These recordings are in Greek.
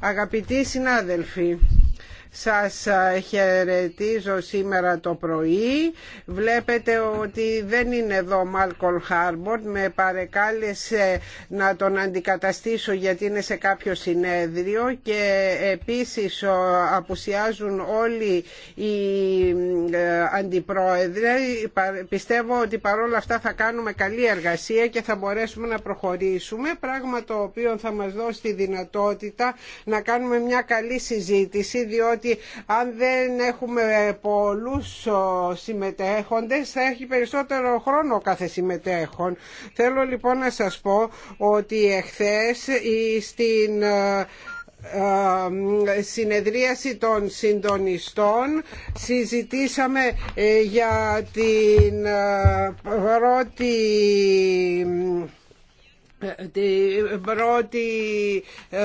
Αγαπητοί συνάδελφοι, σας ε, χαιρετίζω σήμερα το πρωί. Βλέπετε ότι δεν είναι εδώ ο Μάλκολ Χάρμπορντ. Με παρεκάλεσε ε, να τον αντικαταστήσω γιατί είναι σε κάποιο συνέδριο και ε, επίσης απουσιάζουν όλοι οι αντιπρόεδροι. Πιστεύω ότι παρόλα αυτά θα κάνουμε καλή εργασία και θα μπορέσουμε να προχωρήσουμε. Πράγμα το οποίο θα μας δώσει τη δυνατότητα να κάνουμε μια καλή συζήτηση διότι ότι αν δεν έχουμε πολλούς συμμετέχοντες θα έχει περισσότερο χρόνο κάθε συμμετέχον. Θέλω λοιπόν να σας πω ότι εχθές στην ε, ε, συνεδρίαση των συντονιστών συζητήσαμε ε, για την πρώτη την πρώτη ε,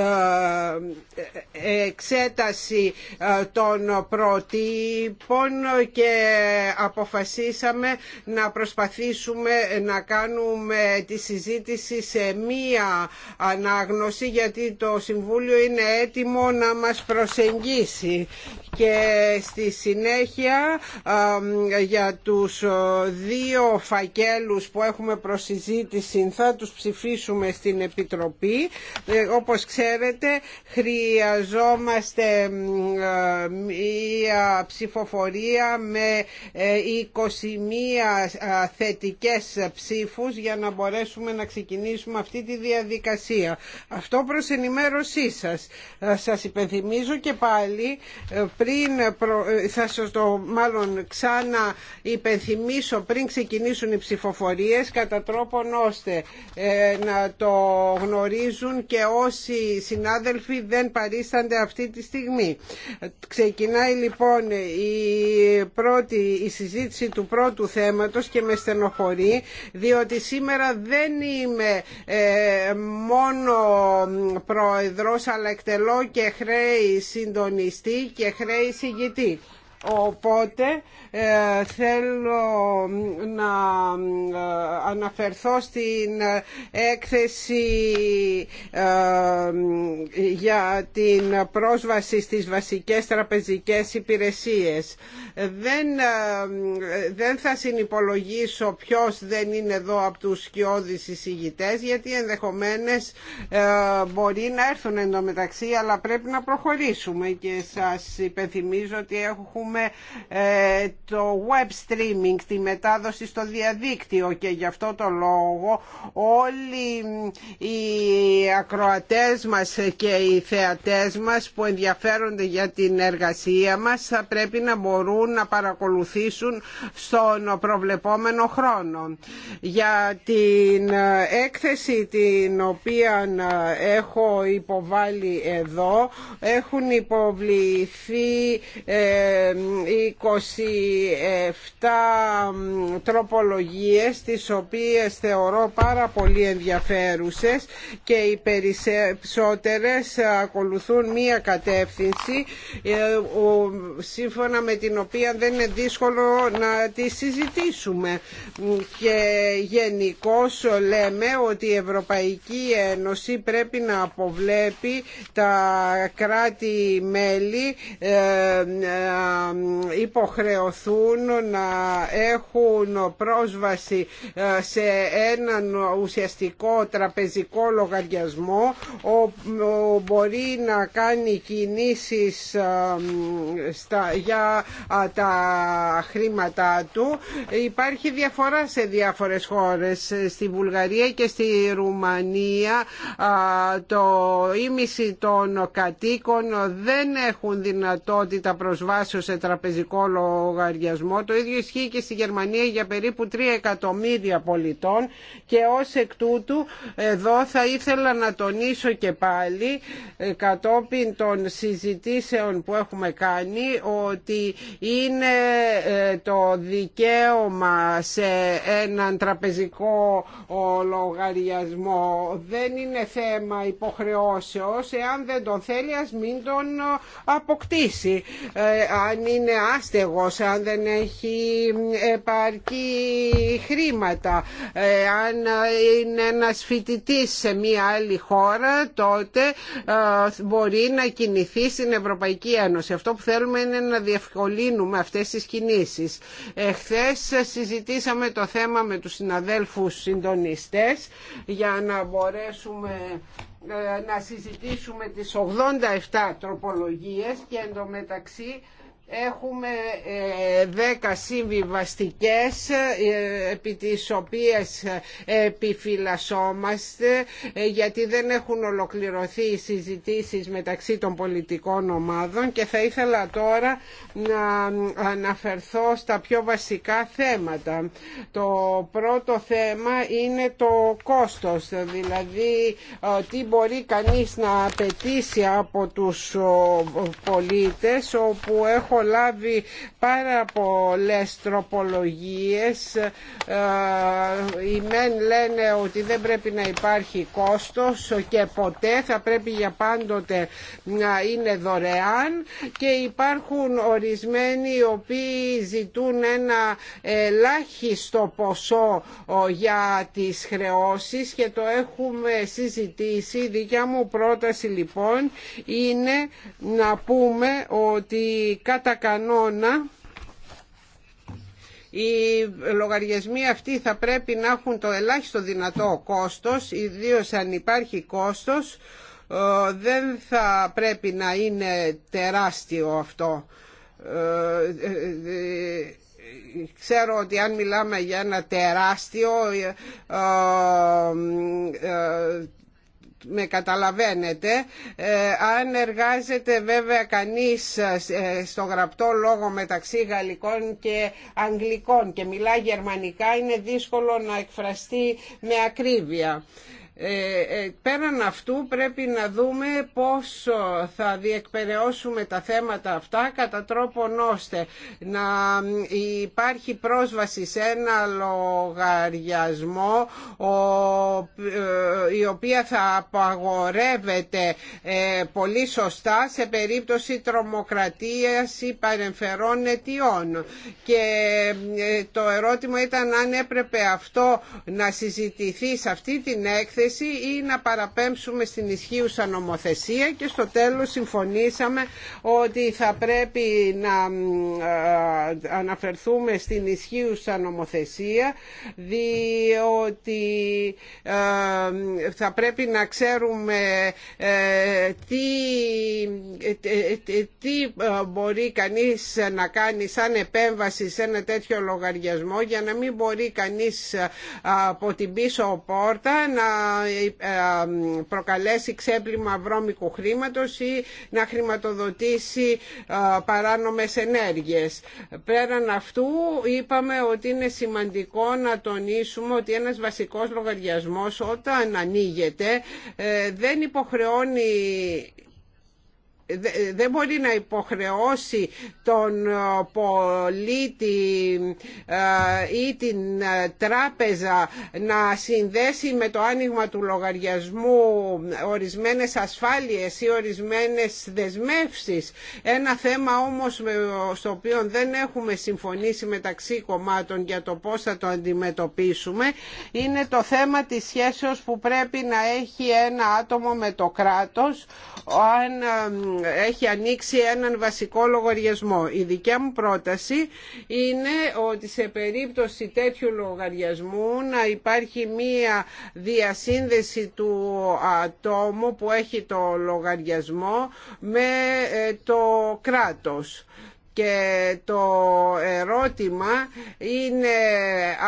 εξέταση ε, των προτύπων και αποφασίσαμε να προσπαθήσουμε να κάνουμε τη συζήτηση σε μία ανάγνωση γιατί το Συμβούλιο είναι έτοιμο να μας προσεγγίσει και στη συνέχεια ε, για τους δύο φακέλους που έχουμε προσυζήτηση θα τους ψηφίσουμε στην Επιτροπή. Ε, όπως ξέρετε χρειαζόμαστε μια ε, ψηφοφορία με 21 ε, θετικές ψήφους για να μπορέσουμε να ξεκινήσουμε αυτή τη διαδικασία. Αυτό προς ενημέρωσή σας. Σας υπενθυμίζω και πάλι πριν θα σας το μάλλον ξανά υπενθυμίσω πριν ξεκινήσουν οι ψηφοφορίες κατά τρόπον ώστε να το γνωρίζουν και όσοι συνάδελφοι δεν παρίστανται αυτή τη στιγμή. Ξεκινάει λοιπόν η, πρώτη, η συζήτηση του πρώτου θέματος και με στενοχωρεί διότι σήμερα δεν είμαι ε, μόνο πρόεδρος αλλά εκτελώ και χρέη συντονιστή και χρέη συγκητή. Οπότε ε, θέλω να ε, αναφερθώ στην έκθεση ε, για την πρόσβαση στις βασικές τραπεζικές υπηρεσίες. Δεν, δεν θα συνυπολογίσω ποιος δεν είναι εδώ από τους σκιώδεις εισηγητές γιατί ενδεχομένες μπορεί να έρθουν εντωμεταξύ αλλά πρέπει να προχωρήσουμε και σας υπενθυμίζω ότι έχουμε ε, το web streaming, τη μετάδοση στο διαδίκτυο και γι' αυτό το λόγο όλοι οι ακροατές μας και οι θεατές μας που ενδιαφέρονται για την εργασία μας θα πρέπει να μπορούν να παρακολουθήσουν στον προβλεπόμενο χρόνο. Για την ε, έκθεση την οποία ε, έχω υποβάλει εδώ έχουν υποβληθεί 27 τροπολογίες τις οποίες θεωρώ πάρα πολύ ενδιαφέρουσες και οι περισσότερες ακολουθούν μία κατεύθυνση ε, σύμφωνα με την οποία δεν είναι δύσκολο να τη συζητήσουμε και γενικώ λέμε ότι η Ευρωπαϊκή Ένωση πρέπει να αποβλέπει τα κράτη-μέλη ε, ε, υποχρεωθούν να έχουν πρόσβαση ε, σε έναν ουσιαστικό τραπεζικό λογαριασμό όπου μπορεί να κάνει κινήσεις ε, για τα χρήματά του. Υπάρχει διαφορά σε διάφορες χώρες. Ε, στη Βουλγαρία και στη Ρουμανία το ίμιση των κατοίκων δεν έχουν δυνατότητα προσβάσεως τραπεζικό λογαριασμό. Το ίδιο ισχύει και στη Γερμανία για περίπου 3 εκατομμύρια πολιτών και ως εκ τούτου εδώ θα ήθελα να τονίσω και πάλι ε, κατόπιν των συζητήσεων που έχουμε κάνει ότι είναι ε, το δικαίωμα σε έναν τραπεζικό λογαριασμό δεν είναι θέμα υποχρεώσεως εάν δεν τον θέλει ας μην τον ε, αποκτήσει αν είναι άστεγος, αν δεν έχει επαρκή χρήματα, ε, αν είναι ένας φοιτητής σε μία άλλη χώρα, τότε ε, μπορεί να κινηθεί στην Ευρωπαϊκή Ένωση. Αυτό που θέλουμε είναι να διευκολύνουμε αυτές τις κινήσεις. Εχθές συζητήσαμε το θέμα με τους συναδέλφους συντονιστές για να μπορέσουμε ε, να συζητήσουμε τις 87 τροπολογίες και εντωμεταξύ Έχουμε 10 ε, συμβιβαστικές ε, επί τις οποίες επιφυλασσόμαστε ε, γιατί δεν έχουν ολοκληρωθεί οι συζητήσεις μεταξύ των πολιτικών ομάδων και θα ήθελα τώρα να αναφερθώ στα πιο βασικά θέματα. Το πρώτο θέμα είναι το κόστος, δηλαδή τι μπορεί κανείς να απαιτήσει από τους πολίτες όπου έχουν έχω λάβει πάρα πολλέ τροπολογίες ε, οι μεν λένε ότι δεν πρέπει να υπάρχει κόστος και ποτέ θα πρέπει για πάντοτε να είναι δωρεάν και υπάρχουν ορισμένοι οι οποίοι ζητούν ένα ελάχιστο ποσό ε, για τις χρεώσεις και το έχουμε συζητήσει. Η δικιά μου πρόταση λοιπόν είναι να πούμε ότι κατά κανόνα οι λογαριασμοί αυτοί θα πρέπει να έχουν το ελάχιστο δυνατό κόστος, ιδίως αν υπάρχει κόστος, ε, δεν θα πρέπει να είναι τεράστιο αυτό. Ε, ε, ξέρω ότι αν μιλάμε για ένα τεράστιο με καταλαβαίνετε ε, αν εργάζεται βέβαια κανείς ε, στο γραπτό λόγο μεταξύ γαλλικών και αγγλικών και μιλά γερμανικά είναι δύσκολο να εκφραστεί με ακρίβεια ε, ε, πέραν αυτού πρέπει να δούμε πώς θα διεκπαιρεώσουμε τα θέματα αυτά κατά τρόπον ώστε να υπάρχει πρόσβαση σε ένα λογαριασμό ε, η οποία θα απαγορεύεται πολύ σωστά σε περίπτωση τρομοκρατίας ή παρεμφερών αιτιών και το ερώτημα ήταν αν έπρεπε αυτό να συζητηθεί σε αυτή την έκθεση ή να παραπέμψουμε στην ισχύουσα νομοθεσία και στο τέλος συμφωνήσαμε ότι θα πρέπει να αναφερθούμε στην ισχύουσα νομοθεσία διότι θα πρέπει να ξέρουμε ε, τι, ε, ε, τι μπορεί κανείς να κάνει σαν επέμβαση σε ένα τέτοιο λογαριασμό για να μην μπορεί κανείς από την πίσω πόρτα να ε, ε, προκαλέσει ξέπλυμα βρώμικου χρήματος ή να χρηματοδοτήσει παράνομες ενέργειες. Πέραν αυτού είπαμε ότι είναι σημαντικό να τονίσουμε ότι ένας βασικός λογαριασμός όταν ανοίγεται ε, δεν υποχρεώνει δεν μπορεί να υποχρεώσει τον ε, πολίτη ε, ή την ε, τράπεζα να συνδέσει με το άνοιγμα του λογαριασμού ορισμένες ασφάλειες ή ορισμένες δεσμεύσεις. Ένα θέμα όμως στο οποίο δεν έχουμε συμφωνήσει μεταξύ κομμάτων για το πώς θα το αντιμετωπίσουμε είναι το θέμα της σχέσεως που πρέπει να έχει ένα άτομο με το κράτος αν έχει ανοίξει έναν βασικό λογαριασμό. Η δικιά μου πρόταση είναι ότι σε περίπτωση τέτοιου λογαριασμού να υπάρχει μία διασύνδεση του ατόμου που έχει το λογαριασμό με ε, το κράτος και το ερώτημα είναι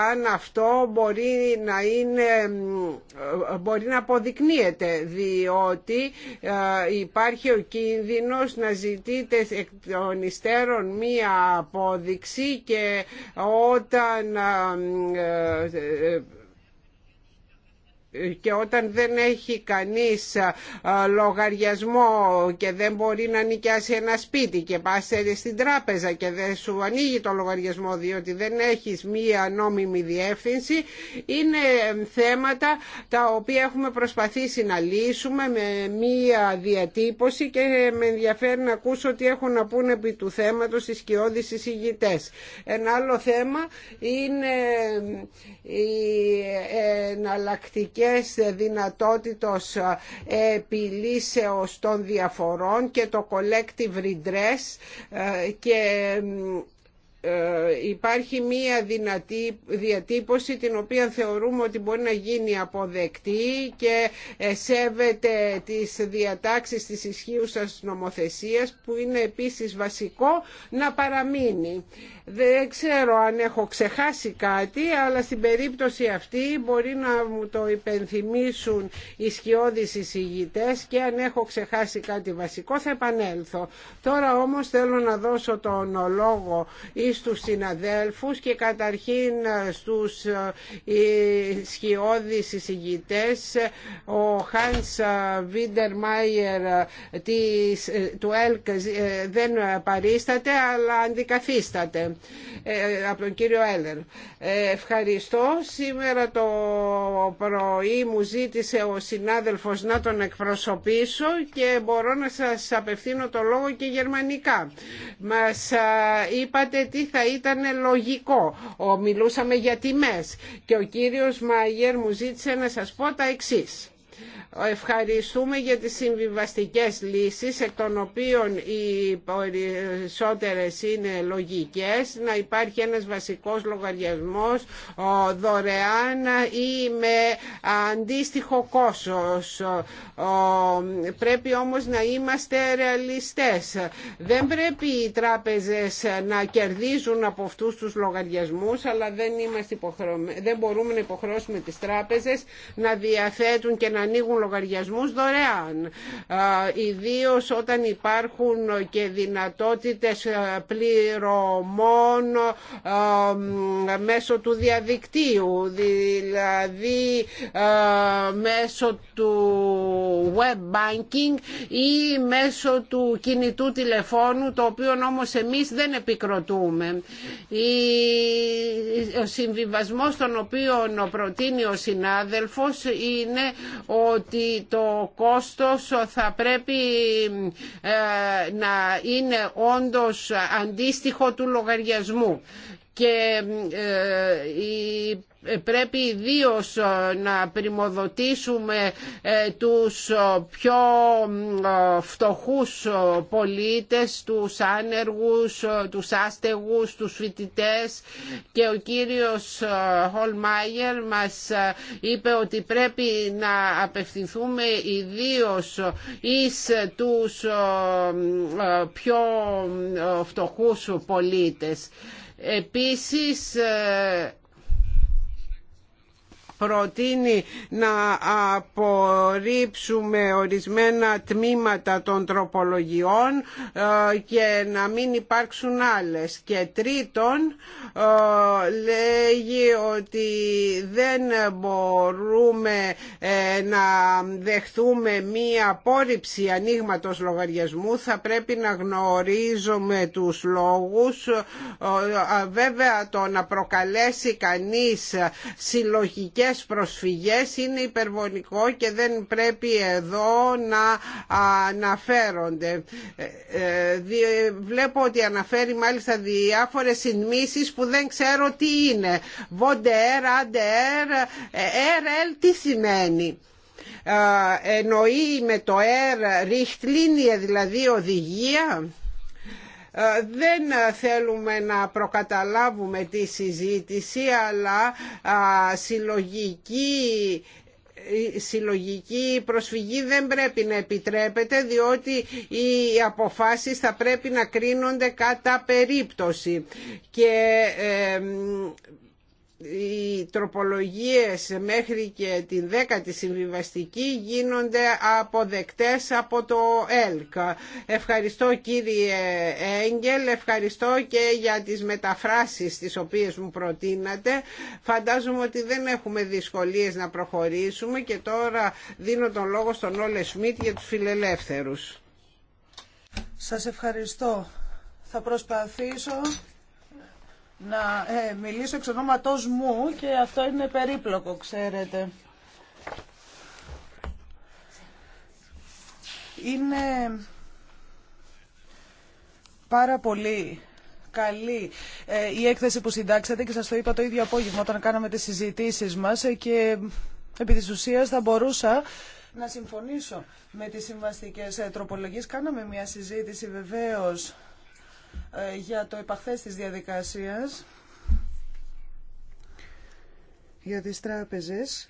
αν αυτό μπορεί να, είναι, μπορεί να αποδεικνύεται διότι ε, υπάρχει ο κίνδυνος να ζητείτε εκ των υστέρων μία απόδειξη και όταν ε, ε, και όταν δεν έχει κανείς λογαριασμό και δεν μπορεί να νοικιάσει ένα σπίτι και πας στην τράπεζα και δεν σου ανοίγει το λογαριασμό διότι δεν έχεις μία νόμιμη διεύθυνση είναι θέματα τα οποία έχουμε προσπαθήσει να λύσουμε με μία διατύπωση και με ενδιαφέρει να ακούσω τι έχουν να πούνε επί του θέματος οι σκιώδεις εισηγητές. Ένα άλλο θέμα είναι οι ε, εναλλακτικέ Δυνατότητα δυνατότητος ε, επιλύσεως των διαφορών και το collective redress ε, και ε, υπάρχει μία δυνατή διατύπωση την οποία θεωρούμε ότι μπορεί να γίνει αποδεκτή και σέβεται τις διατάξεις της ισχύουσας νομοθεσίας που είναι επίσης βασικό να παραμείνει. Δεν ξέρω αν έχω ξεχάσει κάτι, αλλά στην περίπτωση αυτή μπορεί να μου το υπενθυμίσουν οι σκιώδεις εισηγητές και αν έχω ξεχάσει κάτι βασικό θα επανέλθω. Τώρα όμως θέλω να δώσω τον λόγο εις τους συναδέλφους και καταρχήν στους ε, σκιώδεις εισηγητές ο Χάνς Βίντερ Μάιερ του ΕΛΚ ε, δεν παρίσταται αλλά αντικαθίσταται. Ε, από τον κύριο Έλερ. Ε, ευχαριστώ. Σήμερα το πρωί μου ζήτησε ο συνάδελφος να τον εκπροσωπήσω και μπορώ να σας απευθύνω το λόγο και γερμανικά. Μας είπατε τι θα ήταν λογικό. Μιλούσαμε για τιμές και ο κύριος Μαγιέρ μου ζήτησε να σας πω τα εξής. Ευχαριστούμε για τις συμβιβαστικές λύσεις, εκ των οποίων οι περισσότερε είναι λογικές, να υπάρχει ένας βασικός λογαριασμός δωρεάν ή με αντίστοιχο κόσος. Πρέπει όμως να είμαστε ρεαλιστές. Δεν πρέπει οι τράπεζες να κερδίζουν από αυτούς τους λογαριασμούς, αλλά δεν, είμαστε δεν μπορούμε να υποχρεώσουμε τις τράπεζες να διαθέτουν και να ανοίγουν λογαριασμούς δωρεάν. Ιδίως όταν υπάρχουν και δυνατότητες ε, πληρωμών ε, μέσω του διαδικτύου, δηλαδή ε, μέσω του web banking ή μέσω του κινητού τηλεφώνου, το οποίο όμως εμείς δεν επικροτούμε. Ο συμβιβασμός τον οποίο προτείνει ο συνάδελφος είναι ότι ότι το κόστος θα πρέπει ε, να είναι όντως αντίστοιχο του λογαριασμού και ε, ε, πρέπει ιδίω ε, να πρημοδοτήσουμε τους πιο φτωχούς πολίτες, τους άνεργους, τους άστεγους, τους φοιτητές και ο κύριος Χολμάγερ μας είπε ότι πρέπει να απευθυνθούμε ιδίω εις τους πιο φτωχούς πολίτες. Επίσης ε, προτείνει να απορρίψουμε ορισμένα τμήματα των τροπολογιών ε, και να μην υπάρξουν άλλες. Και τρίτον, ε, λέγει ότι δεν μπορούμε ε, να δεχθούμε μία απόρριψη ανοίγματο λογαριασμού. Θα πρέπει να γνωρίζουμε τους λόγους. Βέβαια, το να προκαλέσει κανείς συλλογικές οικονομικές προσφυγές είναι υπερβολικό και δεν πρέπει εδώ να αναφέρονται. Ε, βλέπω ότι αναφέρει μάλιστα διάφορες συνμίσεις που δεν ξέρω τι είναι. Βοντεέρ, αντεέρ, έρελ, τι σημαίνει ε, εννοεί με το ΕΡ ριχτλίνια δηλαδή οδηγία ε, δεν θέλουμε να προκαταλάβουμε τη συζήτηση αλλά συλλογική συλλογική προσφυγή δεν πρέπει να επιτρέπεται διότι οι αποφάσεις θα πρέπει να κρίνονται κατά περίπτωση και οι τροπολογίες μέχρι και την δέκατη συμβιβαστική γίνονται αποδεκτές από το ΕΛΚ. Ευχαριστώ κύριε Έγγελ, ευχαριστώ και για τις μεταφράσεις τις οποίες μου προτείνατε. Φαντάζομαι ότι δεν έχουμε δυσκολίες να προχωρήσουμε και τώρα δίνω τον λόγο στον Όλε Σμιτ για τους φιλελεύθερους. Σας ευχαριστώ. Θα προσπαθήσω να ε, μιλήσω εξ ονόματός μου και αυτό είναι περίπλοκο, ξέρετε. Είναι πάρα πολύ καλή ε, η έκθεση που συντάξατε και σας το είπα το ίδιο απόγευμα όταν κάναμε τις συζητήσεις μας ε, και επί της ουσίας θα μπορούσα να συμφωνήσω με τις συμβαστικές ε, τροπολογίες. Κάναμε μια συζήτηση βεβαίως ε, για το επαχθές της διαδικασίας για τις τράπεζες.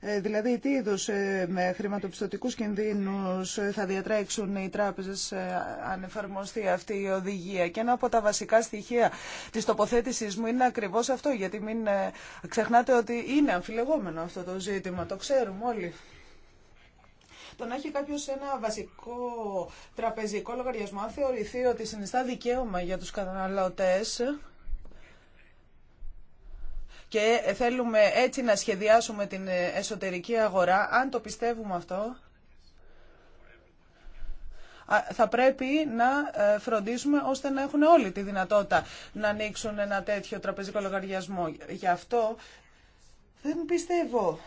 Ε, δηλαδή, τι είδους ε, με χρηματοπιστωτικούς κινδύνους θα διατρέξουν οι τράπεζες αν εφαρμοστεί αυτή η οδηγία. Και ένα από τα βασικά στοιχεία της τοποθέτησής μου είναι ακριβώς αυτό, γιατί μην ξεχνάτε ότι είναι αμφιλεγόμενο αυτό το ζήτημα, το ξέρουμε όλοι. Το να έχει κάποιο ένα βασικό τραπεζικό λογαριασμό, αν θεωρηθεί ότι συνιστά δικαίωμα για του καταναλωτέ, και θέλουμε έτσι να σχεδιάσουμε την εσωτερική αγορά, αν το πιστεύουμε αυτό, θα πρέπει να ε, φροντίσουμε ώστε να έχουν όλοι τη δυνατότητα να ανοίξουν ένα τέτοιο τραπεζικό λογαριασμό. Γι' αυτό δεν πιστεύω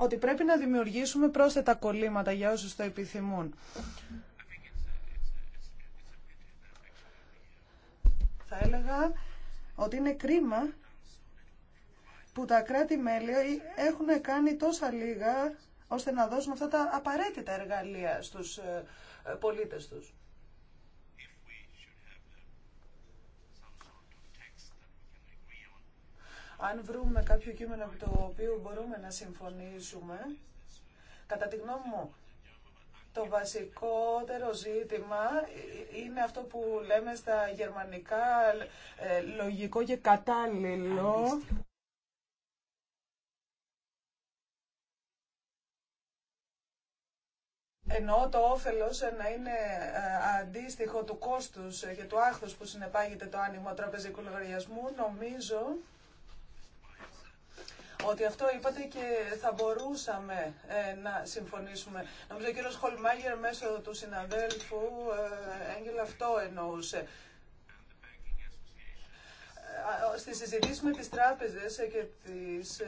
ότι πρέπει να δημιουργήσουμε πρόσθετα κολλήματα για όσους το επιθυμούν. Θα έλεγα ότι είναι κρίμα που τα κράτη-μέλη έχουν κάνει τόσα λίγα ώστε να δώσουν αυτά τα απαραίτητα εργαλεία στους ε, πολίτες τους. Αν βρούμε κάποιο κείμενο από το οποίο μπορούμε να συμφωνήσουμε, κατά τη γνώμη μου, το βασικότερο ζήτημα είναι αυτό που λέμε στα γερμανικά ε, λογικό και κατάλληλο. ενώ το όφελος να είναι ε, αντίστοιχο του κόστους και του άχθους που συνεπάγεται το άνοιγμα τραπεζικού λογαριασμού. Νομίζω ότι αυτό είπατε και θα μπορούσαμε ε, να συμφωνήσουμε. Νομίζω ο κύριος Χολμάγερ μέσω του συναδέλφου ε, Έγγελ αυτό εννοούσε ε, Στη συζητήση με τις τράπεζες και τις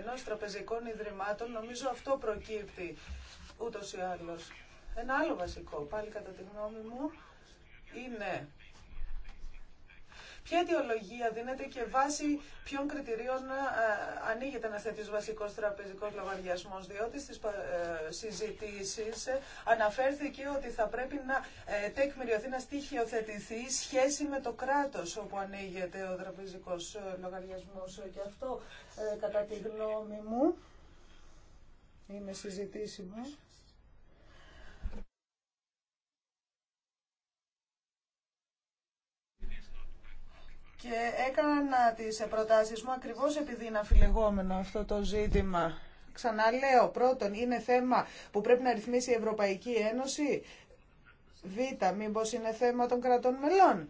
ενός τραπεζικών ιδρυμάτων νομίζω αυτό προκύπτει ούτως ή άλλως. Ένα άλλο βασικό, πάλι κατά τη γνώμη μου, είναι Ποια αιτιολογία δίνεται και βάσει ποιων κριτηρίων ε, ανοίγεται ένα τέτοιο βασικό τραπεζικό λογαριασμό, διότι στι ε, συζητήσει ε, αναφέρθηκε ότι θα πρέπει να τεκμηριωθεί, να στοιχειοθετηθεί σχέση με το κράτο όπου ανοίγεται ο τραπεζικό λογαριασμό. Και αυτό, κατά τη γνώμη μου, είναι συζητήσιμο. και έκανα τις προτάσεις μου ακριβώς επειδή είναι αφιλεγόμενο αυτό το ζήτημα. Ξαναλέω, πρώτον, είναι θέμα που πρέπει να ρυθμίσει η Ευρωπαϊκή Ένωση. Β, μήπως είναι θέμα των κρατών μελών.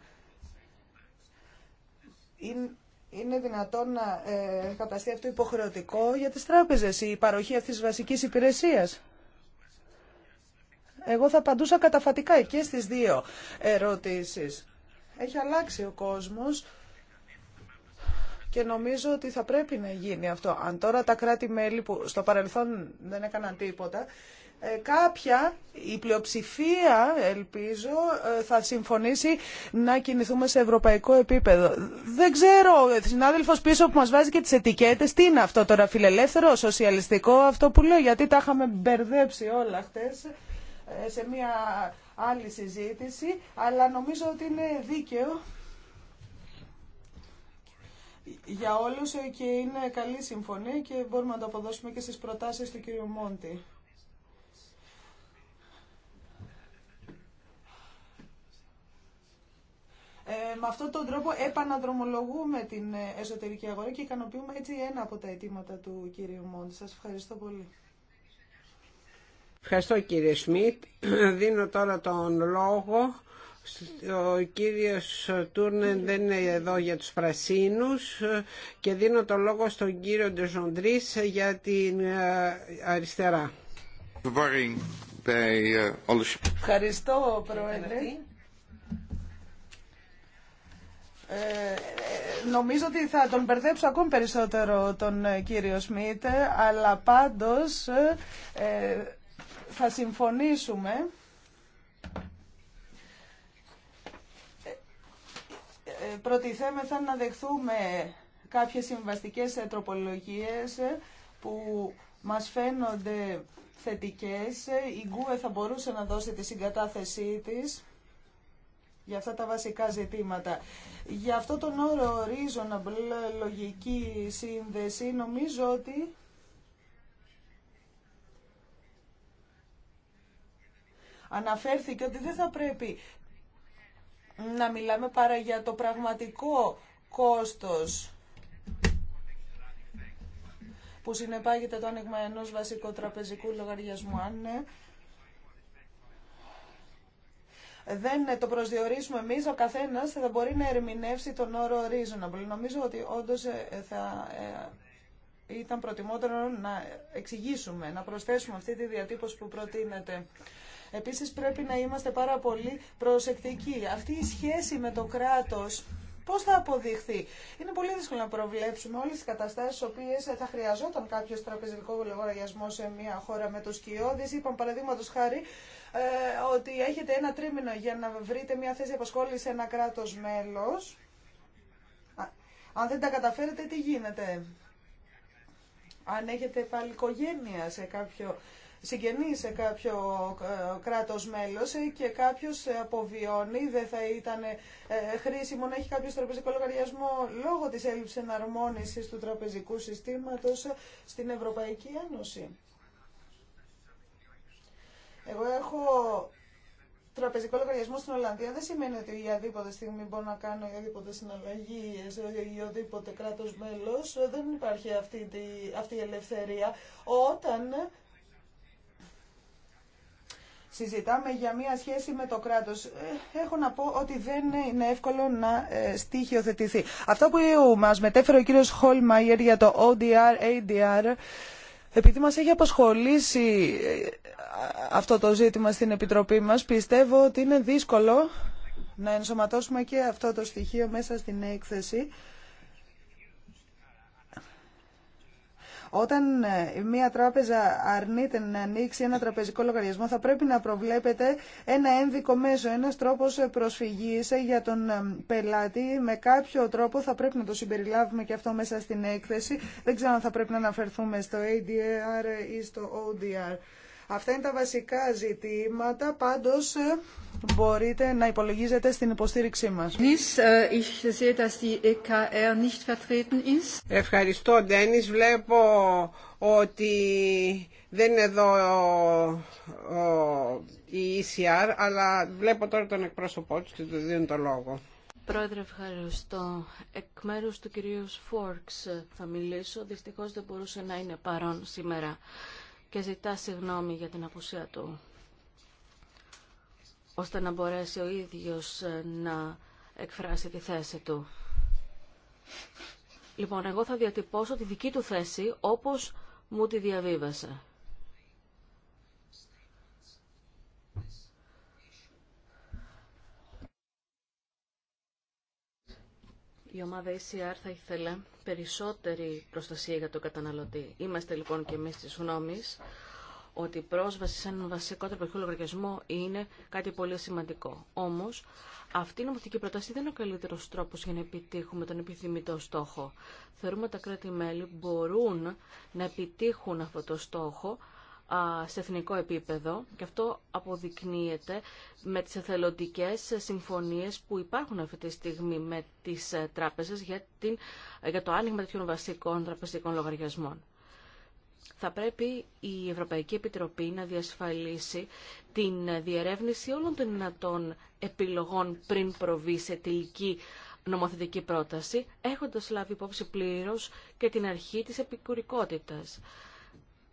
Είναι δυνατόν να ε, καταστεί αυτό υποχρεωτικό για τις τράπεζες, η παροχή αυτής της βασικής υπηρεσίας. Εγώ θα απαντούσα καταφατικά και στις δύο ερωτήσεις. Έχει αλλάξει ο κόσμος και νομίζω ότι θα πρέπει να γίνει αυτό. Αν τώρα τα κράτη-μέλη που στο παρελθόν δεν έκαναν τίποτα, ε, κάποια, η πλειοψηφία ελπίζω, ε, θα συμφωνήσει να κινηθούμε σε ευρωπαϊκό επίπεδο. Δεν ξέρω, συνάδελφος πίσω που μας βάζει και τις ετικέτες, τι είναι αυτό τώρα φιλελεύθερο, σοσιαλιστικό, αυτό που λέω, γιατί τα είχαμε μπερδέψει όλα χτες ε, σε μια άλλη συζήτηση, αλλά νομίζω ότι είναι δίκαιο για όλου. Ε, και είναι καλή συμφωνία και μπορούμε να το αποδώσουμε και στι προτάσει του κύριου Μόντι. Ε, με αυτόν τον τρόπο επαναδρομολογούμε την ε, εσωτερική αγορά και ικανοποιούμε έτσι ένα από τα αιτήματα του κύριου Μόντι. Σας ευχαριστώ πολύ. Ευχαριστώ κύριε Σμιτ. Δίνω τώρα τον λόγο ο κύριος Τούρνεν δεν είναι εδώ για τους πρασίνους και δίνω το λόγο στον κύριο Ντεζοντρίς για την ε, αριστερά. Uh, Ευχαριστώ Πρόεδρε. Ε, ε, νομίζω ότι θα τον μπερδέψω ακόμη περισσότερο τον κύριο Σμίτε αλλά πάντως θα συμφωνήσουμε Ε, προτιθέμεθα να δεχθούμε κάποιες συμβαστικές ε, τροπολογίες ε, που μας φαίνονται θετικές. Η Γκουε θα μπορούσε να δώσει τη συγκατάθεσή της για αυτά τα βασικά ζητήματα. Για αυτό τον όρο reasonable, λογική σύνδεση, νομίζω ότι αναφέρθηκε ότι δεν θα πρέπει να μιλάμε παρά για το πραγματικό κόστος που συνεπάγεται το άνοιγμα ενός βασικού τραπεζικού λογαριασμού. Αν ναι, δεν το προσδιορίσουμε εμεί, ο καθένας θα μπορεί να ερμηνεύσει τον όρο reasonable. Νομίζω ότι όντω ε, θα ε, ήταν προτιμότερο να εξηγήσουμε, να προσθέσουμε αυτή τη διατύπωση που προτείνεται. Επίσης πρέπει να είμαστε πάρα πολύ προσεκτικοί. Αυτή η σχέση με το κράτος Πώ θα αποδειχθεί. Είναι πολύ δύσκολο να προβλέψουμε όλε τι καταστάσει οι οποίε θα χρειαζόταν κάποιο τραπεζικό λογαριασμό σε μια χώρα με του σκιώδει. Είπαμε παραδείγματο χάρη ε, ότι έχετε ένα τρίμηνο για να βρείτε μια θέση απασχόληση σε ένα κράτο μέλο. Αν δεν τα καταφέρετε, τι γίνεται. Αν έχετε πάλι οικογένεια σε κάποιο συγγενή σε κάποιο ε, κράτος μέλος ε, και κάποιο αποβιώνει, δεν θα ήταν ε, χρήσιμο να έχει κάποιο τραπεζικό λογαριασμό λόγω της έλλειψης εναρμόνιση του τραπεζικού συστήματος στην Ευρωπαϊκή Ένωση. Εγώ έχω τραπεζικό λογαριασμό στην Ολλανδία δεν σημαίνει ότι για οποιαδήποτε στιγμή μπορώ να κάνω οποιαδήποτε συναλλαγή η οδηποτε κράτο μέλο. Δεν υπάρχει αυτή, αυτή η ελευθερία. Όταν συζητάμε για μια σχέση με το κράτος. Ε, έχω να πω ότι δεν είναι εύκολο να ε, στοιχειοθετηθεί. Αυτό που μας μετέφερε ο κύριος Χολμαϊερ για το ODR-ADR επειδή μας έχει αποσχολήσει ε, αυτό το ζήτημα στην Επιτροπή μας, πιστεύω ότι είναι δύσκολο να ενσωματώσουμε και αυτό το στοιχείο μέσα στην έκθεση. Όταν ε, μια τράπεζα αρνείται να ανοίξει ένα τραπεζικό λογαριασμό, θα πρέπει να προβλέπετε ένα ένδικο μέσο, ένα τρόπο ε, προσφυγή ε, για τον πελάτη. Με κάποιο τρόπο θα πρέπει να το συμπεριλάβουμε και αυτό μέσα στην έκθεση. Δεν ξέρω αν θα πρέπει να αναφερθούμε στο ADR ή στο ODR. Αυτά είναι τα βασικά ζητήματα. Πάντως ε, μπορείτε να υπολογίζετε στην υποστήριξή μας. Ε, e ευχαριστώ, Ντένις. Βλέπω ότι δεν είναι εδώ η ECR, αλλά βλέπω τώρα τον εκπρόσωπό τους και του δίνω το λόγο. Πρόεδρε, ευχαριστώ. Εκ μέρους του κυρίου Φόρξ θα μιλήσω. Δυστυχώς δεν μπορούσε να είναι παρόν σήμερα και ζητά συγγνώμη για την απουσία του ώστε να μπορέσει ο ίδιος ε, να εκφράσει τη θέση του. Λοιπόν, εγώ θα διατυπώσω τη δική του θέση όπως μου τη διαβίβασε. Η ομάδα ECR θα ήθελε περισσότερη προστασία για τον καταναλωτή. Είμαστε λοιπόν και εμείς της γνώμη ότι η πρόσβαση σε έναν βασικό τραπεζικό λογαριασμό είναι κάτι πολύ σημαντικό. Όμω, αυτή η νομοθετική πρόταση δεν είναι ο καλύτερο τρόπο για να επιτύχουμε τον επιθυμητό στόχο. Θεωρούμε ότι τα κράτη-μέλη μπορούν να επιτύχουν αυτό το στόχο σε εθνικό επίπεδο και αυτό αποδεικνύεται με τις εθελοντικές συμφωνίες που υπάρχουν αυτή τη στιγμή με τις ε, τράπεζες για, την, για το άνοιγμα τέτοιων βασικών τραπεζικών λογαριασμών. Θα πρέπει η Ευρωπαϊκή Επιτροπή να διασφαλίσει την διερεύνηση όλων των δυνατών επιλογών πριν προβεί σε τελική νομοθετική πρόταση, έχοντας λάβει υπόψη πλήρως και την αρχή της επικουρικότητας.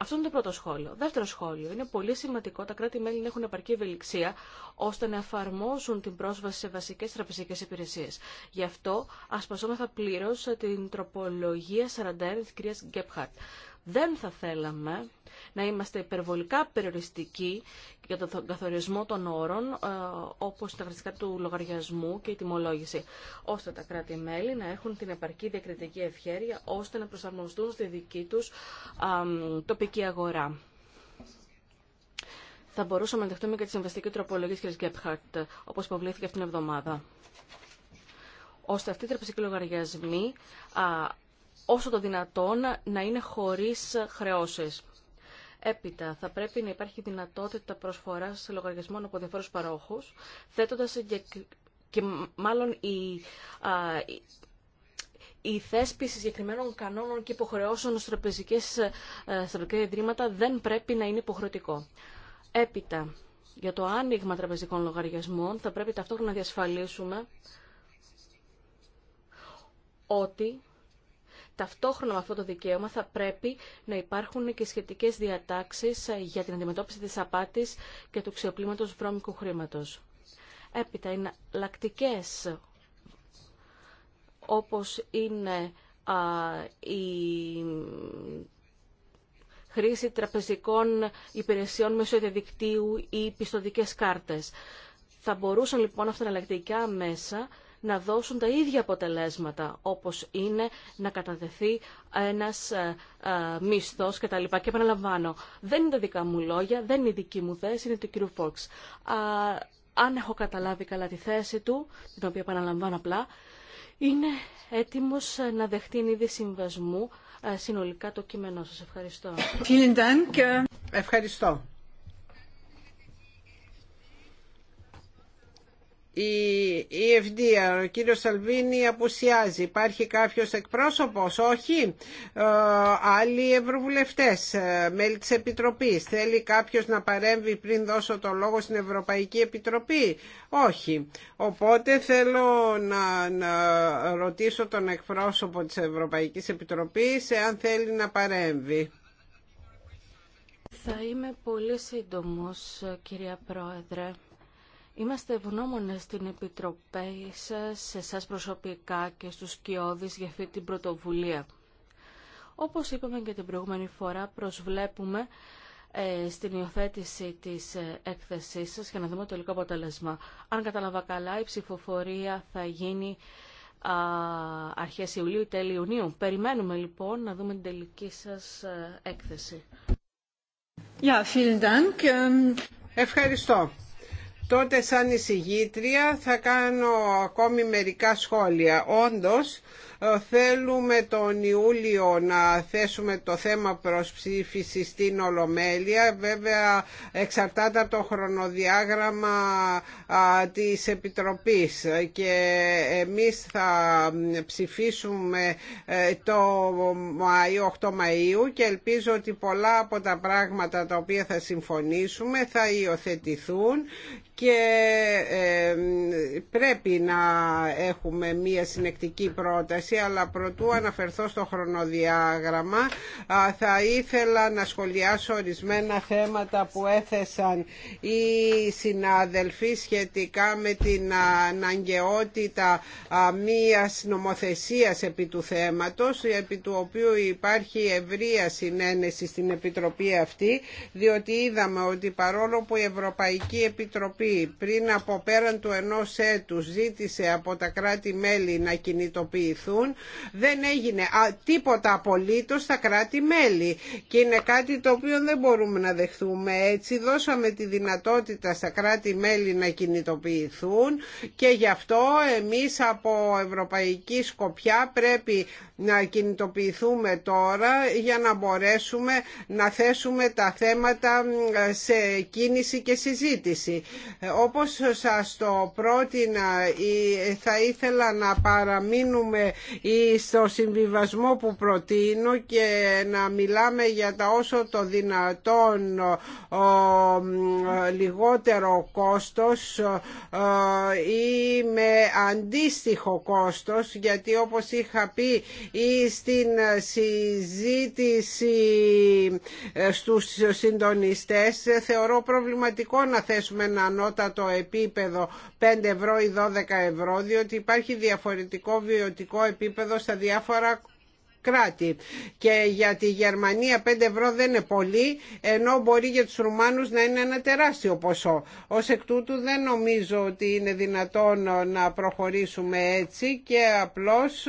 Αυτό είναι το πρώτο σχόλιο. Δεύτερο σχόλιο. Είναι πολύ σημαντικό τα κράτη-μέλη να έχουν επαρκή ευελιξία ώστε να εφαρμόσουν την πρόσβαση σε βασικέ τραπεζικέ υπηρεσίε. Γι' αυτό ασπαζόμεθα πλήρω την τροπολογία 41 τη κυρία Γκέπχαρτ. Δεν θα θέλαμε να είμαστε υπερβολικά περιοριστικοί για τον καθορισμό των όρων, ε, όπως τα κρατικά του λογαριασμού και η τιμολόγηση, ώστε τα κράτη-μέλη να έχουν την επαρκή διακριτική ευχέρεια, ώστε να προσαρμοστούν στη δική τους τοπική αγορά. Θα μπορούσαμε να δεχτούμε και τη συμβαστική τροπολογία τη κ. Γκέπχαρτ, όπω υποβλήθηκε αυτήν την εβδομάδα ώστε αυτοί οι τραπεζικοί λογαριασμοί όσο το δυνατόν να είναι χωρίς χρεώσεις. Έπειτα, θα πρέπει να υπάρχει δυνατότητα προσφοράς σε λογαριασμών από διαφόρους παρόχους, θέτοντας και, μάλλον η, α, η, θέσπιση συγκεκριμένων κανόνων και υποχρεώσεων στους τραπεζικές ε, ιδρύματα δεν πρέπει να είναι υποχρεωτικό. Έπειτα, για το άνοιγμα τραπεζικών λογαριασμών θα πρέπει ταυτόχρονα να διασφαλίσουμε ότι ταυτόχρονα με αυτό το δικαίωμα θα πρέπει να υπάρχουν και σχετικές διατάξεις ε, για την αντιμετώπιση της απάτης και του ξεοπλήματος βρώμικου χρήματος. Έπειτα, είναι λακτικέ όπως είναι η χρήση τραπεζικών υπηρεσιών μέσω διαδικτύου ή πιστοδικές κάρτες. Θα μπορούσαν λοιπόν αυτά τα μέσα να δώσουν τα ίδια αποτελέσματα, όπως είναι να καταδεθεί ένας ε, ε, μισθός κτλ. Και επαναλαμβάνω, δεν είναι τα δικά μου λόγια, δεν είναι η δική μου θέση, είναι του κ. Φόξ. Αν έχω καταλάβει καλά τη θέση του, την οποία επαναλαμβάνω απλά, είναι έτοιμος ε, να δεχτεί είδη συμβασμού συνολικά το κείμενό σας. Ευχαριστώ. Ευχαριστώ. Η Ευδία, ο κύριος Σαλβίνη απουσιάζει. Υπάρχει κάποιος εκπρόσωπος, όχι. Ε, άλλοι ευρωβουλευτές, ε, μέλη της Επιτροπής. Θέλει κάποιος να παρέμβει πριν δώσω το λόγο στην Ευρωπαϊκή Επιτροπή, όχι. Οπότε θέλω να, να ρωτήσω τον εκπρόσωπο της Ευρωπαϊκής Επιτροπής εάν θέλει να παρέμβει. Θα είμαι πολύ σύντομος, ε, κυρία Πρόεδρε. Είμαστε ευγνώμονε στην Επιτροπή σας, σε εσά προσωπικά και στους κοιόδης για αυτή την πρωτοβουλία. Όπως είπαμε και την προηγούμενη φορά, προσβλέπουμε ε, στην υιοθέτηση της ε, έκθεσής σας για να δούμε το τελικό αποτέλεσμα. Αν καταλαβα καλά, η ψηφοφορία θα γίνει αρχέ Ιουλίου ή τέλη Ιουνίου. Περιμένουμε λοιπόν να δούμε την τελική σας ε, έκθεση. vielen Dank. Ähm, Ευχαριστώ τότε σαν εισηγήτρια θα κάνω ακόμη μερικά σχόλια. Όντως, ε, θέλουμε τον Ιούλιο να θέσουμε το θέμα προς ψήφιση στην Ολομέλεια. Βέβαια εξαρτάται από το χρονοδιάγραμμα της Επιτροπής και εμείς θα ψηφίσουμε ε, το 8 Μαΐου και ελπίζω ότι πολλά από τα πράγματα τα οποία θα συμφωνήσουμε θα υιοθετηθούν και ε, πρέπει να έχουμε μία συνεκτική πρόταση αλλά προτού αναφερθώ στο χρονοδιάγραμμα θα ήθελα να σχολιάσω ορισμένα θέματα που έθεσαν οι συνάδελφοι σχετικά με την αναγκαιότητα μίας νομοθεσίας επί του θέματος επί του οποίου υπάρχει ευρεία συνένεση στην Επιτροπή αυτή διότι είδαμε ότι παρόλο που η Ευρωπαϊκή Επιτροπή πριν από πέραν του ενός έτους ζήτησε από τα κράτη-μέλη να κινητοποιηθούν δεν έγινε τίποτα απολύτως στα κράτη-μέλη και είναι κάτι το οποίο δεν μπορούμε να δεχθούμε έτσι δώσαμε τη δυνατότητα στα κράτη-μέλη να κινητοποιηθούν και γι' αυτό εμείς από ευρωπαϊκή σκοπιά πρέπει να κινητοποιηθούμε τώρα για να μπορέσουμε να θέσουμε τα θέματα σε κίνηση και συζήτηση. Όπως σας το πρότεινα θα ήθελα να παραμείνουμε στο συμβιβασμό που προτείνω και να μιλάμε για τα όσο το δυνατόν λιγότερο κόστος ή με αντίστοιχο κόστος γιατί όπως είχα πει ή στην συζήτηση ε, στους συντονιστές θεωρώ προβληματικό να θέσουμε ένα ανώτατο επίπεδο 5 ευρώ ή 12 ευρώ διότι υπάρχει διαφορετικό βιωτικό επίπεδο στα διάφορα κράτη. Και για τη Γερμανία 5 ευρώ δεν είναι πολύ, ενώ μπορεί για τους Ρουμάνους να είναι ένα τεράστιο ποσό. Ως εκ τούτου δεν νομίζω ότι είναι δυνατόν να προχωρήσουμε έτσι και απλώς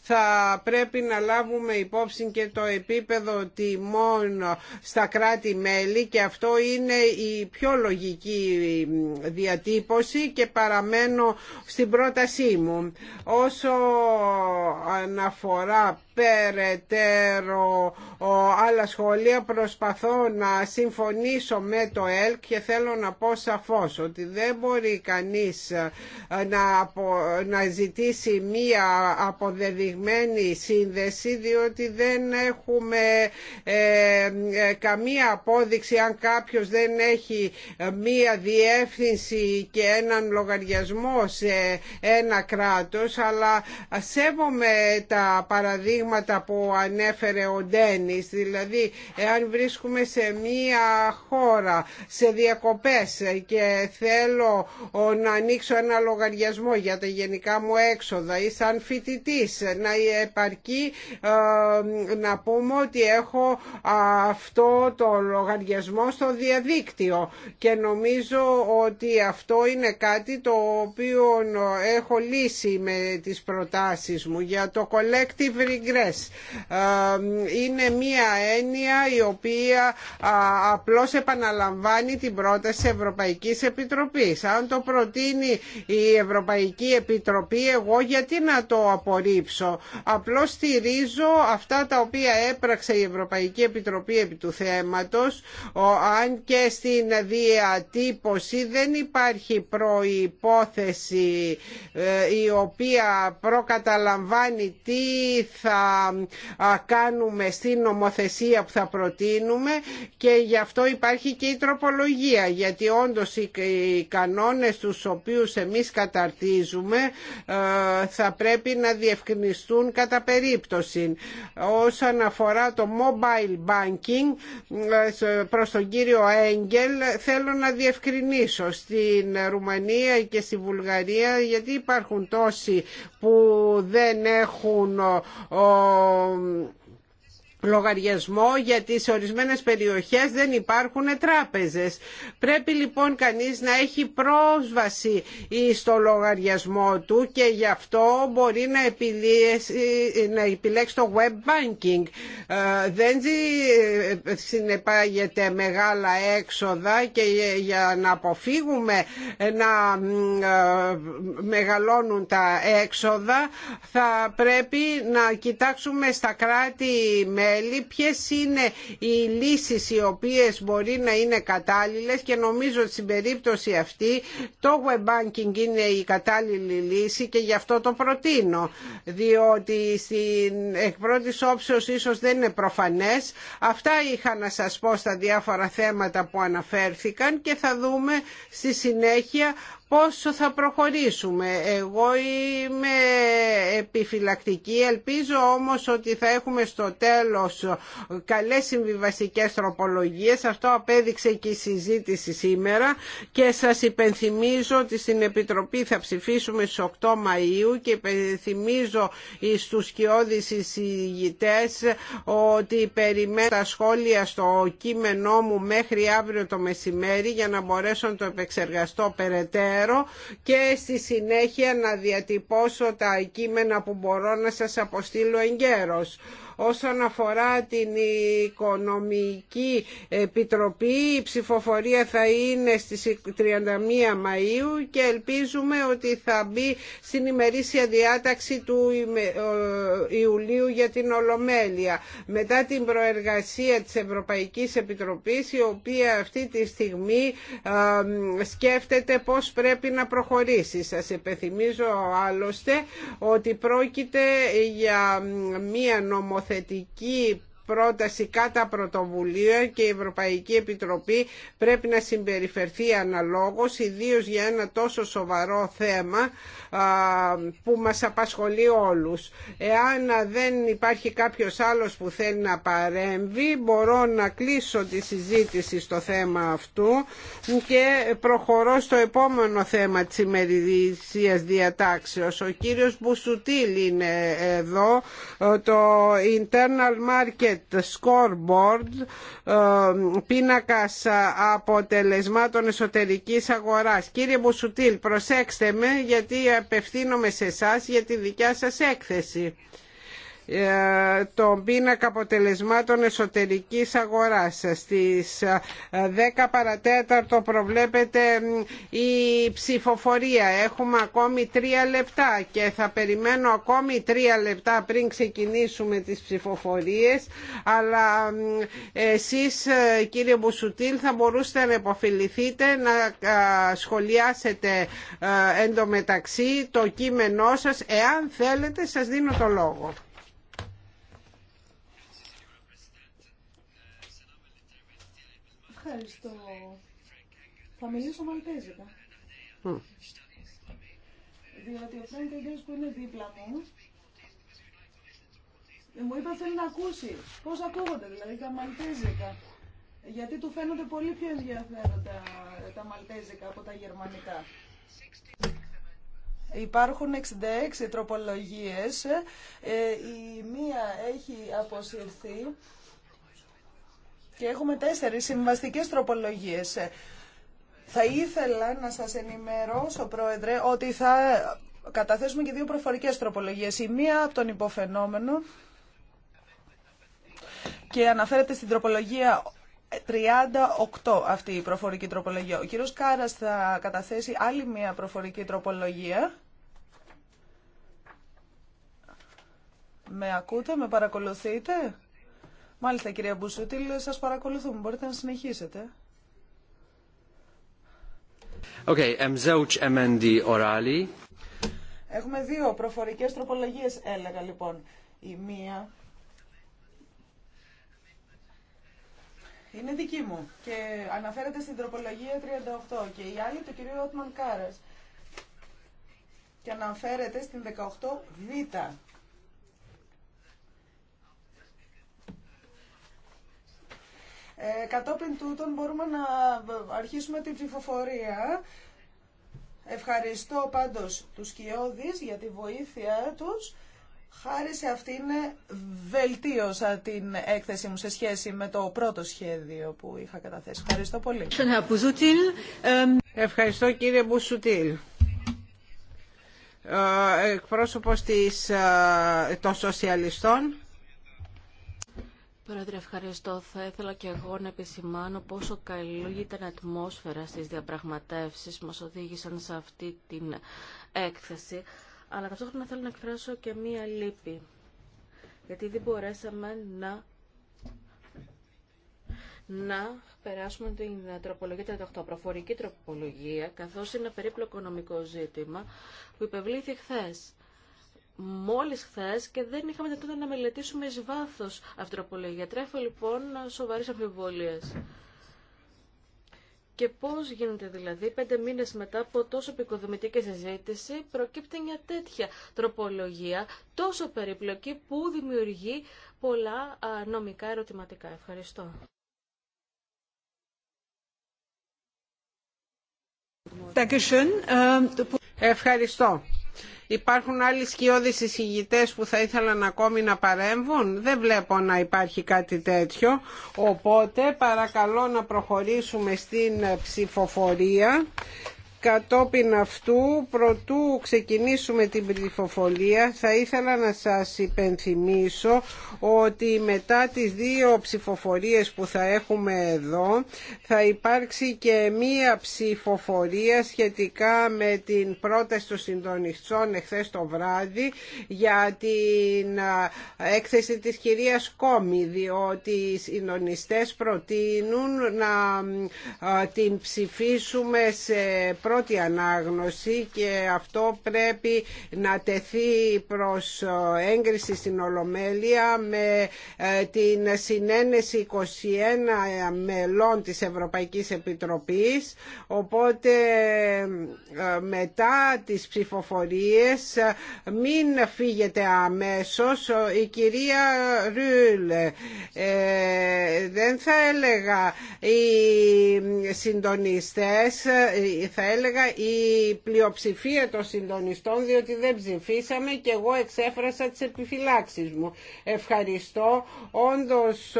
θα πρέπει να λάβουμε υπόψη και το επίπεδο τιμών στα κράτη-μέλη και αυτό είναι η πιο λογική διατύπωση και παραμένω στην πρότασή μου. Όσο αναφορά περαιτέρω άλλα σχολεία. Προσπαθώ να συμφωνήσω με το ΕΛΚ και θέλω να πω σαφώς ότι δεν μπορεί κανείς ε, να, να ζητήσει μία αποδεδειγμένη σύνδεση διότι δεν έχουμε ε, ε, καμία απόδειξη αν κάποιος δεν έχει μία διεύθυνση και έναν λογαριασμό σε ένα κράτος αλλά σέβομαι τα παραδείγματα που ανέφερε ο Ντένις, δηλαδή εάν βρίσκουμε σε μία χώρα, σε διακοπές και θέλω να ανοίξω ένα λογαριασμό για τα γενικά μου έξοδα ή σαν φοιτητή να επαρκεί ε, να πούμε ότι έχω αυτό το λογαριασμό στο διαδίκτυο και νομίζω ότι αυτό είναι κάτι το οποίο ε, έχω λύσει με τις προτάσεις μου για το collective regret ε, είναι μία έννοια η οποία απλώς επαναλαμβάνει την πρόταση Ευρωπαϊκής Επιτροπής. Αν το προτείνει η Ευρωπαϊκή Επιτροπή, εγώ γιατί να το απορρίψω. Απλώς στηρίζω αυτά τα οποία έπραξε η Ευρωπαϊκή Επιτροπή επί του θέματος, αν και στην διατύπωση δεν υπάρχει προϋπόθεση ε, η οποία προκαταλαμβάνει τι θα κάνουμε στην νομοθεσία που θα προτείνουμε και γι' αυτό υπάρχει και η τροπολογία γιατί όντως οι κανόνες τους οποίους εμείς καταρτίζουμε θα πρέπει να διευκρινιστούν κατά περίπτωση. Όσον αφορά το mobile banking προς τον κύριο Έγγελ θέλω να διευκρινίσω στην Ρουμανία και στη Βουλγαρία γιατί υπάρχουν τόσοι που δεν έχουν είναι λογαριασμό γιατί σε ορισμένες περιοχές δεν υπάρχουν τράπεζες. Πρέπει λοιπόν κανείς να έχει πρόσβαση στο λογαριασμό του και γι' αυτό μπορεί να επιλέξει, να επιλέξει το web banking. Ε, δεν ε, συνεπάγεται μεγάλα έξοδα και για να αποφύγουμε ε, να μεγαλώνουν τα έξοδα θα πρέπει να κοιτάξουμε στα κράτη με ωφέλη, ποιες είναι οι λύσει οι οποίες μπορεί να είναι κατάλληλε και νομίζω ότι στην περίπτωση αυτή το web banking είναι η κατάλληλη λύση και γι' αυτό το προτείνω διότι στην εκ πρώτης όψεω ίσως δεν είναι προφανές αυτά είχα να σας πω στα διάφορα θέματα που αναφέρθηκαν και θα δούμε στη συνέχεια πόσο θα προχωρήσουμε. Εγώ είμαι επιφυλακτική, ελπίζω όμως ότι θα έχουμε στο τέλος καλές συμβιβαστικές τροπολογίες. Αυτό απέδειξε και η συζήτηση σήμερα και σας υπενθυμίζω ότι στην Επιτροπή θα ψηφίσουμε στις 8 Μαΐου και υπενθυμίζω στους κοιόδης εισηγητές ότι περιμένω τα σχόλια στο κείμενό μου μέχρι αύριο το μεσημέρι για να μπορέσω να το επεξεργαστώ περαιτέρω και στη συνέχεια να διατυπώσω τα κείμενα που μπορώ να σας αποστείλω εγκαίρως. Όσον αφορά την Οικονομική Επιτροπή, η ψηφοφορία θα είναι στις 31 Μαΐου και ελπίζουμε ότι θα μπει στην ημερήσια διάταξη του Ιουλίου για την Ολομέλεια. Μετά την προεργασία της Ευρωπαϊκής Επιτροπής, η οποία αυτή τη στιγμή σκέφτεται πώς πρέπει να προχωρήσει. Σας επιθυμίζω άλλωστε ότι πρόκειται για μία νομοθεσία θετική πρόταση κατά πρωτοβουλία και η Ευρωπαϊκή Επιτροπή πρέπει να συμπεριφερθεί αναλόγως, ιδίως για ένα τόσο σοβαρό θέμα που μας απασχολεί όλους. Εάν δεν υπάρχει κάποιος άλλος που θέλει να παρέμβει, μπορώ να κλείσω τη συζήτηση στο θέμα αυτού και προχωρώ στο επόμενο θέμα της ημερησίας διατάξεως. Ο κύριος Μπουσουτήλ είναι εδώ, το Internal Market scoreboard ε, πίνακας ε, αποτελεσμάτων εσωτερικής αγοράς. Κύριε Μπουσουτήλ, προσέξτε με γιατί απευθύνομαι σε εσά για τη δικιά σας έκθεση. Ε, τον πίνακα αποτελεσμάτων εσωτερικής αγοράς. Στις 10 ε, παρατέταρτο προβλέπεται η ψηφοφορία. Έχουμε ακόμη τρία λεπτά και θα περιμένω ακόμη τρία λεπτά πριν ξεκινήσουμε τις ψηφοφορίες αλλά εσείς ε, κύριε Μπουσουτήλ θα μπορούσατε να υποφιληθείτε να σχολιάσετε εντωμεταξύ το κείμενό σας. Εάν θέλετε σας δίνω το λόγο. Ευχαριστώ. Θα μιλήσω μαλτέζικα. Διότι ο Φρανκ που είναι δίπλα μου μου είπα θέλει να ακούσει πώς ακούγονται δηλαδή τα μαλτέζικα. Γιατί του φαίνονται πολύ πιο ενδιαφέροντα τα μαλτέζικα από τα γερμανικά. Υπάρχουν 66 τροπολογίες, ε, η μία έχει αποσυρθεί. Και έχουμε τέσσερις συμβαστικές τροπολογίες. Θα ήθελα να σας ενημερώσω, Πρόεδρε, ότι θα καταθέσουμε και δύο προφορικές τροπολογίες. Η μία από τον υποφαινόμενο και αναφέρεται στην τροπολογία 38 αυτή η προφορική τροπολογία. Ο κύριος Κάρας θα καταθέσει άλλη μία προφορική τροπολογία. Με ακούτε, με παρακολουθείτε. Μάλιστα κυρία Μπουσούτιλ, σας παρακολουθούμε. Μπορείτε να συνεχίσετε. Okay, orali. Έχουμε δύο προφορικές τροπολογίες, έλεγα λοιπόν. Η μία είναι δική μου και αναφέρεται στην τροπολογία 38 και η άλλη του κυρίου Ότμαν Κάρας και αναφέρεται στην 18β. Ε, κατόπιν τούτων μπορούμε να αρχίσουμε την ψηφοφορία. Ευχαριστώ πάντως τους Κιώδης για τη βοήθεια τους. Χάρη σε αυτήν ε, βελτίωσα την έκθεση μου σε σχέση με το πρώτο σχέδιο που είχα καταθέσει. Ευχαριστώ πολύ. Ευχαριστώ κύριε Μπουσουτήλ. Ε, εκπρόσωπος ε, των σοσιαλιστών. Πρόεδρε, ευχαριστώ. Θα ήθελα και εγώ να επισημάνω πόσο καλή ήταν η ατμόσφαιρα στις διαπραγματεύσεις που μας οδήγησαν σε αυτή την έκθεση. Αλλά ταυτόχρονα θέλω να εκφράσω και μία λύπη. Γιατί δεν μπορέσαμε να να περάσουμε την τροπολογία την προφορική τροπολογία, καθώς είναι περίπλοκο νομικό ζήτημα που υπευλήθη χθες. Μόλι χθε και δεν είχαμε τότε να μελετήσουμε εις την αυτροπολογία. Τρέφω λοιπόν σοβαρέ αμφιβολίε. Και πώς γίνεται δηλαδή πέντε μήνε μετά από τόσο επικοδομητική συζήτηση προκύπτει μια τέτοια τροπολογία τόσο περιπλοκή που δημιουργεί πολλά νομικά ερωτηματικά. Ευχαριστώ. Ε, Ευχαριστώ. Υπάρχουν άλλοι σκιώδεις εισηγητές που θα ήθελαν ακόμη να παρέμβουν. Δεν βλέπω να υπάρχει κάτι τέτοιο. Οπότε παρακαλώ να προχωρήσουμε στην ψηφοφορία Κατόπιν αυτού, προτού ξεκινήσουμε την ψηφοφορία, θα ήθελα να σας υπενθυμίσω ότι μετά τις δύο ψηφοφορίες που θα έχουμε εδώ, θα υπάρξει και μία ψηφοφορία σχετικά με την πρόταση των συντονιστών εχθές το βράδυ για την έκθεση της κυρίας Κόμη, διότι οι συντονιστές προτείνουν να την ψηφίσουμε σε πρώτη ανάγνωση και αυτό πρέπει να τεθεί προς έγκριση στην Ολομέλεια με ε, την συνένεση 21 μελών της Ευρωπαϊκής Επιτροπής οπότε ε, μετά τις ψηφοφορίες μην φύγετε αμέσως η κυρία Ρούλε ε, δεν θα έλεγα οι συντονιστές θα έλεγα έλεγα η πλειοψηφία των συντονιστών διότι δεν ψηφίσαμε και εγώ εξέφρασα τις επιφυλάξεις μου. Ευχαριστώ. Όντως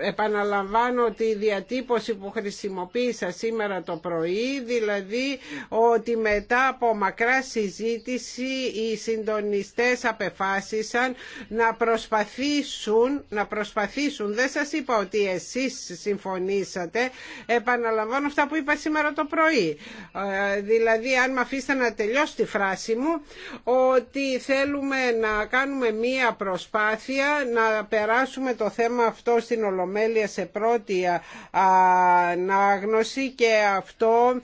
επαναλαμβάνω τη διατύπωση που χρησιμοποίησα σήμερα το πρωί δηλαδή ότι μετά από μακρά συζήτηση οι συντονιστές απεφάσισαν να προσπαθήσουν, να προσπαθήσουν δεν σας είπα ότι εσείς συμφωνήσατε επαναλαμβάνω αυτά που είπα σήμερα το πρωί. Ε, δηλαδή, αν με αφήσετε να τελειώσω τη φράση μου, ότι θέλουμε να κάνουμε μία προσπάθεια να περάσουμε το θέμα αυτό στην Ολομέλεια σε πρώτη ανάγνωση και αυτό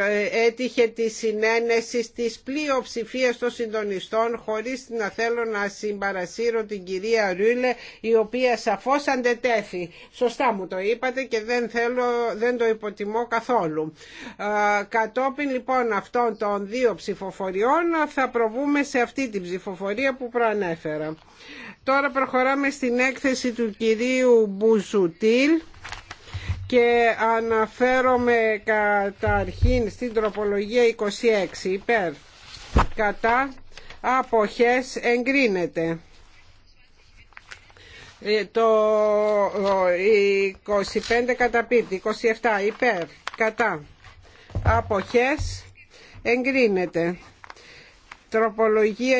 ε, έτυχε τη συνένεση της πλειοψηφία των συντονιστών χωρίς να θέλω να συμπαρασύρω την κυρία Ρούλε η οποία σαφώς αντετέθη. Σωστά μου το είπατε και δεν, θέλω, δεν το υποτιμώ καθόλου. Κατόπιν λοιπόν αυτών των δύο ψηφοφοριών θα προβούμε σε αυτή την ψηφοφορία που προανέφερα. Τώρα προχωράμε στην έκθεση του κυρίου Μπουζουτήλ και αναφέρομαι καταρχήν στην τροπολογία 26 υπέρ κατά αποχές εγκρίνεται. Ε, το 25 πίτι. 27 υπέρ κατά αποχές εγκρίνεται τροπολογία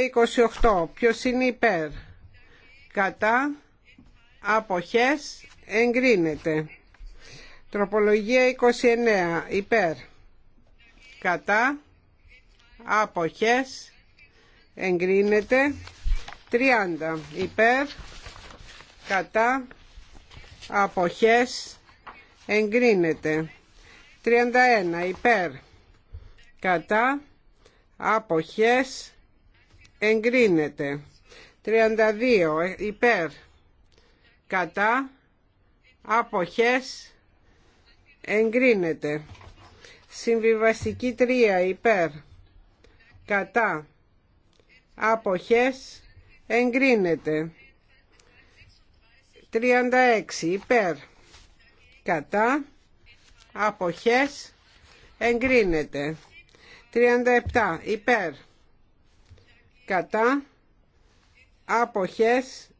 28 ποιος είναι υπέρ κατά αποχές εγκρίνεται τροπολογία 29 υπέρ κατά αποχές εγκρίνεται 30 υπέρ κατά αποχές εγκρίνεται 31 υπέρ κατά αποχές εγκρίνεται 32 υπέρ κατά αποχές εγκρίνεται συμβιβαστική 3 υπέρ κατά αποχές εγκρίνεται 36 υπέρ κατά αποχές εγκρίνεται 37 υπέρ κατά αποχές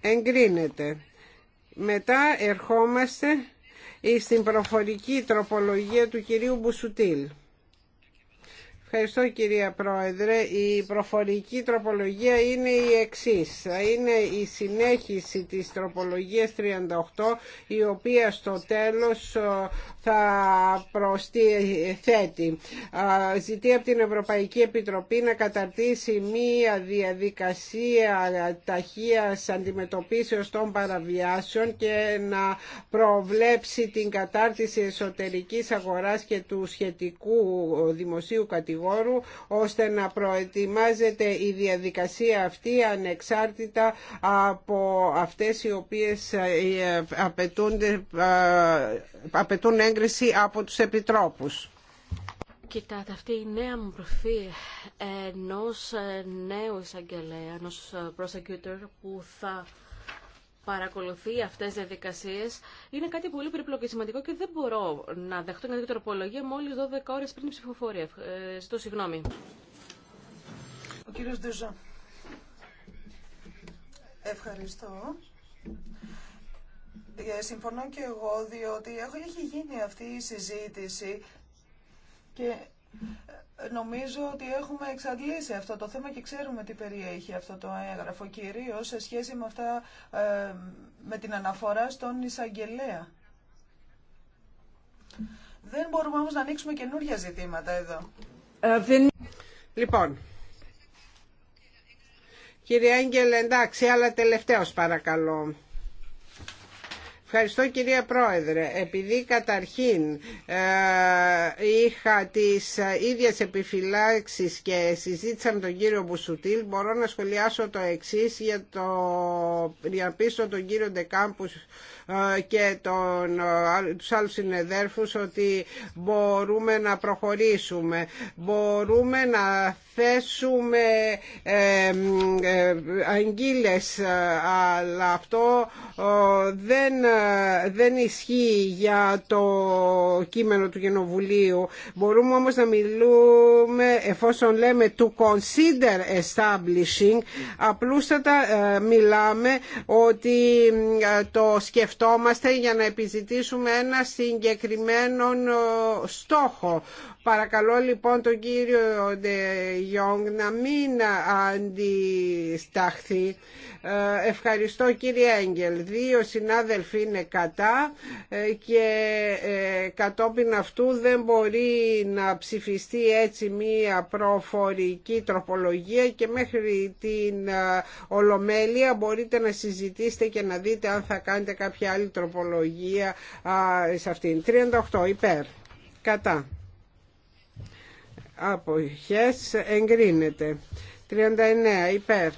εγκρίνεται μετά ερχόμαστε στην προφορική τροπολογία του κυρίου Μπουσουτήλ Ευχαριστώ κυρία Πρόεδρε. Η προφορική τροπολογία είναι η εξής. Είναι η συνέχιση της τροπολογίας 38 η οποία στο τέλος θα προσθέτει. Ζητεί από την Ευρωπαϊκή Επιτροπή να καταρτήσει μία διαδικασία ταχείας αντιμετωπίσεως των παραβιάσεων και να προβλέψει την κατάρτιση εσωτερικής αγοράς και του σχετικού δημοσίου κατηγορίου δικηγόρου ώστε να προετοιμάζεται η διαδικασία αυτή ανεξάρτητα από αυτές οι οποίες ε, ε, απαιτούν έγκριση από τους επιτρόπους. Κοιτάτε, αυτή η νέα προφή ενός ε, νέου εισαγγελέα, ενός prosecutor που θα παρακολουθεί αυτές τις διαδικασίες είναι κάτι πολύ περίπλοκο και σημαντικό και δεν μπορώ να δεχτώ μια τροπολογία μόλις 12 ώρες πριν ψηφοφορία. Στο ε, συγγνώμη. Ο κύριος Ντεζά. Ευχαριστώ. Ε, συμφωνώ και εγώ, διότι έχω έχει γίνει αυτή η συζήτηση και Νομίζω ότι έχουμε εξαντλήσει αυτό το θέμα και ξέρουμε τι περιέχει αυτό το έγγραφο, κυρίω σε σχέση με, αυτά, ε, με την αναφορά στον εισαγγελέα. Δεν μπορούμε όμως να ανοίξουμε καινούργια ζητήματα εδώ. Ε, λοιπόν, κύριε Άγγελε, εντάξει, αλλά τελευταίος παρακαλώ. Ευχαριστώ κυρία Πρόεδρε. Επειδή καταρχήν ε, είχα τις ε, ίδιες επιφυλάξεις και συζήτησα με τον κύριο Μπουσουτήλ, μπορώ να σχολιάσω το εξής για, το, για πίσω τον κύριο Ντεκάμπους και τον, τους άλλους συνεδέρφους ότι μπορούμε να προχωρήσουμε. Μπορούμε να θέσουμε ε, ε αλλά αυτό δεν, δεν ισχύει για το κείμενο του Κοινοβουλίου. Μπορούμε όμως να μιλούμε εφόσον λέμε to consider establishing απλούστατα ε, μιλάμε ότι ε, το σκεφτόμαστε σκεφτόμαστε για να επιζητήσουμε ένα συγκεκριμένο ε, στόχο Παρακαλώ λοιπόν τον κύριο Ντε Γιόγκ να μην αντισταχθεί. Ε, ευχαριστώ κύριε Έγγελ. Δύο συνάδελφοι είναι κατά ε, και ε, κατόπιν αυτού δεν μπορεί να ψηφιστεί έτσι μία προφορική τροπολογία και μέχρι την Ολομέλεια μπορείτε να συζητήσετε και να δείτε αν θα κάνετε κάποια άλλη τροπολογία σε αυτήν. 38 υπέρ. Κατά αποχές εγκρίνεται 39 υπέρ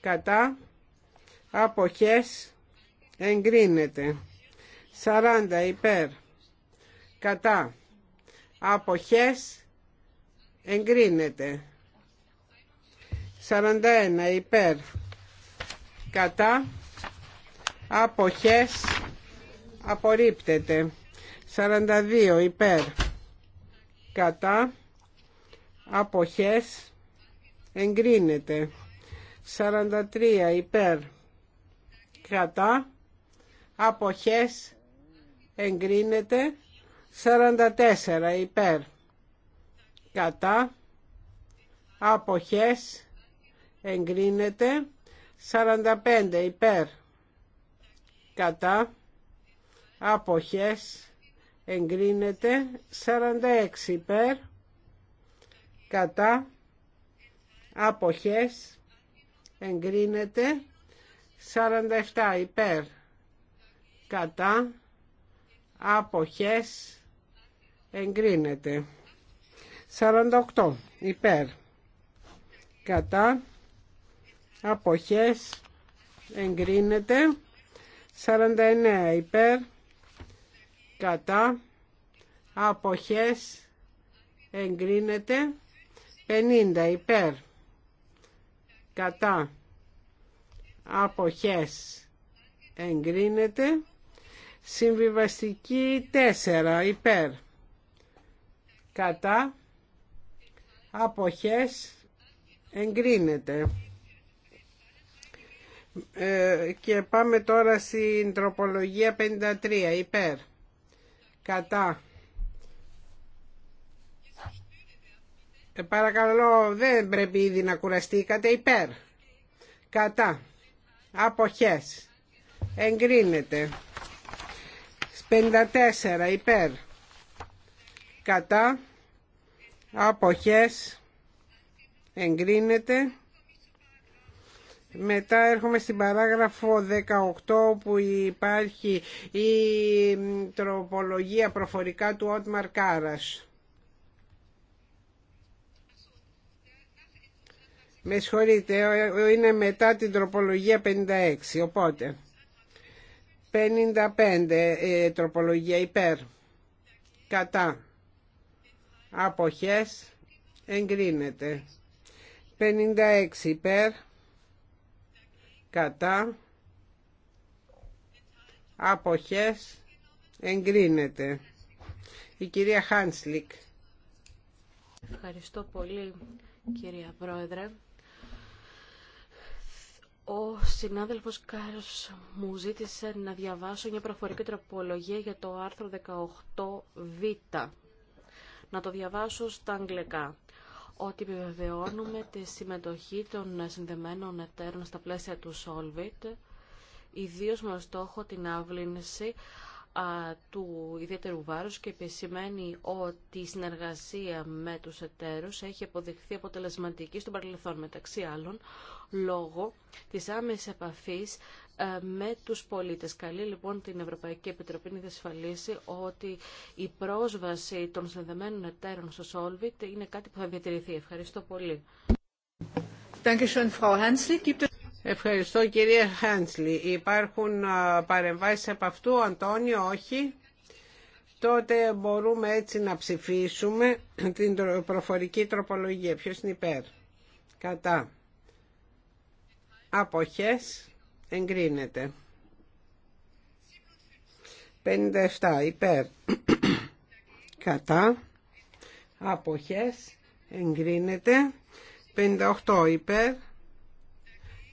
κατά αποχές εγκρίνεται 40 υπέρ κατά αποχές εγκρίνεται 41 υπέρ κατά αποχές απορρίπτεται 42 υπέρ κατά αποχές εγκρίνεται 43 υπέρ κατά αποχές εγκρίνεται 44 υπέρ κατά αποχές εγκρίνεται 45 υπέρ κατά αποχές εγκρίνεται 46 υπέρ κατά αποχές εγκρίνεται 47 υπέρ κατά αποχές εγκρίνεται 48 υπέρ κατά αποχές εγκρίνεται 49 υπέρ κατά αποχές εγκρίνεται 50 υπέρ κατά αποχές εγκρίνεται συμβιβαστική 4 υπέρ κατά αποχές εγκρίνεται ε, και πάμε τώρα στην τροπολογία 53 υπέρ κατά ε, παρακαλώ δεν πρέπει ήδη να κουραστήκατε υπέρ κατά αποχές εγκρίνεται 54 υπέρ κατά αποχές εγκρίνεται μετά έρχομαι στην παράγραφο 18 που υπάρχει η τροπολογία προφορικά του Ότμαρ Κάρας. Με συγχωρείτε, είναι μετά την τροπολογία 56, οπότε 55 ε, τροπολογία υπέρ, κατά, αποχές, εγκρίνεται. 56 υπέρ, κατά αποχές εγκρίνεται. Η κυρία Χάνσλικ. Ευχαριστώ πολύ κυρία Πρόεδρε. Ο συνάδελφος Κάρος μου ζήτησε να διαβάσω μια προφορική τροπολογία για το άρθρο 18β. Να το διαβάσω στα αγγλικά ότι επιβεβαιώνουμε τη συμμετοχή των συνδεμένων εταίρων στα πλαίσια του Solvit, ιδίως με στόχο την αύλυνση του ιδιαίτερου βάρους και επισημαίνει ότι η συνεργασία με τους εταίρους έχει αποδειχθεί αποτελεσματική στον παρελθόν μεταξύ άλλων λόγω της άμεσης επαφής ε, με τους πολίτες. Καλή, λοιπόν την Ευρωπαϊκή Επιτροπή να διασφαλίσει ότι η πρόσβαση των συνδεδεμένων εταίρων στο Solvit είναι κάτι που θα διατηρηθεί. Ευχαριστώ πολύ. Ευχαριστώ κυρία Χάνσλι. Υπάρχουν παρεμβάσεις από αυτού, Αντώνιο, όχι. Τότε μπορούμε έτσι να ψηφίσουμε την προφορική τροπολογία. Ποιος είναι υπέρ. Κατά. Αποχές εγκρίνεται 57 υπέρ κατά αποχές εγκρίνεται 58 υπέρ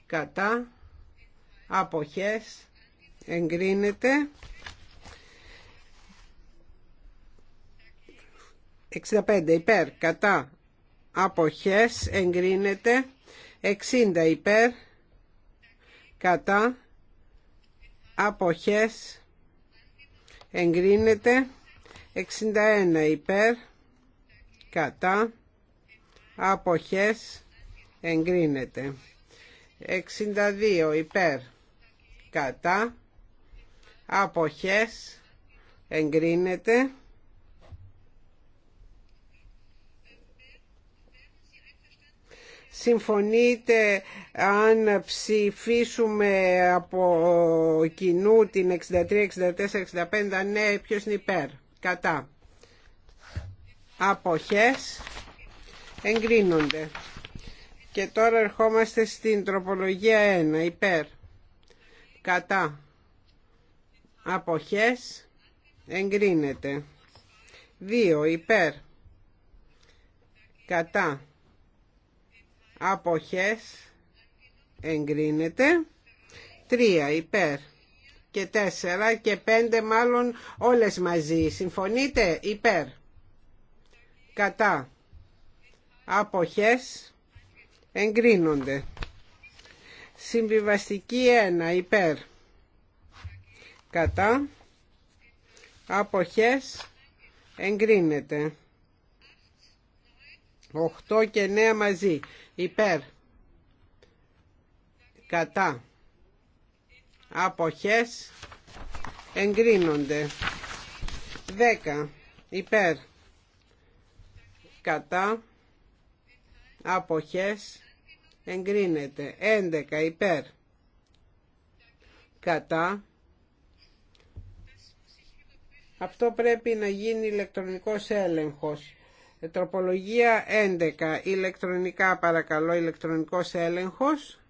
κατά αποχές εγκρίνεται 65 υπέρ κατά αποχές εγκρίνεται 60 υπέρ κατά αποχές εγκρίνεται 61 υπέρ κατά αποχές εγκρίνεται 62 υπέρ κατά αποχές εγκρίνεται Συμφωνείτε αν ψηφίσουμε από κοινού την 63, 64, 65, ναι, ποιος είναι υπέρ, κατά. Αποχές εγκρίνονται. Και τώρα ερχόμαστε στην τροπολογία 1, υπέρ, κατά. Αποχές εγκρίνεται. 2, υπέρ, κατά αποχές εγκρίνεται 3 υπέρ και 4 και 5 μάλλον όλες μαζί συμφωνείτε υπέρ κατά αποχές εγκρίνονται συμβιβαστική 1 υπέρ κατά αποχές εγκρίνεται 8 και 9 μαζί υπέρ κατά αποχές εγκρίνονται Δέκα. υπέρ κατά αποχές εγκρίνεται 11 υπέρ κατά αυτό πρέπει να γίνει ηλεκτρονικός έλεγχος Τροπολογία 11. Ηλεκτρονικά παρακαλώ, ηλεκτρονικός έλεγχος.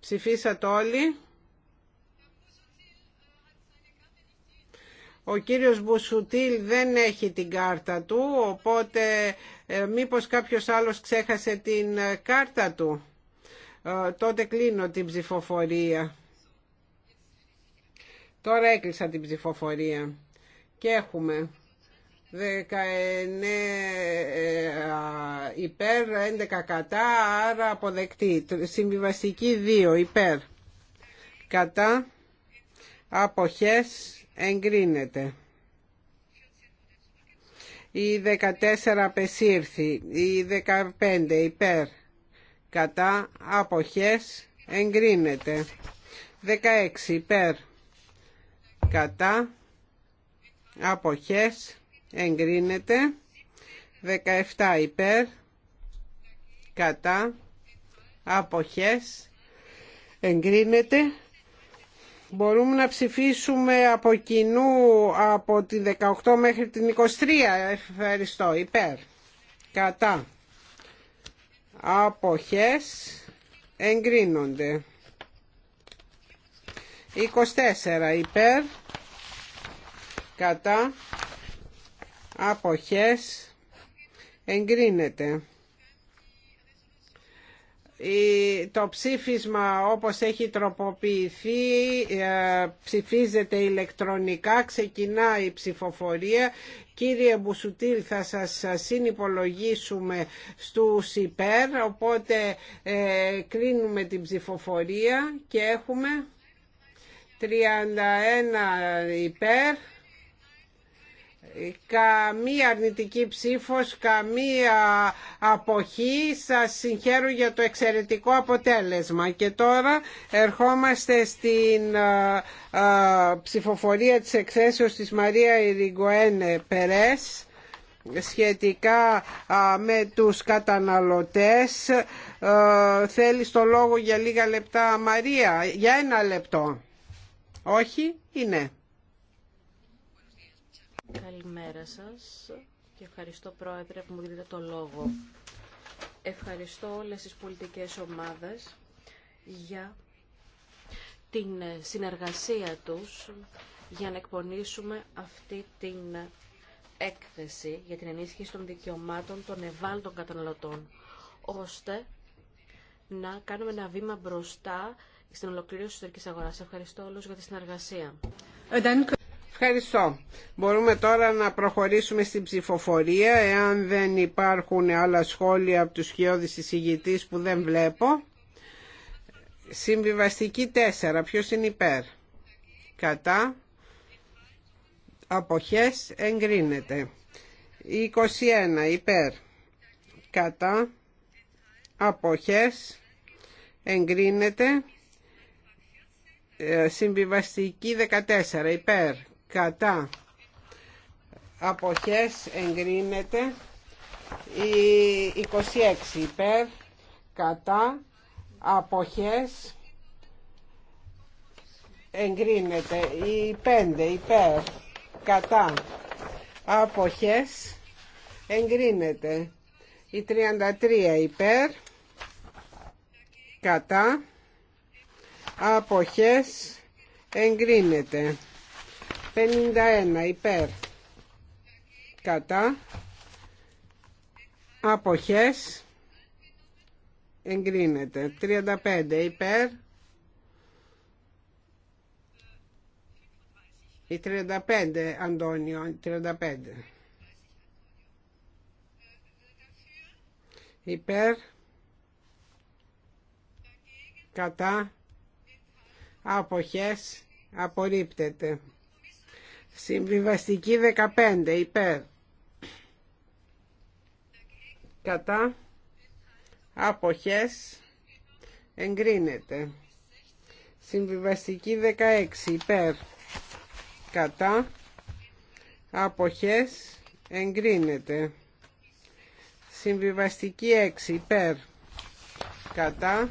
Ψηφίσατε όλοι. Ο κύριος Μπουσουτήλ δεν έχει την κάρτα του, οπότε ε, μήπως κάποιος άλλος ξέχασε την ε, κάρτα του. Ε, τότε κλείνω την ψηφοφορία. Τώρα έκλεισα την ψηφοφορία και έχουμε 19 ε, υπέρ, 11 κατά, άρα αποδεκτή. Συμβιβαστική 2 υπέρ, κατά, αποχές, εγκρίνεται. Η 14 απεσύρθη, η 15 υπέρ, κατά, αποχές, εγκρίνεται. 16 υπέρ, κατά, αποχές εγκρίνεται 17 υπέρ κατά αποχές εγκρίνεται μπορούμε να ψηφίσουμε από κοινού από τη 18 μέχρι την 23 ευχαριστώ υπέρ κατά αποχές εγκρίνονται 24 υπέρ κατά αποχές εγκρίνεται. Το ψήφισμα όπως έχει τροποποιηθεί ε, ψηφίζεται ηλεκτρονικά, ξεκινάει η ψηφοφορία. Κύριε Μπουσουτήλ θα σας συνυπολογίσουμε στους υπέρ, οπότε ε, κρίνουμε την ψηφοφορία και έχουμε 31 υπέρ καμία αρνητική ψήφος, καμία αποχή. Σας συγχαίρω για το εξαιρετικό αποτέλεσμα. Και τώρα ερχόμαστε στην ε, ε, ψηφοφορία της εκθέσεως της Μαρία Ιριγκοένε Περές σχετικά ε, με τους καταναλωτές. Θέλεις το λόγο για λίγα λεπτά, Μαρία. Για ένα λεπτό. Όχι Είναι. Καλημέρα σας και ευχαριστώ Πρόεδρε που μου δίνετε το λόγο. Ευχαριστώ όλες τις πολιτικές ομάδες για την συνεργασία τους για να εκπονήσουμε αυτή την έκθεση για την ενίσχυση των δικαιωμάτων των ευάλωτων καταναλωτών, ώστε να κάνουμε ένα βήμα μπροστά στην ολοκλήρωση της ιστορικής αγοράς. Ευχαριστώ όλους για τη συνεργασία. Ευχαριστώ. Μπορούμε τώρα να προχωρήσουμε στην ψηφοφορία εάν δεν υπάρχουν άλλα σχόλια από τους χειώδεις εισηγητής που δεν βλέπω. Συμβιβαστική 4. Ποιος είναι υπέρ. Κατά. Αποχές εγκρίνεται. 21. Υπέρ. Κατά. Αποχές εγκρίνεται. Ε, συμβιβαστική 14. Υπέρ κατά αποχές εγκρίνεται η 26 υπέρ κατά αποχές εγκρίνεται η 5 υπέρ κατά αποχές εγκρίνεται η 33 υπέρ κατά αποχές εγκρίνεται 51 υπέρ κατά αποχές εγκρίνεται 35 υπέρ η 35 Αντώνιο 35 υπέρ κατά αποχές απορρίπτεται Συμβιβαστική 15 υπέρ. Κατά αποχές εγκρίνεται. Συμβιβαστική 16 υπέρ. Κατά αποχές εγκρίνεται. Συμβιβαστική 6 υπέρ. Κατά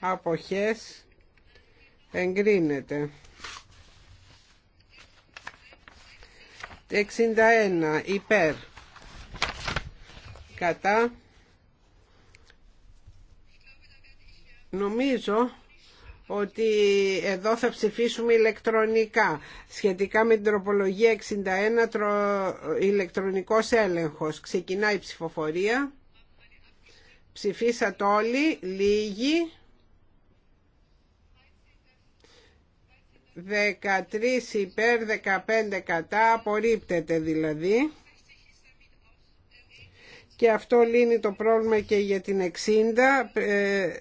αποχές εγκρίνεται. 61 υπέρ κατά νομίζω ότι εδώ θα ψηφίσουμε ηλεκτρονικά σχετικά με την τροπολογία 61 τρο... ηλεκτρονικός έλεγχος ξεκινάει η ψηφοφορία ψηφίσατε όλοι λίγοι 13 υπέρ 15 κατά απορρίπτεται δηλαδή και αυτό λύνει το πρόβλημα και για την 60 58 ε,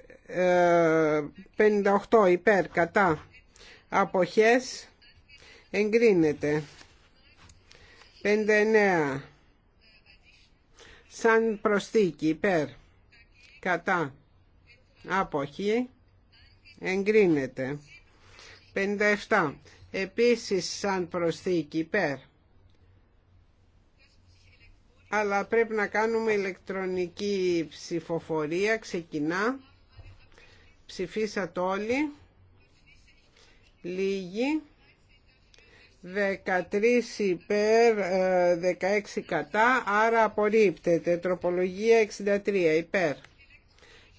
ε, υπέρ κατά αποχές εγκρίνεται 59 σαν προστίκι υπέρ κατά αποχή εγκρίνεται 57. Επίσης σαν προσθήκη υπέρ. Αλλά πρέπει να κάνουμε ηλεκτρονική ψηφοφορία. Ξεκινά. Ψηφίσατε όλοι. Λίγοι. 13 υπέρ, 16 ε, κατά, άρα απορρίπτεται. Τροπολογία 63 υπέρ.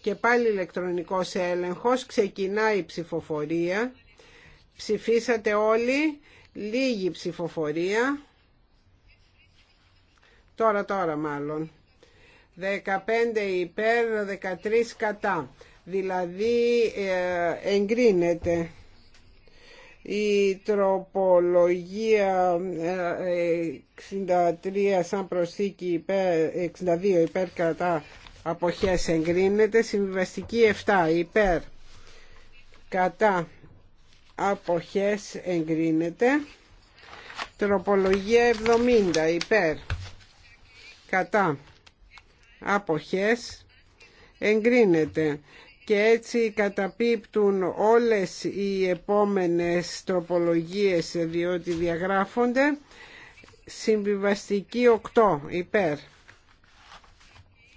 Και πάλι ηλεκτρονικός έλεγχος, ξεκινάει η ψηφοφορία. Ψηφίσατε όλοι. Λίγη ψηφοφορία. Τώρα, τώρα μάλλον. 15 υπέρ, 13 κατά. Δηλαδή ε, εγκρίνεται η τροπολογία 63 ε, σαν προσθήκη 62 υπέρ κατά αποχές εγκρίνεται συμβιβαστική 7 υπέρ κατά αποχές εγκρίνεται τροπολογία 70 υπέρ κατά αποχές εγκρίνεται και έτσι καταπίπτουν όλες οι επόμενες τροπολογίες διότι διαγράφονται συμβιβαστική 8 υπέρ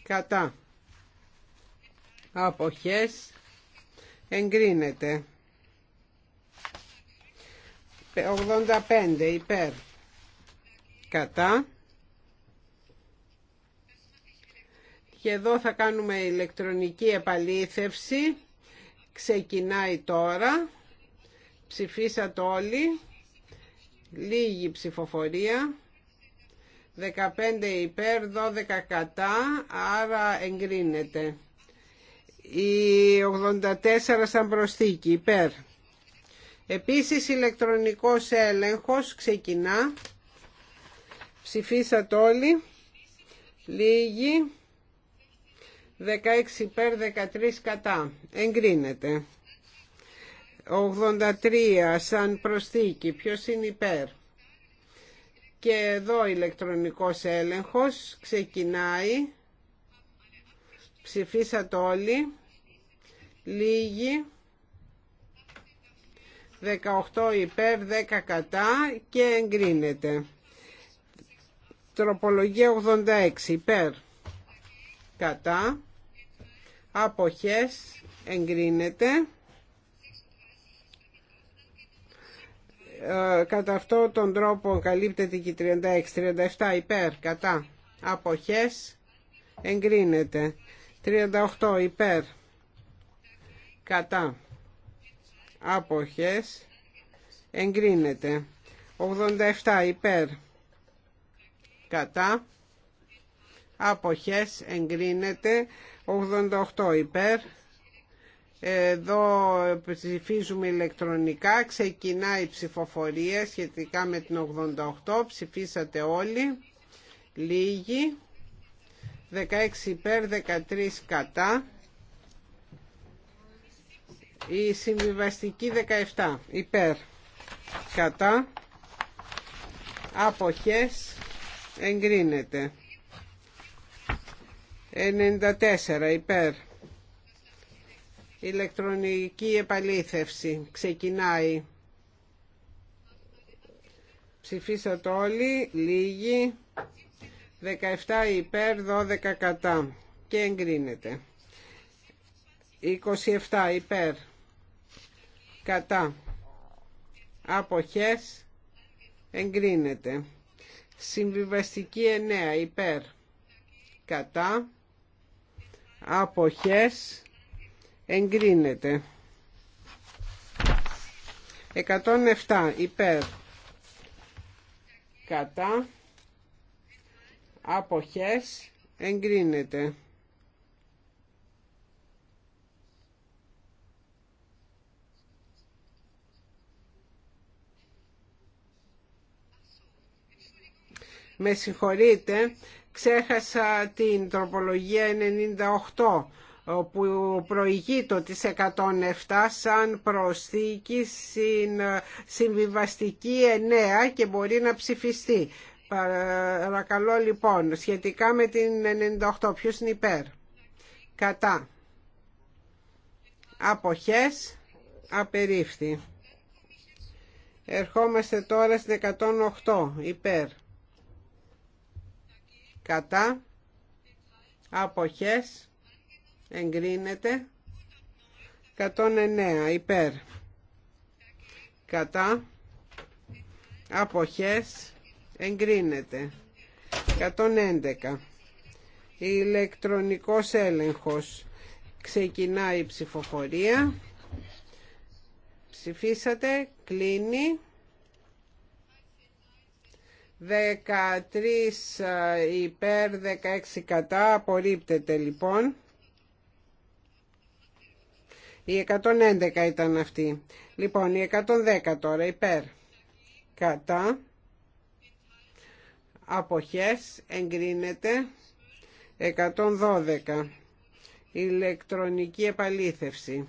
κατά αποχές εγκρίνεται 85 υπέρ κατά και εδώ θα κάνουμε ηλεκτρονική επαλήθευση ξεκινάει τώρα ψηφίσατε όλοι λίγη ψηφοφορία 15 υπέρ 12 κατά άρα εγκρίνεται η 84 σαν προσθήκη υπέρ Επίσης ηλεκτρονικός έλεγχος ξεκινά. Ψηφίσατε όλοι. Λίγοι. 16 υπέρ 13 κατά. Εγκρίνεται. 83 σαν προσθήκη. Ποιος είναι υπέρ. Και εδώ ηλεκτρονικός έλεγχος ξεκινάει. Ψηφίσατε όλοι. Λίγοι. 18 υπέρ 10 κατά και εγκρίνεται. Τροπολογία 86 υπέρ κατά αποχές εγκρίνεται. Ε, κατά αυτόν τον τρόπο καλύπτεται και 36, 37 υπέρ κατά αποχές εγκρίνεται. 38 υπέρ κατά αποχές εγκρίνεται 87 υπέρ κατά αποχές εγκρίνεται 88 υπέρ εδώ ψηφίζουμε ηλεκτρονικά ξεκινάει η ψηφοφορία σχετικά με την 88 ψηφίσατε όλοι λίγοι 16 υπέρ 13 κατά η συμβιβαστική 17 υπέρ κατά αποχές εγκρίνεται. 94 υπέρ ηλεκτρονική επαλήθευση ξεκινάει. Ψηφίσατε όλοι, λίγοι, 17 υπέρ, 12 κατά και εγκρίνεται. 27 υπέρ, κατά αποχές εγκρίνεται συμβιβαστική 9 υπέρ κατά αποχές εγκρίνεται 107 υπέρ κατά αποχές εγκρίνεται Με συγχωρείτε, ξέχασα την τροπολογία 98 που προηγεί το της 107 σαν προσθήκη στην συμβιβαστική 9 και μπορεί να ψηφιστεί. Παρακαλώ λοιπόν, σχετικά με την 98, ποιος είναι υπέρ. Κατά. Αποχές. Απερίφθη. Ερχόμαστε τώρα στην 108, υπέρ κατά αποχές εγκρίνεται 109 υπέρ κατά αποχές εγκρίνεται 111 ηλεκτρονικός έλεγχος ξεκινάει η ψηφοφορία ψηφίσατε κλείνει 13 ε, υπέρ 16 κατά απορρίπτεται λοιπόν η 111 ήταν αυτή λοιπόν η 110 τώρα υπέρ κατά αποχές εγκρίνεται 112 ηλεκτρονική επαλήθευση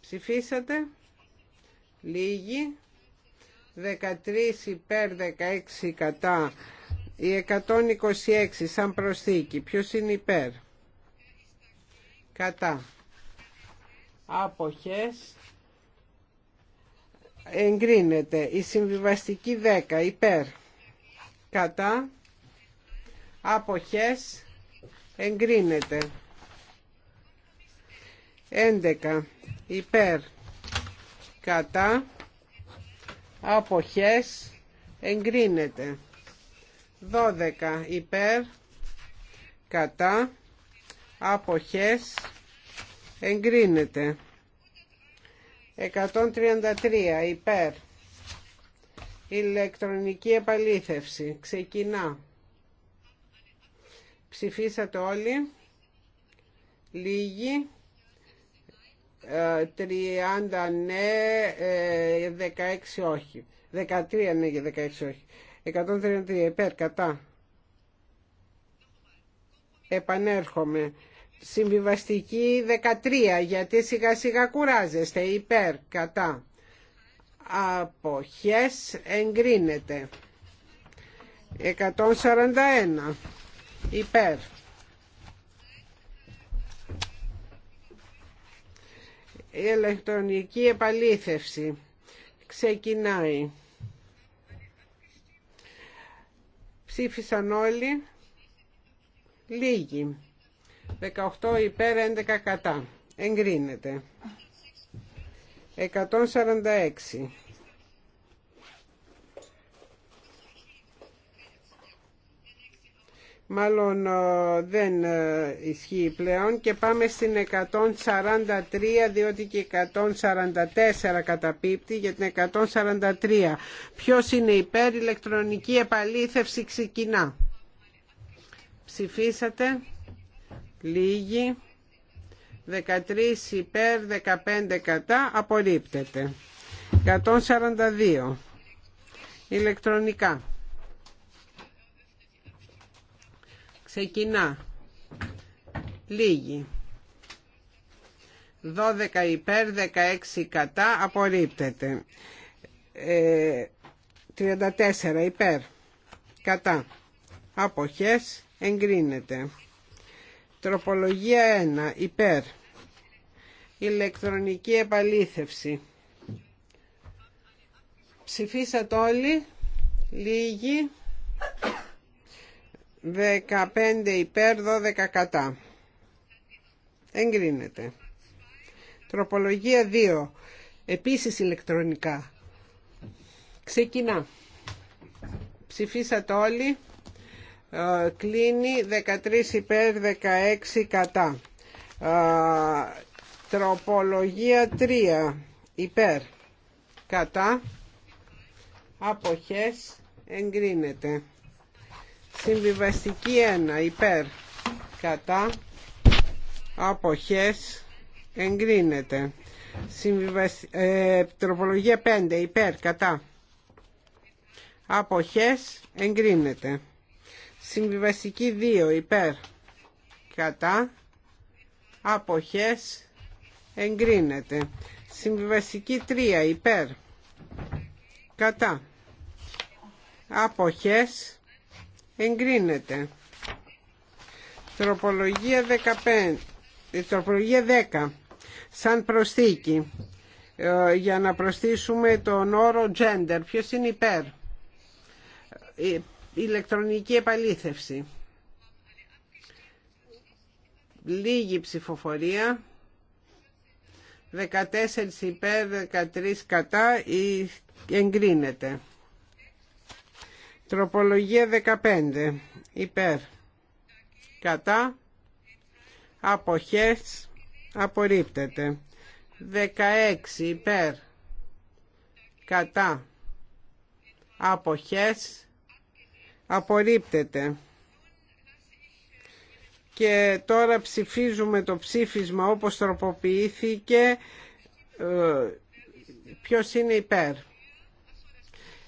ψηφίσατε λίγοι 13 υπέρ 16 κατά η 126 σαν προσθήκη ποιος είναι υπέρ κατά αποχές εγκρίνεται η συμβιβαστική 10 υπέρ κατά αποχές εγκρίνεται 11 υπέρ κατά αποχές εγκρίνεται 12 υπέρ κατά αποχές εγκρίνεται 133 υπέρ ηλεκτρονική επαλήθευση ξεκινά ψηφίσατε όλοι λίγοι 30 ναι, 16 ε, όχι. 13 ναι και 16 όχι. 133 υπέρ, κατά. Επανέρχομαι. Συμβιβαστική 13, γιατί σιγά σιγά κουράζεστε. Υπέρ, κατά. Αποχές εγκρίνεται. 141 υπέρ. Η ηλεκτρονική επαλήθευση. Ξεκινάει. Ψήφισαν όλοι. Λίγοι. 18 υπέρ 11 κατά. Εγκρίνεται. 146. μάλλον ε, δεν ε, ισχύει πλέον και πάμε στην 143 διότι και 144 καταπίπτει για την 143 ποιος είναι υπέρ ηλεκτρονική επαλήθευση ξεκινά ψηφίσατε λίγοι 13 υπέρ 15 κατά απορρίπτεται 142 ηλεκτρονικά Ξεκινά. Λίγοι. 12 υπέρ, 16 κατά, απορρίπτεται. Ε, 34 υπέρ, κατά. Αποχές, εγκρίνεται. Τροπολογία 1 υπέρ. Ηλεκτρονική επαλήθευση. Ψηφίσατε όλοι. Λίγοι. 15 υπέρ 12 κατά. Εγκρίνεται. Τροπολογία 2. Επίσης ηλεκτρονικά. Ξεκινά. Ψηφίσατε όλοι. Ε, κλείνει 13 υπέρ 16 κατά. Ε, τροπολογία 3. Υπέρ. Κατά. Αποχές. Εγκρίνεται. Συμβιβαστική 1 υπέρ κατά αποχές εγκρίνεται. Συμβιβασ... Ε, τροπολογία 5 υπέρ κατά αποχές εγκρίνεται. Συμβιβαστική 2 υπέρ κατά αποχές εγκρίνεται. Συμβιβαστική 3 υπέρ κατά αποχές εγκρίνεται. Τροπολογία 15, ε, τροπολογία 10, σαν προσθήκη, ε, για να προσθήσουμε τον όρο gender. Ποιος είναι υπέρ. Ε, ηλεκτρονική επαλήθευση. Λίγη ψηφοφορία. 14 υπέρ, 13 κατά, εγκρίνεται. Τροπολογία 15. Υπέρ. Κατά. Αποχές. Απορρίπτεται. 16. Υπέρ. Κατά. Αποχές. Απορρίπτεται. Και τώρα ψηφίζουμε το ψήφισμα όπως τροποποιήθηκε. Ε, ποιος είναι υπέρ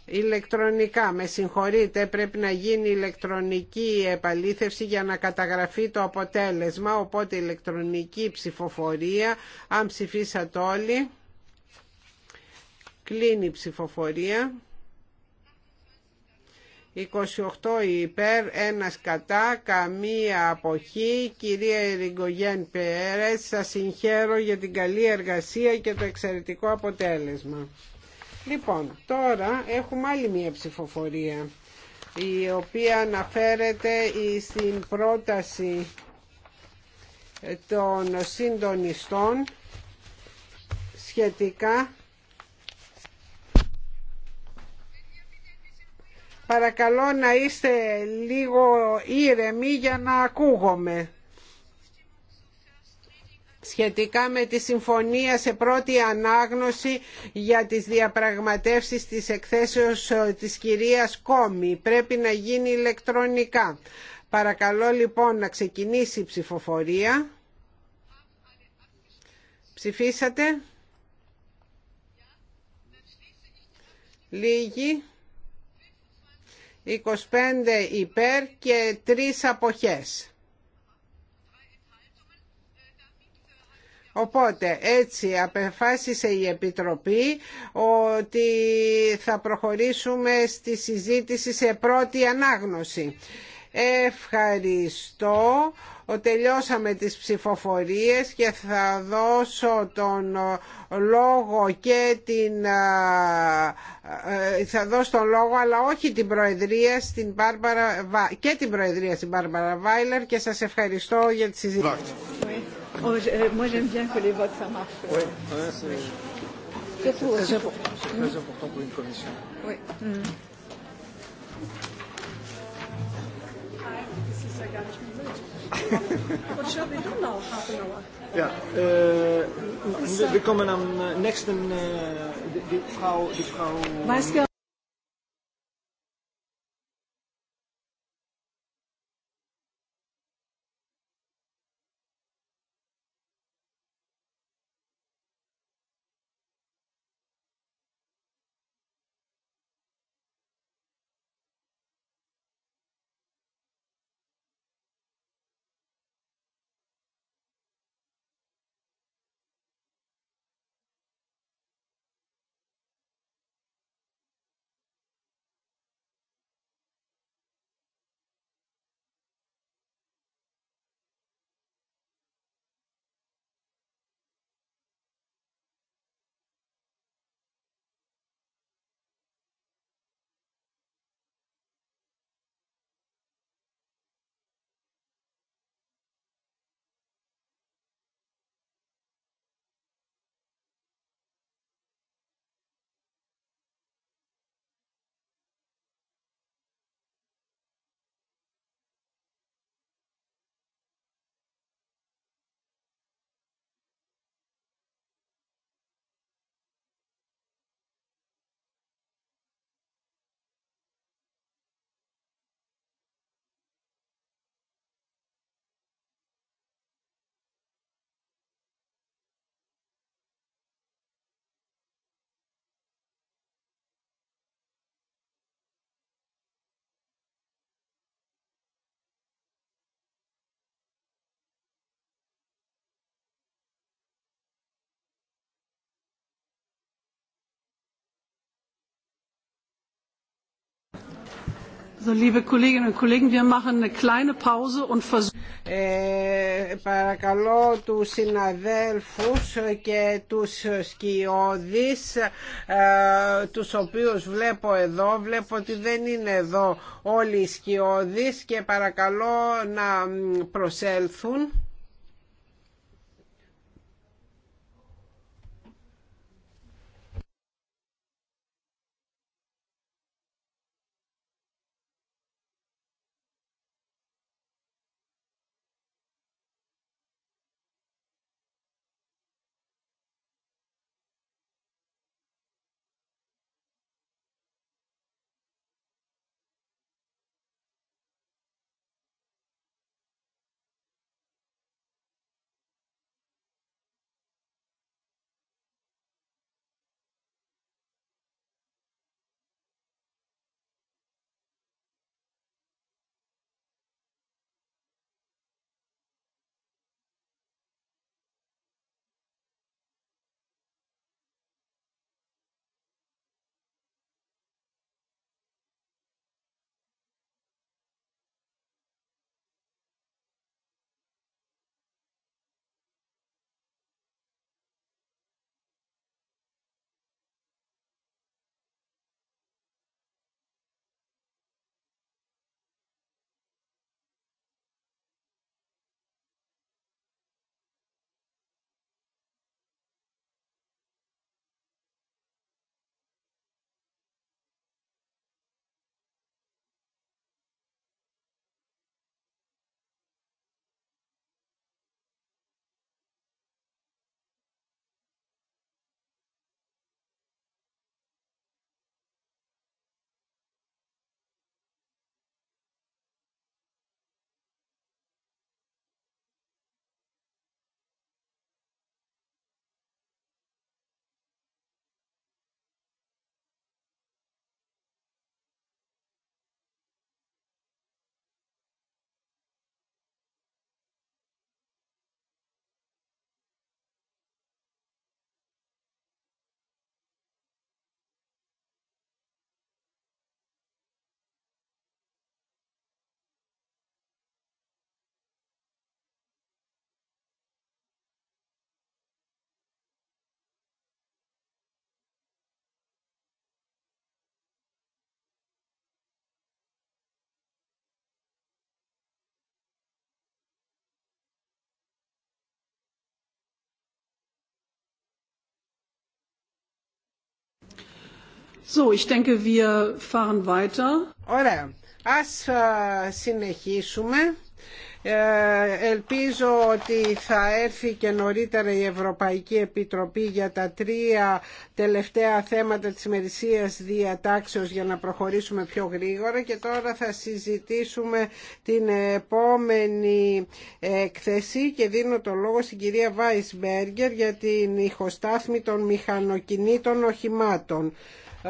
ηλεκτρονικά. Με συγχωρείτε, πρέπει να γίνει ηλεκτρονική επαλήθευση για να καταγραφεί το αποτέλεσμα, οπότε ηλεκτρονική ψηφοφορία, αν ψηφίσατε όλοι, κλείνει η ψηφοφορία. 28 υπέρ, ένας κατά, καμία αποχή. Κυρία Ερυγκογέν Περές, σας συγχαίρω για την καλή εργασία και το εξαιρετικό αποτέλεσμα. Λοιπόν, τώρα έχουμε άλλη μία ψηφοφορία η οποία αναφέρεται στην πρόταση των συντονιστών σχετικά Παρακαλώ να είστε λίγο ήρεμοι για να ακούγομαι σχετικά με τη συμφωνία σε πρώτη ανάγνωση για τις διαπραγματεύσεις της εκθέσεως ε, της κυρίας Κόμη. Πρέπει να γίνει ηλεκτρονικά. Παρακαλώ λοιπόν να ξεκινήσει η ψηφοφορία. Ψηφίσατε. Λίγοι. 25 υπέρ και 3 αποχές. Οπότε έτσι απεφάσισε η Επιτροπή ότι θα προχωρήσουμε στη συζήτηση σε πρώτη ανάγνωση. Ευχαριστώ. Τελειώσαμε τις ψηφοφορίες και θα δώσω τον λόγο και την... Ε, θα δώσω τον λόγο αλλά όχι την Προεδρία στην Μπάρμπαρα... και την Προεδρία στην Μπάρμπαρα Βάιλερ και σας ευχαριστώ για τη συζήτηση. C'est très important pour une commission. Oui. Mm. What shall we die vrouw. die παρακαλώ τους συναδέλφους και τους σκιώδεις ε, τους οποίους βλέπω εδώ βλέπω ότι δεν είναι εδώ όλοι οι σκιώδεις και παρακαλώ να προσέλθουν Ωραία. Ας ε, συνεχίσουμε. Ε, ελπίζω ότι θα έρθει και νωρίτερα η Ευρωπαϊκή Επιτροπή για τα τρία τελευταία θέματα της μερισίας διατάξεως για να προχωρήσουμε πιο γρήγορα και τώρα θα συζητήσουμε την επόμενη εκθεσή και δίνω το λόγο στην κυρία Βάισμπεργκερ για την ηχοστάθμη των μηχανοκινήτων οχημάτων.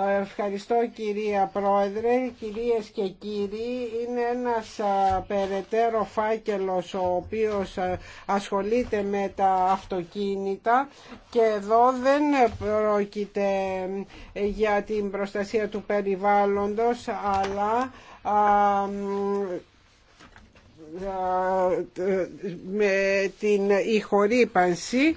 Ευχαριστώ κυρία Πρόεδρε, κυρίες και κύριοι. Είναι ένας περαιτέρω φάκελος ο οποίος ασχολείται με τα αυτοκίνητα και εδώ δεν πρόκειται για την προστασία του περιβάλλοντος αλλά με την ηχορύπανση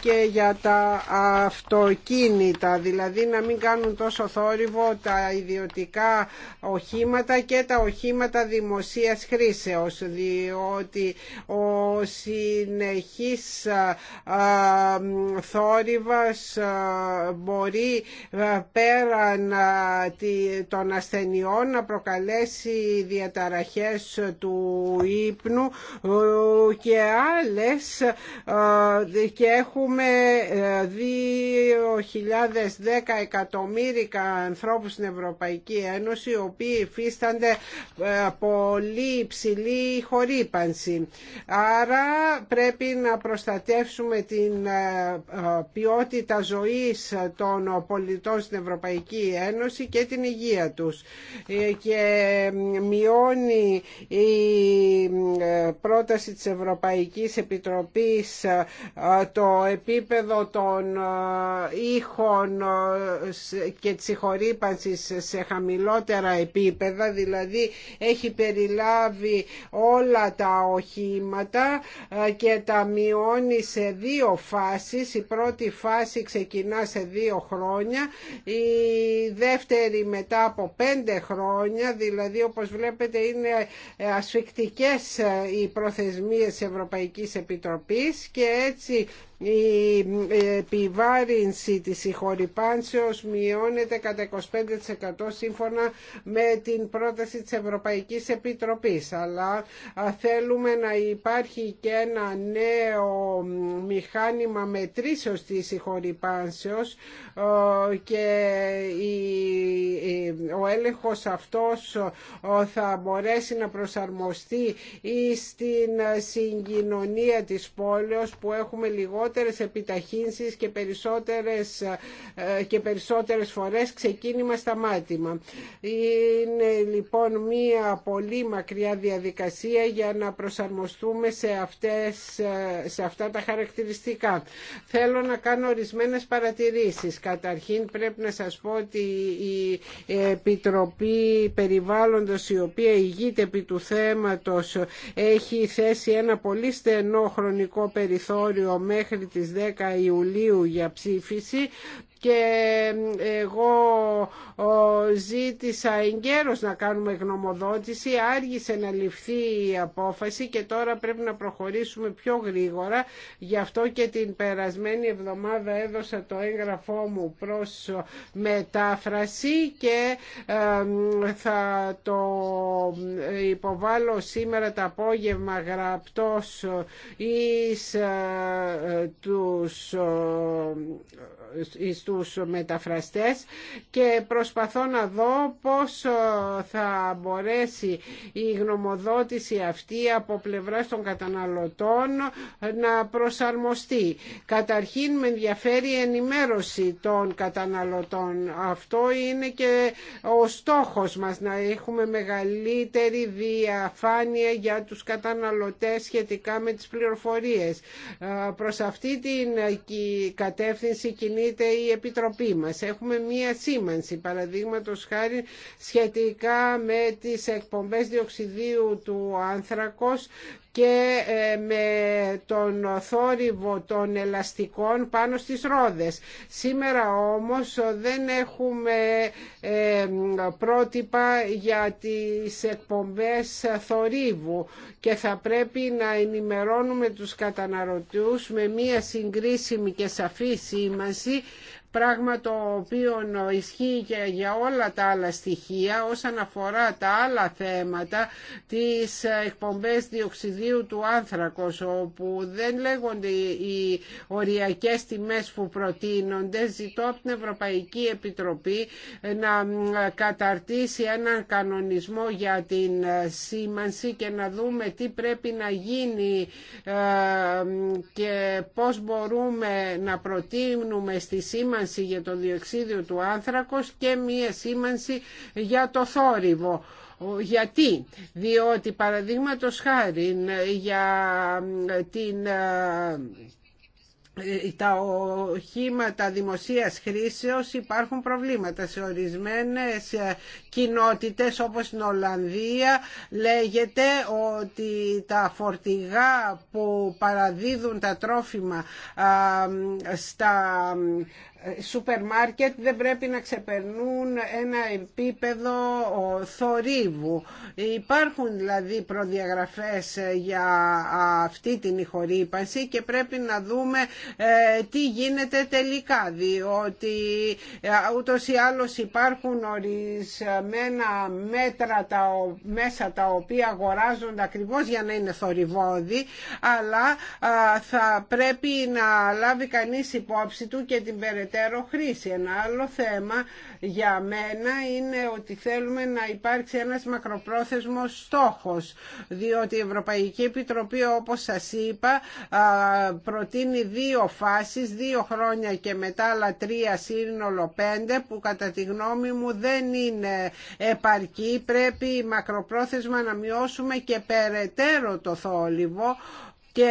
και για τα αυτοκίνητα δηλαδή να μην κάνουν τόσο θόρυβο τα ιδιωτικά οχήματα και τα οχήματα δημοσίας χρήσεως διότι ο συνεχής θόρυβας μπορεί πέραν των ασθενειών να προκαλέσει διαταραχές του ύπνου και άλλες και έχουμε 2.010 ε, εκατομμύρια ανθρώπους στην Ευρωπαϊκή Ένωση οι οποίοι υφίστανται ε, πολύ υψηλή χορύπανση. Άρα πρέπει να προστατεύσουμε την ε, ποιότητα ζωής των πολιτών στην Ευρωπαϊκή Ένωση και την υγεία τους. Και μειώνει η πρόταση της Ευρωπαϊκής Επιτροπής ε, το επίπεδο των ε, ήχων ε, και της ηχορύπανσης σε χαμηλότερα επίπεδα, δηλαδή έχει περιλάβει όλα τα οχήματα και τα μειώνει σε δύο φάσεις. Η πρώτη φάση ξεκινά σε δύο χρόνια, η δεύτερη μετά από πέντε χρόνια, δηλαδή όπως βλέπετε είναι ασφιχτική εκρηκτικές ε, οι προθεσμίες Ευρωπαϊκής Επιτροπής και έτσι η επιβάρυνση της συγχωρηπάνσεως μειώνεται κατά 25% σύμφωνα με την πρόταση της Ευρωπαϊκής Επιτροπής αλλά θέλουμε να υπάρχει και ένα νέο μηχάνημα μετρήσεως της συγχωρηπάνσεως ε, και ο έλεγχος αυτός ε, θα μπορέσει να προσαρμοστεί στην συγκοινωνία της πόλεως που έχουμε λιγότερο λιγότερες επιταχύνσεις και περισσότερες, ε, και περισσότερες φορές ξεκίνημα σταμάτημα. Είναι λοιπόν μία πολύ μακριά διαδικασία για να προσαρμοστούμε σε, αυτές, ε, σε αυτά τα χαρακτηριστικά. Θέλω να κάνω ορισμένες παρατηρήσεις. Καταρχήν πρέπει να σας πω ότι η Επιτροπή Περιβάλλοντος η οποία ηγείται επί του θέματος έχει θέσει ένα πολύ στενό χρονικό περιθώριο μέχρι μέχρι τις 10 Ιουλίου για ψήφιση και εγώ ζήτησα εγκαίρως να κάνουμε γνωμοδότηση, άργησε να ληφθεί η απόφαση και τώρα πρέπει να προχωρήσουμε πιο γρήγορα. Γι' αυτό και την περασμένη εβδομάδα έδωσα το έγγραφό μου προς μετάφραση και ε, θα το υποβάλω σήμερα το απόγευμα γραπτός εις ε, τους ε, στους μεταφραστές και προσπαθώ να δω πώς ε, θα μπορέσει η γνωμοδότηση αυτή από πλευράς των καταναλωτών ε, να προσαρμοστεί. Καταρχήν με ενδιαφέρει η ενημέρωση των καταναλωτών. Αυτό είναι και ο στόχος μας να έχουμε μεγαλύτερη διαφάνεια για τους καταναλωτές σχετικά με τις πληροφορίες. Ε, προς αυτή την κατεύθυνση κινείται η Επιτροπή μας. Έχουμε μία σήμανση, παραδείγματο χάρη, σχετικά με τις εκπομπές διοξιδίου του άνθρακος και ε, με τον θόρυβο των ελαστικών πάνω στις ρόδες. Σήμερα όμως δεν έχουμε ε, πρότυπα για τις εκπομπές θορύβου και θα πρέπει να ενημερώνουμε τους καταναλωτούς με μία συγκρίσιμη και σαφή σήμανση πράγμα το οποίο ισχύει και για όλα τα άλλα στοιχεία όσον αφορά τα άλλα θέματα της εκπομπές διοξιδίου του άνθρακος όπου δεν λέγονται οι οριακές τιμές που προτείνονται ζητώ από την Ευρωπαϊκή Επιτροπή να καταρτήσει έναν κανονισμό για την σήμανση και να δούμε τι πρέπει να γίνει ε, και πώς μπορούμε να προτείνουμε στη σήμανση σήμανση για το διοξίδιο του άνθρακος και μία σήμανση για το θόρυβο. Γιατί, διότι παραδείγματο χάρη για την ε, ε, τα οχήματα δημοσίας χρήσεως υπάρχουν προβλήματα σε ορισμένες ε, κοινότητες όπως στην Ολλανδία λέγεται ότι τα φορτηγά που παραδίδουν τα τρόφιμα στα σούπερ μάρκετ δεν πρέπει να ξεπερνούν ένα επίπεδο θορύβου. Υπάρχουν δηλαδή προδιαγραφές ε, για αυτή την ηχορύπανση και πρέπει να δούμε ε, τι γίνεται τελικά διότι ε, ούτως ή άλλως υπάρχουν ορισμένα μέτρα τα, μέσα τα οποία αγοράζονται ακριβώς για να είναι θορυβόδη αλλά θα πρέπει να λάβει κανείς υπόψη του και την περαιτέρω χρήση. Ένα άλλο θέμα για μένα είναι ότι θέλουμε να υπάρξει ένας μακροπρόθεσμος στόχος, διότι η Ευρωπαϊκή Επιτροπή, όπως σας είπα, προτείνει δύο φάσεις, δύο χρόνια και μετά άλλα τρία σύνολο πέντε, που κατά τη γνώμη μου δεν είναι επαρκή. Πρέπει μακροπρόθεσμα να μειώσουμε και περαιτέρω το θόλυβο, και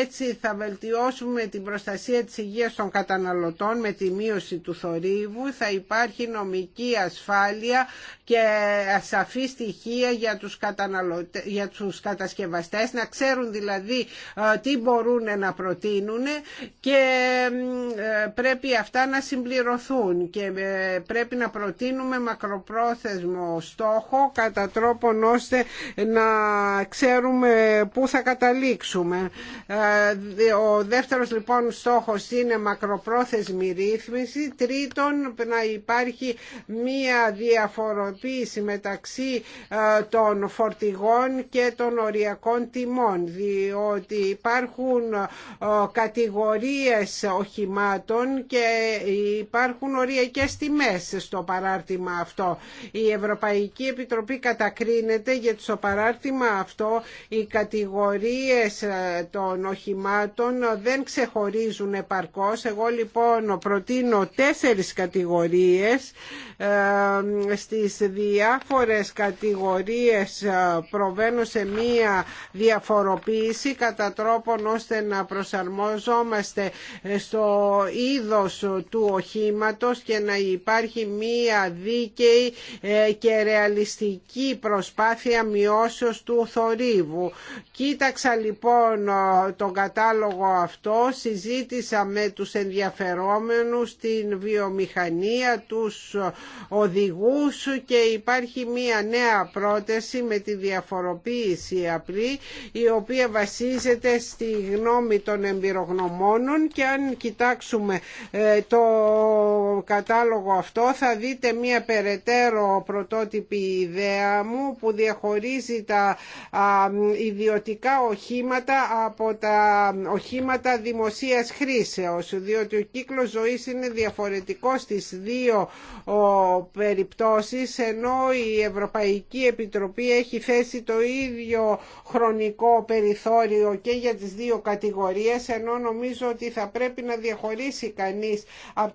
έτσι θα βελτιώσουμε την προστασία της υγείας των καταναλωτών με τη μείωση του θορύβου, θα υπάρχει νομική ασφάλεια και σαφή στοιχεία για τους, καταναλωτε... για τους κατασκευαστές, να ξέρουν δηλαδή ε, τι μπορούν να προτείνουν και ε, πρέπει αυτά να συμπληρωθούν και ε, πρέπει να προτείνουμε μακροπρόθεσμο στόχο κατά τρόπον ώστε να ξέρουμε πού θα καταλήξουμε ε, ο δεύτερος λοιπόν στόχος είναι μακροπρόθεσμη ρύθμιση. Τρίτον, να υπάρχει μία διαφοροποίηση μεταξύ ε, των φορτηγών και των οριακών τιμών, διότι υπάρχουν ε, κατηγορίες οχημάτων και υπάρχουν οριακές τιμές στο παράρτημα αυτό. Η Ευρωπαϊκή Επιτροπή κατακρίνεται γιατί το παράρτημα αυτό οι κατηγορίες ε, των οχημάτων δεν ξεχωρίζουν επαρκώς. Εγώ λοιπόν προτείνω τέσσερις κατηγορίες ε, στις διάφορες κατηγορίες ε, προβαίνω σε μία διαφοροποίηση κατά τρόπον ώστε να προσαρμόζομαστε στο είδος του οχήματος και να υπάρχει μία δίκαιη και ρεαλιστική προσπάθεια μειώσεως του θορύβου. Κοίταξα λοιπόν το τον κατάλογο αυτό συζήτησα με τους ενδιαφερόμενους την βιομηχανία, τους οδηγούς και υπάρχει μία νέα πρόταση με τη διαφοροποίηση απλή η οποία βασίζεται στη γνώμη των εμπειρογνωμόνων και αν κοιτάξουμε ε, το κατάλογο αυτό θα δείτε μία περαιτέρω πρωτότυπη ιδέα μου που διαχωρίζει τα ιδιωτικά οχήματα από τα οχήματα δημοσίας χρήσεως διότι ο κύκλος ζωής είναι διαφορετικός στις δύο περιπτώσεις ενώ η Ευρωπαϊκή Επιτροπή έχει θέσει το ίδιο χρονικό περιθώριο και για τις δύο κατηγορίες ενώ νομίζω ότι θα πρέπει να διαχωρίσει κανείς από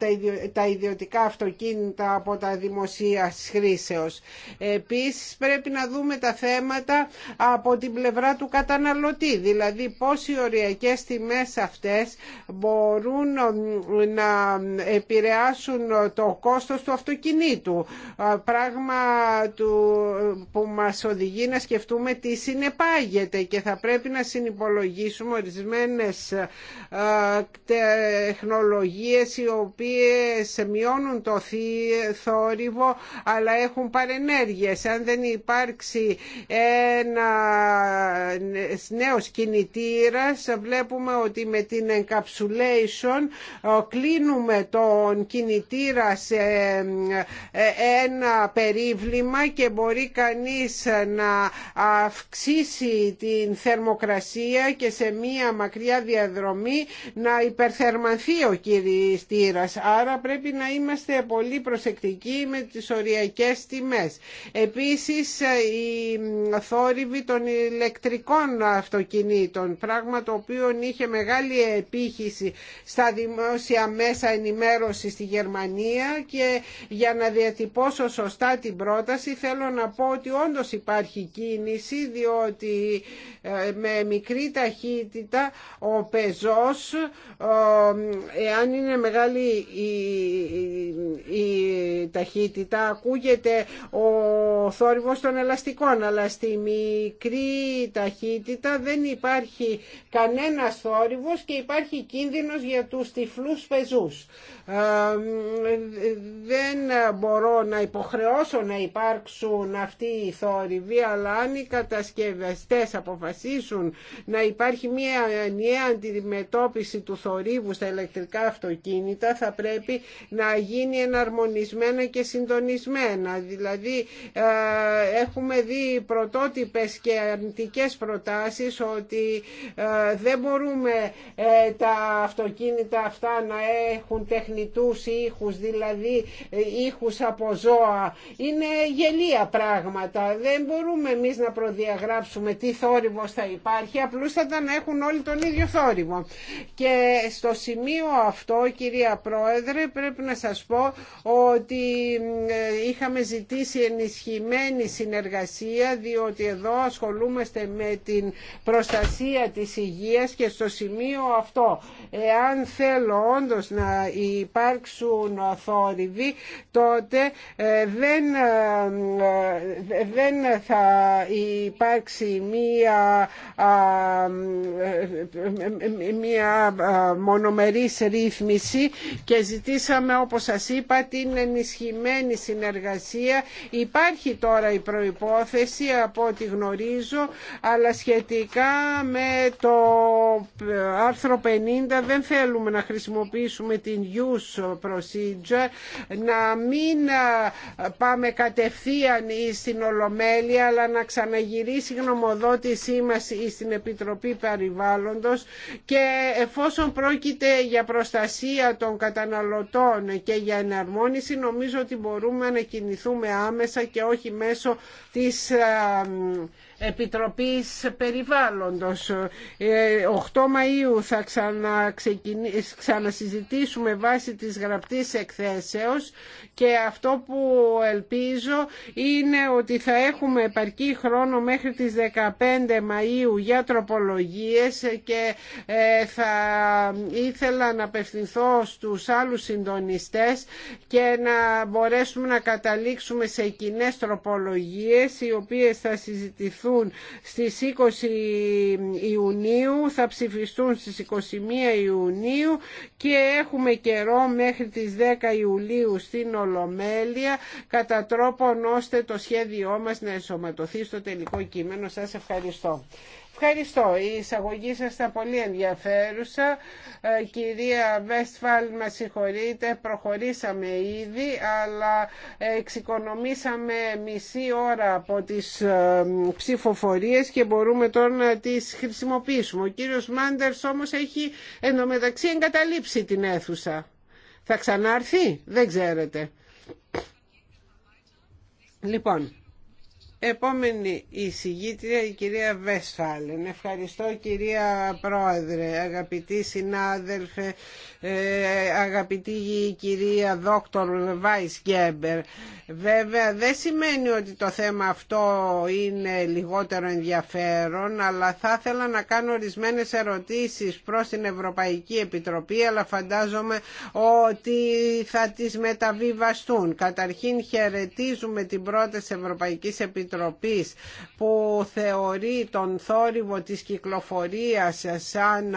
τα ιδιωτικά αυτοκίνητα από τα δημοσία χρήσεως. Επίσης πρέπει να δούμε τα θέματα από την πλευρά του καταναλωτή, δηλαδή δηλαδή πώς οι οριακές τιμές αυτές μπορούν ε, να επηρεάσουν ε, το κόστος του αυτοκινήτου ε, πράγμα που μας οδηγεί να σκεφτούμε τι συνεπάγεται και θα πρέπει να συνυπολογίσουμε ορισμένες τεχνολογίες οι οποίες μειώνουν το θόρυβο αλλά έχουν παρενέργειες αν δεν υπάρξει ένα νέος κινητήρας βλέπουμε ότι με την encapsulation ε, κλείνουμε τον κινητήρα σε ε, ένα περίβλημα και μπορεί κανείς να αυξήσει την θερμοκρασία και σε μία μακριά διαδρομή να υπερθερμανθεί ο κινητήρας. Άρα πρέπει να είμαστε πολύ προσεκτικοί με τις οριακές τιμές. Επίσης η ε, θόρυβη των ηλεκτρικών αυτοκινήτων τον πράγμα το οποίο είχε μεγάλη επίχυση στα δημόσια μέσα ενημέρωση στη Γερμανία και για να διατυπώσω σωστά την πρόταση θέλω να πω ότι όντως υπάρχει κίνηση διότι ε, με μικρή ταχύτητα ο πεζός εάν είναι μεγάλη η, η ταχύτητα ακούγεται ο θόρυβος των ελαστικών αλλά στη μικρή ταχύτητα δεν υπάρχει υπάρχει κανένας θόρυβος και υπάρχει κίνδυνος για τους τυφλούς πεζούς. Δεν μπορώ να υποχρεώσω να υπάρξουν αυτοί οι θόρυβοι, αλλά αν οι κατασκευαστές αποφασίσουν να υπάρχει μια ενιαία αντιμετώπιση του θορύβου στα ηλεκτρικά αυτοκίνητα, θα πρέπει να γίνει εναρμονισμένα και συντονισμένα. Δηλαδή, ε, έχουμε δει πρωτότυπες και αρνητικές προτάσεις ότι ε, δεν μπορούμε ε, τα αυτοκίνητα αυτά να έχουν τεχνητούς ήχους, δηλαδή ε, ήχους από ζώα. Είναι γελία πράγματα. Δεν μπορούμε εμείς να προδιαγράψουμε τι θόρυβος θα υπάρχει, απλούστατα να έχουν όλοι τον ίδιο θόρυβο. Και στο σημείο αυτό, κυρία Πρόεδρε, πρέπει να σας πω ότι είχαμε ζητήσει ενισχυμένη συνεργασία, διότι εδώ ασχολούμαστε με την προστασία σημασία της υγείας και στο σημείο αυτό εάν θέλω όντως να υπάρξουν θόρυβοι τότε ε, δεν, ε, δεν θα υπάρξει μία, ε, μία μονομερής ρύθμιση και ζητήσαμε όπως σας είπα την ενισχυμένη συνεργασία υπάρχει τώρα η προϋπόθεση από ό,τι γνωρίζω αλλά σχετικά με το άρθρο 50 δεν θέλουμε να χρησιμοποιήσουμε την use procedure, να μην πάμε κατευθείαν στην Ολομέλεια, αλλά να ξαναγυρίσει η γνωμοδότησή μας στην Επιτροπή Περιβάλλοντος και εφόσον πρόκειται για προστασία των καταναλωτών και για εναρμόνιση, νομίζω ότι μπορούμε να κινηθούμε άμεσα και όχι μέσω της Επιτροπής Περιβάλλοντος. 8 ε, Μαΐου θα ξανασυζητήσουμε βάσει της γραπτής εκθέσεως και αυτό που ελπίζω είναι ότι θα έχουμε επαρκή χρόνο μέχρι τις 15 Μαΐου για τροπολογίες και ε, θα ήθελα να απευθυνθώ στους άλλους συντονιστές και να μπορέσουμε να καταλήξουμε σε κοινέ τροπολογίες οι οποίες θα συζητηθούν ψηφιστούν στις 20 Ιουνίου, θα ψηφιστούν στις 21 Ιουνίου και έχουμε καιρό μέχρι τις 10 Ιουλίου στην Ολομέλεια κατά τρόπον ώστε το σχέδιό μας να εσωματωθεί στο τελικό κείμενο. Σας ευχαριστώ. Ευχαριστώ. Η εισαγωγή σας ήταν πολύ ενδιαφέρουσα. Ε, κυρία Βέστφαλ, με συγχωρείτε, προχωρήσαμε ήδη, αλλά εξοικονομήσαμε μισή ώρα από τις ε, ψηφοφορίες και μπορούμε τώρα να τις χρησιμοποιήσουμε. Ο κύριος Μάντερς όμως έχει εντωμεταξύ εγκαταλείψει την αίθουσα. Θα ξανάρθει, δεν ξέρετε. Λοιπόν, Επόμενη εισηγήτρια η κυρία Βέσφαλεν. Ευχαριστώ κυρία Πρόεδρε, αγαπητοί συνάδελφε, ε, αγαπητή κυρία Δόκτωρ Βάις Γκέμπερ. Βέβαια δεν σημαίνει ότι το θέμα αυτό είναι λιγότερο ενδιαφέρον αλλά θα ήθελα να κάνω ορισμένε ερωτήσεις προς την Ευρωπαϊκή Επιτροπή αλλά φαντάζομαι ότι θα τις μεταβιβαστούν. Καταρχήν χαιρετίζουμε την πρώτη Ευρωπαϊκής Επιτροπής που θεωρεί τον θόρυβο της κυκλοφορίας σαν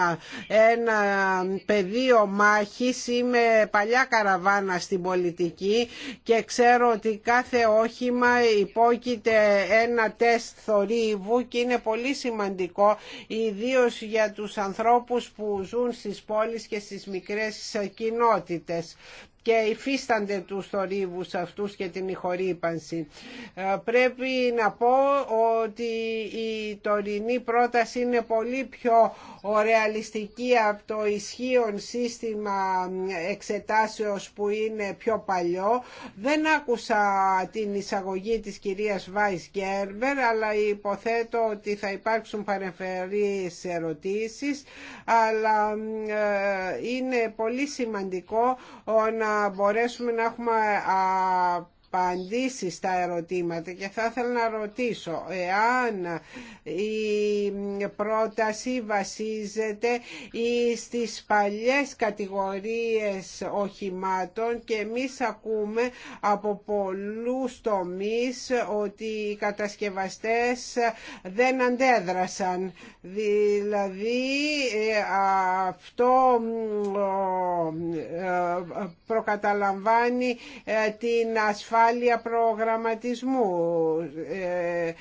ένα πεδίο μάχη, είμαι παλιά καραβάνα στην πολιτική και ξέρω ότι κάθε όχημα υπόκειται ένα τεστ θορύβου και είναι πολύ σημαντικό ιδίως για τους ανθρώπους που ζουν στις πόλεις και στις μικρές κοινότητες και υφίστανται τους θορύβους αυτούς και την ηχορύπανση. Ε, πρέπει να πω ότι η τωρινή πρόταση είναι πολύ πιο ρεαλιστική από το ισχύον σύστημα εξετάσεως που είναι πιο παλιό. Δεν άκουσα την εισαγωγή της κυρίας Βάις Γκέρμπερ, αλλά υποθέτω ότι θα υπάρξουν παρεμφερείς ερωτήσεις, αλλά ε, είναι πολύ σημαντικό να μπορέσουμε να έχουμε α απαντήσει στα ερωτήματα και θα ήθελα να ρωτήσω εάν η πρόταση βασίζεται ή στις παλιές κατηγορίες οχημάτων και εμείς ακούμε από πολλούς τομείς ότι οι κατασκευαστές δεν αντέδρασαν. Δηλαδή ε, αυτό ε, προκαταλαμβάνει ε, την ασφάλεια ασφάλεια προγραμματισμού. Ε,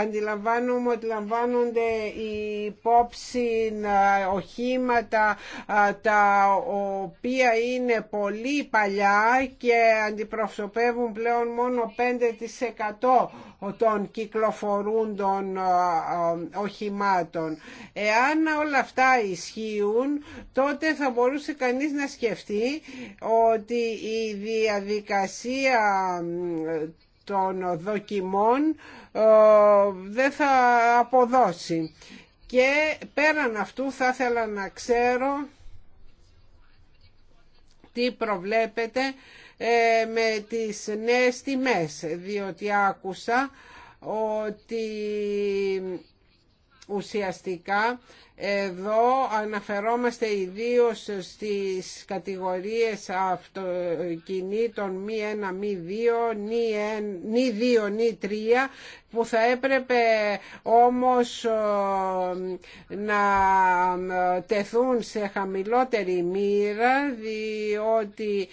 αντιλαμβάνομαι ότι λαμβάνονται υπόψη ε, οχήματα ε, τα οποία είναι πολύ παλιά και αντιπροσωπεύουν πλέον μόνο 5% των κυκλοφορούντων ε, ε, οχημάτων. Εάν όλα αυτά ισχύουν, τότε θα μπορούσε κανείς να σκεφτεί ότι η διαδικασία των δοκιμών ε, δεν θα αποδώσει. Και πέραν αυτού θα ήθελα να ξέρω τι προβλέπετε ε, με τις νέες τιμές, διότι άκουσα ότι ουσιαστικά εδώ αναφερόμαστε ιδίως στις κατηγορίες αυτοκινήτων μη 1, μη 2, νη 2, μη 3 που θα έπρεπε όμως ε, να ε, τεθούν σε χαμηλότερη μοίρα διότι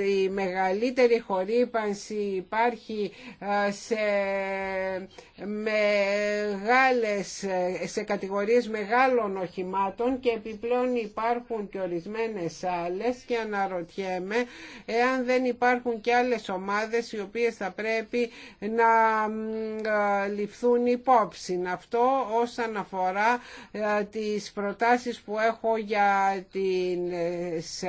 ε, η μεγαλύτερη χορύπανση υπάρχει σε μεγάλες σε κατηγορίες μεγάλων οχημάτων και επιπλέον υπάρχουν και ορισμένες άλλες και αναρωτιέμαι εάν δεν υπάρχουν και άλλες ομάδες οι οποίες θα πρέπει να ληφθούν υπόψη. Αυτό όσον αφορά τις προτάσεις που έχω για τις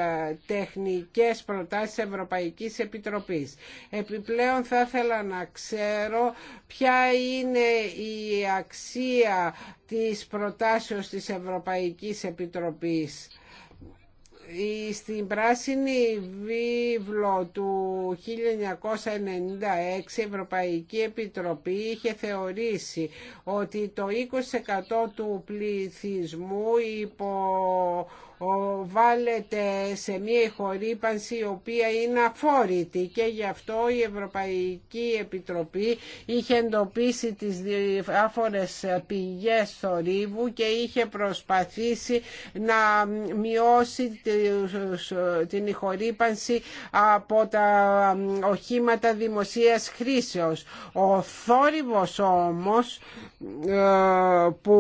τεχνικές προτάσεις Ευρωπαϊκής Επιτροπής. Επιπλέον θα ήθελα να ξέρω ποια είναι η αξία της προτάσεως της Ευρωπαϊκής Επιτροπής στην πράσινη βίβλο του 1996 η Ευρωπαϊκή Επιτροπή είχε θεωρήσει ότι το 20% του πληθυσμού υπό βάλετε σε μια χορύπανση η οποία είναι αφόρητη και γι' αυτό η Ευρωπαϊκή Επιτροπή είχε εντοπίσει τις διάφορες πηγές θορύβου και είχε προσπαθήσει να μειώσει την ηχορύπανση από τα οχήματα δημοσίας χρήσεως. Ο θόρυβος όμως ε, που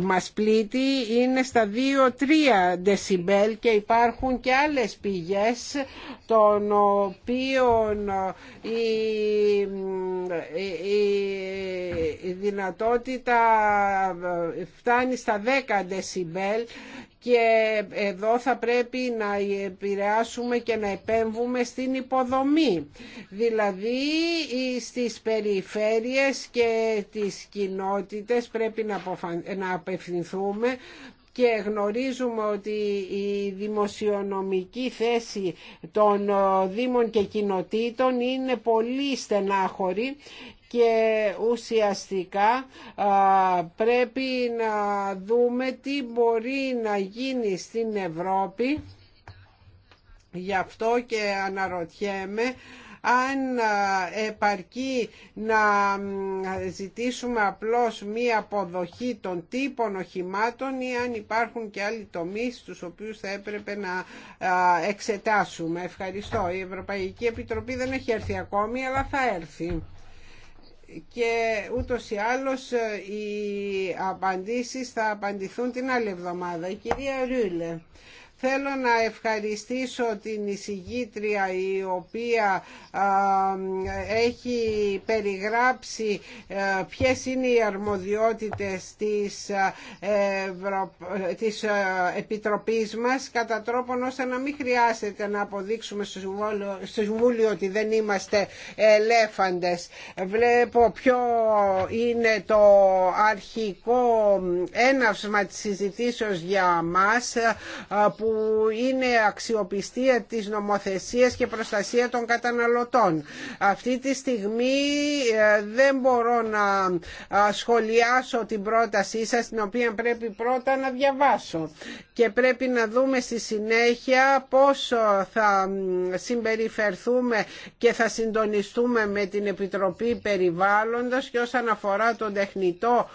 μας πλήττει είναι στα 2-3 δεσιμπέλ και υπάρχουν και άλλες πηγές των οποίων η, δυνατότητα φτάνει στα 10 δεσιμπέλ και εδώ θα πρέπει να επηρεάσουμε και να επέμβουμε στην υποδομή. Δηλαδή στις περιφέρειες και τις κοινότητες πρέπει να απευθυνθούμε και γνωρίζουμε ότι η δημοσιονομική θέση των ε, Δήμων και Κοινοτήτων είναι πολύ στενάχωρη και ουσιαστικά ε, πρέπει να δούμε τι μπορεί να γίνει στην Ευρώπη. Γι' αυτό και αναρωτιέμαι αν επαρκεί να ζητήσουμε απλώς μία αποδοχή των τύπων οχημάτων ή αν υπάρχουν και άλλοι τομείς τους οποίους θα έπρεπε να εξετάσουμε. Ευχαριστώ. Η Ευρωπαϊκή Επιτροπή δεν έχει έρθει ακόμη αλλά θα έρθει και ούτως ή άλλως ε, οι απαντήσεις θα απαντηθούν την άλλη εβδομάδα. Η κυρία Ρούλε, Θέλω να ευχαριστήσω την εισηγήτρια η οποία έχει περιγράψει ε, ποιες είναι οι αρμοδιότητες της, ε, της ε, Επιτροπής μας κατά τρόπον ώστε να μην χρειάζεται να αποδείξουμε στο Συμβούλιο ότι δεν είμαστε ελέφαντες. Βλέπω ποιο είναι το αρχικό έναυσμα της συζητήσεως για μας που που είναι αξιοπιστία της νομοθεσίας και προστασία των καταναλωτών. Αυτή τη στιγμή ε, δεν μπορώ να ε, σχολιάσω την πρότασή σας την οποία πρέπει πρώτα να διαβάσω και πρέπει να δούμε στη συνέχεια πόσο θα συμπεριφερθούμε και θα συντονιστούμε με την Επιτροπή Περιβάλλοντας και όσον αφορά τον τεχνητό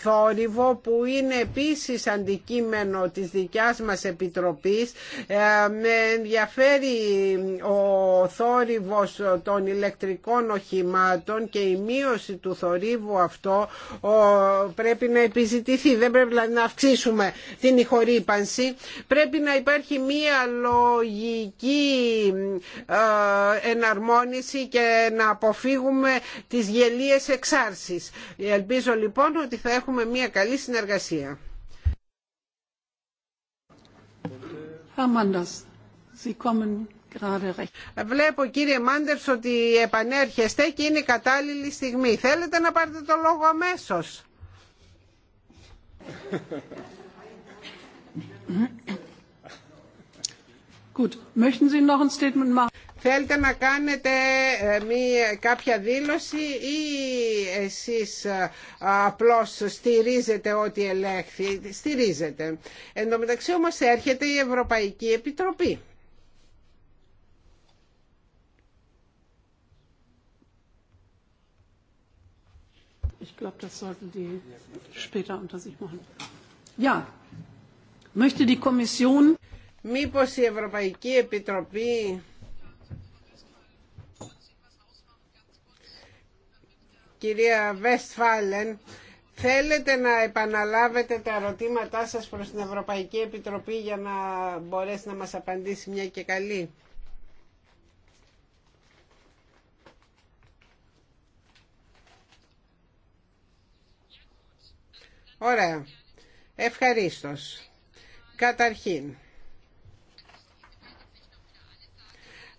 θόρυβο που είναι επίσης αντικείμενο της δικιάς μας Επιτροπής. Ε, με ενδιαφέρει ο θόρυβος των ηλεκτρικών οχημάτων και η μείωση του θορύβου αυτό πρέπει να επιζητηθεί. Δεν πρέπει να αυξήσουμε την ηχορύπα πρέπει να υπάρχει μία λογική ε, εναρμόνιση και να αποφύγουμε τις γελίες εξάρσεις. Ελπίζω λοιπόν ότι θα έχουμε μία καλή συνεργασία. Βλέπω κύριε Μάντερς ότι επανέρχεστε και είναι η κατάλληλη στιγμή. Θέλετε να πάρετε το λόγο αμέσως. Good. Möchten Sie noch ein statement machen? Θέλετε να κάνετε ε, μία, κάποια δήλωση ή εσείς ε, απλώς στηρίζετε ό,τι ελέγχθη, στηρίζετε. Εν τω μεταξύ όμως έρχεται η Ευρωπαϊκή Επιτροπή. Ich glaube, das sollten die später unter sich machen. Ja, Möchte Μήπως η Ευρωπαϊκή Επιτροπή κυρία Βέστφάλεν θέλετε να επαναλάβετε τα ερωτήματά σας προς την Ευρωπαϊκή Επιτροπή για να μπορέσει να μας απαντήσει μια και καλή. Ωραία. Ευχαριστώ. Καταρχήν,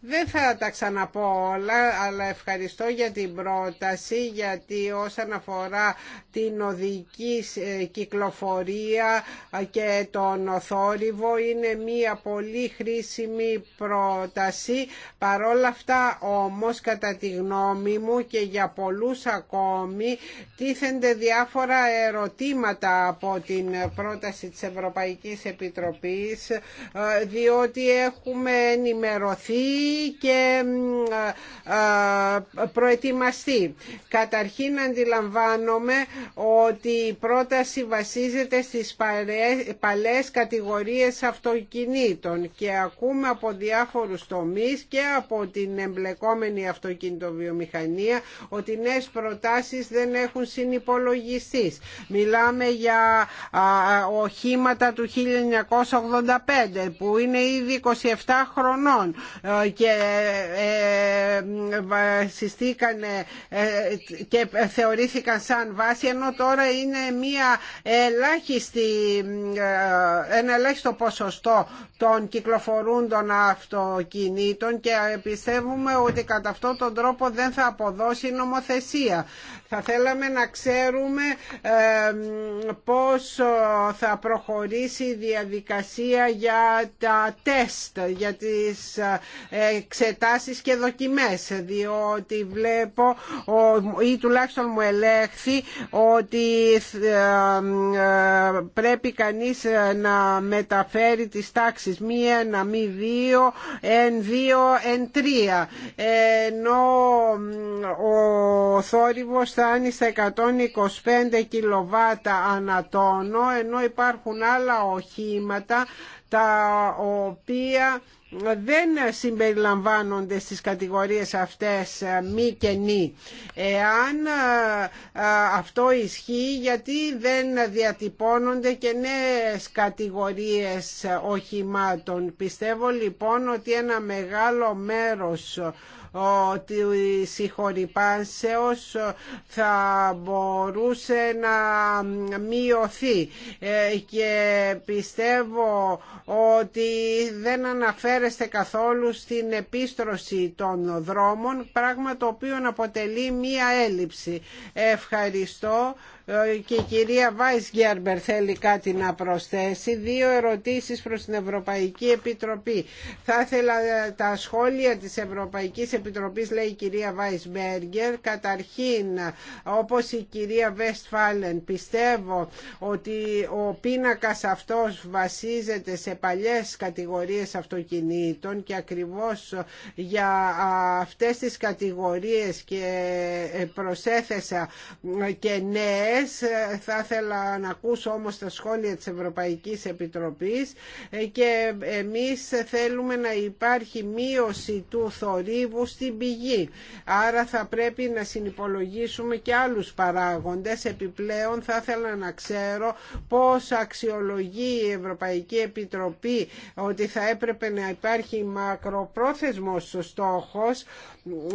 Δεν θα τα ξαναπώ όλα, αλλά ευχαριστώ για την πρόταση, γιατί όσον αφορά την οδική ε, κυκλοφορία ε, και τον θόρυβο, είναι μία πολύ χρήσιμη πρόταση. Παρόλα αυτά όμως, κατά τη γνώμη μου και για πολλούς ακόμη, τίθενται διάφορα ερωτήματα από την πρόταση της Ευρωπαϊκής Επιτροπής, ε, διότι έχουμε ενημερωθεί και προετοιμαστεί. Καταρχήν αντιλαμβάνομαι ότι η πρόταση βασίζεται στις παλές κατηγορίες αυτοκινήτων και ακούμε από διάφορους τομείς και από την εμπλεκόμενη αυτοκινητοβιομηχανία ότι νέες προτάσεις δεν έχουν συνυπολογιστεί. Μιλάμε για οχήματα του 1985 που είναι ήδη 27 χρονών ε, και ε, ε, ε, και θεωρήθηκαν σαν βάση ενώ τώρα είναι μια ελάχιστη, ένα ελάχιστο ποσοστό των κυκλοφορούντων αυτοκινήτων και πιστεύουμε ότι κατά αυτόν τον τρόπο δεν θα αποδώσει νομοθεσία. Θα θέλαμε να ξέρουμε πώς θα προχωρήσει η διαδικασία για τα τεστ, για τις ε, εξετάσεις και δοκιμές, διότι βλέπω ή τουλάχιστον μου ελέγχθη ότι ε, πρέπει κανείς ε, να μεταφέρει τις τάξεις μη ένα, μη δύο, εν δύο, εν τρία ενώ ο θόρυβος αν είστε 125 κιλοβάτα ανατόνο ενώ υπάρχουν άλλα οχήματα τα οποία δεν συμπεριλαμβάνονται στις κατηγορίες αυτές μη και νη. Εάν αυτό ισχύει γιατί δεν διατυπώνονται και νέες κατηγορίες οχημάτων. Πιστεύω λοιπόν ότι ένα μεγάλο μέρος η συγχωρυπάνσεως θα μπορούσε να μειωθεί ε, και πιστεύω ότι δεν αναφέρεστε καθόλου στην επίστρωση των δρόμων πράγμα το οποίο αποτελεί μία έλλειψη. Ευχαριστώ και η κυρία Βάις Γκέρμπερ θέλει κάτι να προσθέσει. Δύο ερωτήσεις προς την Ευρωπαϊκή Επιτροπή. Θα ήθελα ε, τα σχόλια της Ευρωπαϊκής Επιτροπής, λέει η κυρία Βάις Μπέργκερ. Καταρχήν, όπως η κυρία Βέστφάλεν, πιστεύω ότι ο πίνακας αυτός βασίζεται σε παλιές κατηγορίες αυτοκινήτων και ακριβώς για αυτές τις κατηγορίες και ε, προσέθεσα ε, και ναι, ε, θα ήθελα να ακούσω όμως τα σχόλια της Ευρωπαϊκής Επιτροπής ε, και εμείς θέλουμε να υπάρχει μείωση του θορύβου στην πηγή. Άρα θα πρέπει να συνυπολογίσουμε και άλλους παράγοντες. Επιπλέον θα ήθελα να ξέρω πώς αξιολογεί η Ευρωπαϊκή Επιτροπή ότι θα έπρεπε να υπάρχει μακροπρόθεσμος στόχος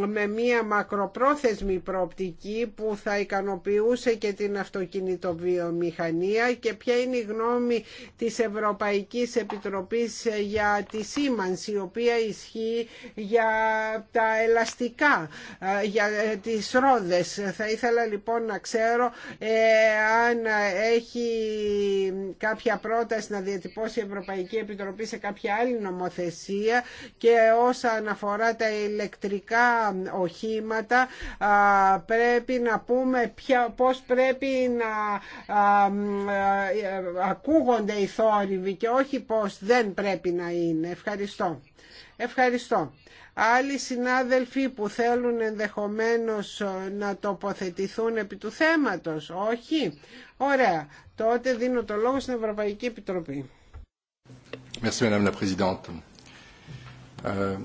με μία μακροπρόθεσμη προοπτική που θα ικανοποιούσε και την αυτοκινητοβιομηχανία και ποια είναι η γνώμη της Ευρωπαϊκής Επιτροπής για τη σήμανση, η οποία ισχύει για τα ελαστικά, ε, για τις ρόδες. Θα ήθελα λοιπόν να ξέρω ε, αν έχει κάποια πρόταση να διατυπώσει η Ευρωπαϊκή Επιτροπή σε κάποια άλλη νομοθεσία και όσα αναφορά τα ηλεκτρικά οχήματα πρέπει να πούμε ποια, πώς πρέπει να ακούγονται οι θόρυβοι και όχι πώς δεν πρέπει να είναι. Ευχαριστώ. Ευχαριστώ. Άλλοι συνάδελφοι που θέλουν ενδεχομένως να τοποθετηθούν επί του θέματος. Όχι. Ωραία. Τότε δίνω το λόγο στην Ευρωπαϊκή Επιτροπή. Merci, Madame la Présidente. Euh,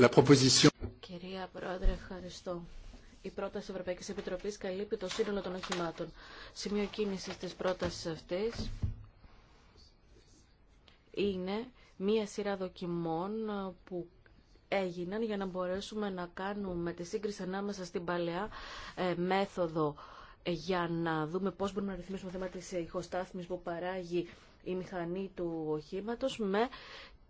Κυρία Πρόεδρε, ευχαριστώ. Η πρόταση της Ευρωπαϊκής Επιτροπής καλύπτει το σύνολο των οχημάτων. Σημείο κίνησης της πρότασης αυτής είναι μία σειρά δοκιμών που έγιναν για να μπορέσουμε να κάνουμε τη σύγκριση ανάμεσα στην παλαιά ε, μέθοδο ε, για να δούμε πώς μπορούμε να ρυθμίσουμε το θέμα της ηχοστάθμης που παράγει η μηχανή του οχήματος με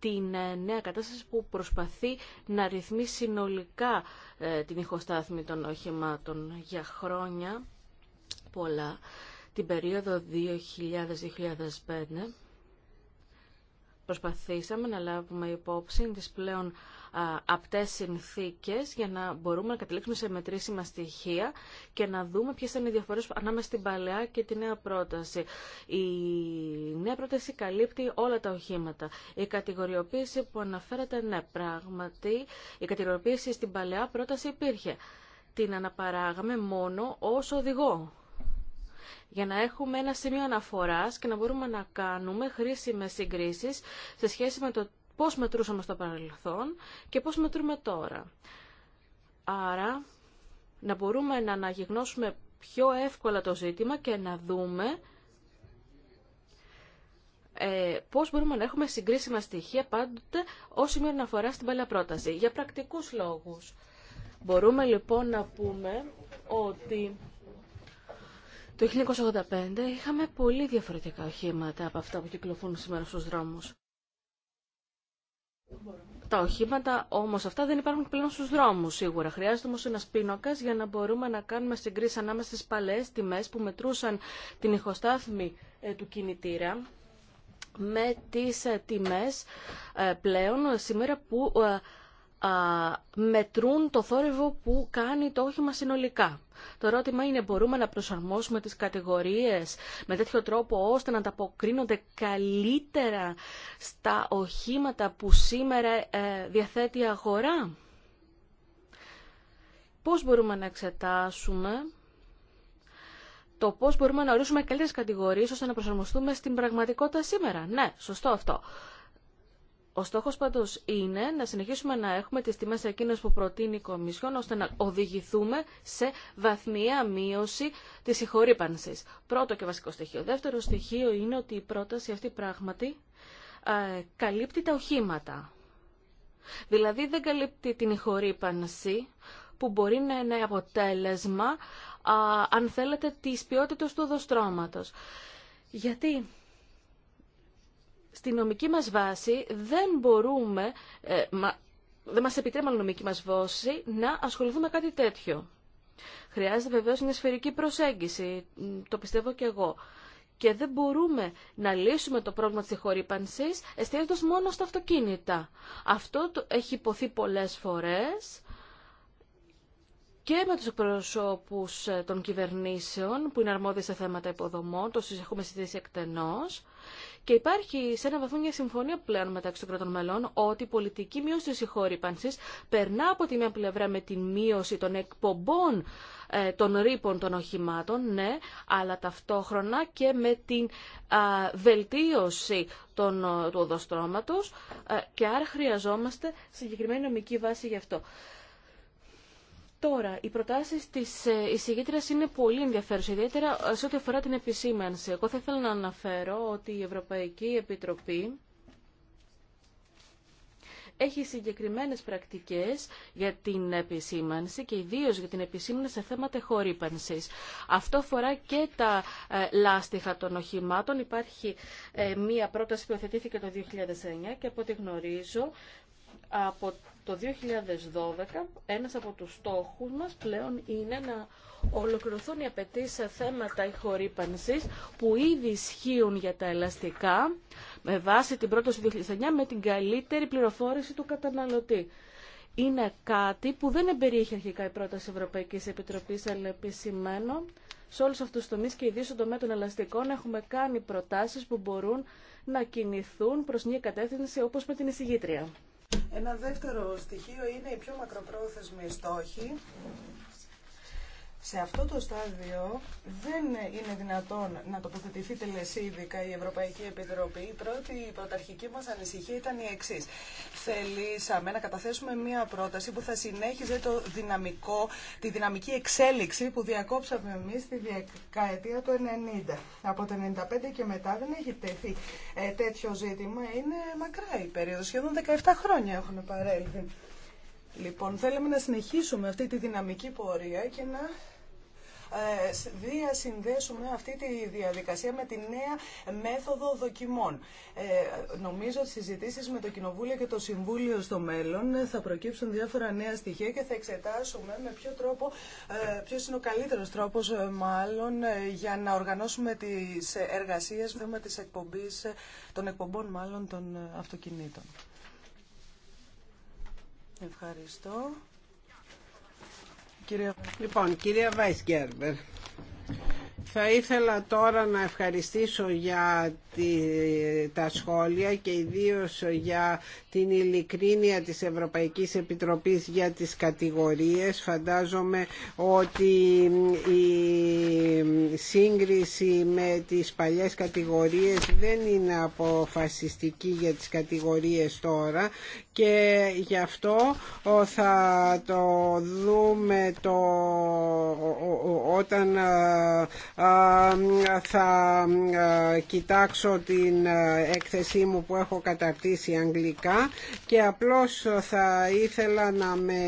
την ε, νέα κατάσταση που προσπαθεί να ρυθμίσει συνολικά ε, την ηχοστάθμη των οχημάτων για χρόνια πολλά. Την περίοδο 2000-2005 προσπαθήσαμε να λάβουμε υπόψη τις πλέον απτές συνθήκες για να μπορούμε να καταλήξουμε σε μετρήσιμα στοιχεία και να δούμε ποιες είναι οι διαφορές ανάμεσα στην παλαιά και τη νέα πρόταση. Η νέα πρόταση καλύπτει όλα τα οχήματα. Η κατηγοριοποίηση που αναφέρατε, ναι, πράγματι, η κατηγοριοποίηση στην παλαιά πρόταση υπήρχε. Την αναπαράγαμε μόνο ως οδηγό για να έχουμε ένα σημείο αναφοράς και να μπορούμε να κάνουμε χρήσιμες συγκρίσεις σε σχέση με το πώς μετρούσαμε στο παρελθόν και πώς μετρούμε τώρα. Άρα, να μπορούμε να αναγυγνώσουμε πιο εύκολα το ζήτημα και να δούμε ε, πώς μπορούμε να έχουμε συγκρίσιμα στοιχεία πάντοτε όσοι να αφορά στην παλιά πρόταση. Για πρακτικούς λόγους. Μπορούμε λοιπόν να πούμε ότι το 1985 είχαμε πολύ διαφορετικά οχήματα από αυτά που κυκλοφορούν σήμερα στους δρόμους. Τα οχήματα όμως αυτά δεν υπάρχουν πλέον στους δρόμους σίγουρα. Χρειάζεται όμω ένα πίνοκα για να μπορούμε να κάνουμε συγκρίση ανάμεσα στι παλαιέ τιμές που μετρούσαν την ηχοστάθμη ε, του κινητήρα με τις ε, τιμές ε, πλέον σήμερα που μετρούν το θόρυβο που κάνει το όχημα συνολικά. Το ερώτημα είναι μπορούμε να προσαρμόσουμε τις κατηγορίες με τέτοιο τρόπο ώστε να ανταποκρίνονται καλύτερα στα οχήματα που σήμερα ε, διαθέτει η αγορά. Πώς μπορούμε να εξετάσουμε το πώς μπορούμε να ορίσουμε καλύτερες κατηγορίες ώστε να προσαρμοστούμε στην πραγματικότητα σήμερα. Ναι, σωστό αυτό. Ο στόχος πάντως είναι να συνεχίσουμε να έχουμε τις τιμές εκείνες που προτείνει η Κομισιόν ώστε να οδηγηθούμε σε βαθμία μείωση της συγχωρήπανσης. Πρώτο και βασικό στοιχείο. Δεύτερο στοιχείο είναι ότι η πρόταση αυτή πράγματι καλύπτει τα οχήματα. Δηλαδή δεν καλύπτει την ηχορύπανση που μπορεί να είναι αποτέλεσμα, αν θέλετε, της ποιότητας του οδοστρώματος. Γιατί στη νομική μας βάση δεν μπορούμε, ε, μα, δεν μας επιτρέπει η νομική μας βάση να ασχοληθούμε με κάτι τέτοιο. Χρειάζεται βεβαίως μια σφαιρική προσέγγιση, το πιστεύω και εγώ. Και δεν μπορούμε να λύσουμε το πρόβλημα της χορύπανσης εστιάζοντας μόνο στα αυτοκίνητα. Αυτό το έχει υποθεί πολλές φορές και με τους εκπροσώπους ε, των κυβερνήσεων που είναι αρμόδιοι σε θέματα υποδομών, το έχουμε συζητήσει εκτενώς και υπάρχει σε ένα βαθμό μια συμφωνία πλέον μεταξύ των κρατών μελών ότι η πολιτική μείωση τη συγχώρηπανση περνά από τη μία πλευρά με τη μείωση των εκπομπών ε, των ρήπων των οχημάτων, ναι, αλλά ταυτόχρονα και με την βελτίωση των, του οδοστρώματος ε, και άρα χρειαζόμαστε συγκεκριμένη νομική βάση γι' αυτό. Τώρα, οι προτάσεις της ε, εισηγήτρια είναι πολύ ενδιαφέρουσες, ιδιαίτερα ε, σε ό,τι αφορά την επισήμανση. Εγώ θα ήθελα να αναφέρω ότι η Ευρωπαϊκή Επιτροπή έχει συγκεκριμένες πρακτικές για την επισήμανση και ιδίως για την επισήμανση σε θέματα χορύπανσης. Αυτό αφορά και τα ε, λάστιχα των οχημάτων. Υπάρχει μία πρόταση που υποθετήθηκε το 2009 και από ό,τι γνωρίζω από το 2012 ένας από τους στόχους μας πλέον είναι να ολοκληρωθούν οι απαιτήσει σε θέματα ηχορύπανσης που ήδη ισχύουν για τα ελαστικά με βάση την πρόταση του 2009 με την καλύτερη πληροφόρηση του καταναλωτή. Είναι κάτι που δεν εμπεριέχει αρχικά η πρόταση Ευρωπαϊκής Επιτροπής, αλλά επισημαίνω σε όλους αυτούς τους τομείς και ιδίως στον τομέα των ελαστικών έχουμε κάνει προτάσεις που μπορούν να κινηθούν προς μια κατεύθυνση όπως με την εισηγήτρια. Ένα δεύτερο στοιχείο είναι οι πιο μακροπρόθεσμοι στόχοι σε αυτό το στάδιο δεν είναι δυνατόν να τοποθετηθεί τελεσίδικα η Ευρωπαϊκή Επιτροπή. Η πρώτη η πρωταρχική μας ανησυχία ήταν η εξή. Θελήσαμε να καταθέσουμε μία πρόταση που θα συνέχιζε το δυναμικό, τη δυναμική εξέλιξη που διακόψαμε εμείς στη δεκαετία του 90. Από το 95 και μετά δεν έχει τεθεί ε, τέτοιο ζήτημα. Είναι μακρά η περίοδος, σχεδόν 17 χρόνια έχουν παρέλθει. Λοιπόν, θέλαμε να συνεχίσουμε αυτή τη δυναμική πορεία και να διασυνδέσουμε ε, αυτή τη διαδικασία με τη νέα μέθοδο δοκιμών. Ε, νομίζω ότι συζητήσεις με το Κοινοβούλιο και το Συμβούλιο στο μέλλον θα προκύψουν διάφορα νέα στοιχεία και θα εξετάσουμε με ποιο τρόπο, ε, ποιο είναι ο καλύτερος τρόπος μάλλον για να οργανώσουμε τις εργασίες με τις εκπομπής, των εκπομπών μάλλον των αυτοκινήτων. Ευχαριστώ. Λοιπόν, κυρία Βάις θα ήθελα τώρα να ευχαριστήσω για τη, τα σχόλια και ιδίως για την ειλικρίνεια της Ευρωπαϊκής Επιτροπής για τις κατηγορίες. Φαντάζομαι ότι η σύγκριση με τις παλιές κατηγορίες δεν είναι αποφασιστική για τις κατηγορίες τώρα και γι' αυτό θα το δούμε το, όταν θα κοιτάξω την έκθεσή μου που έχω καταρτήσει αγγλικά και απλώς θα ήθελα να με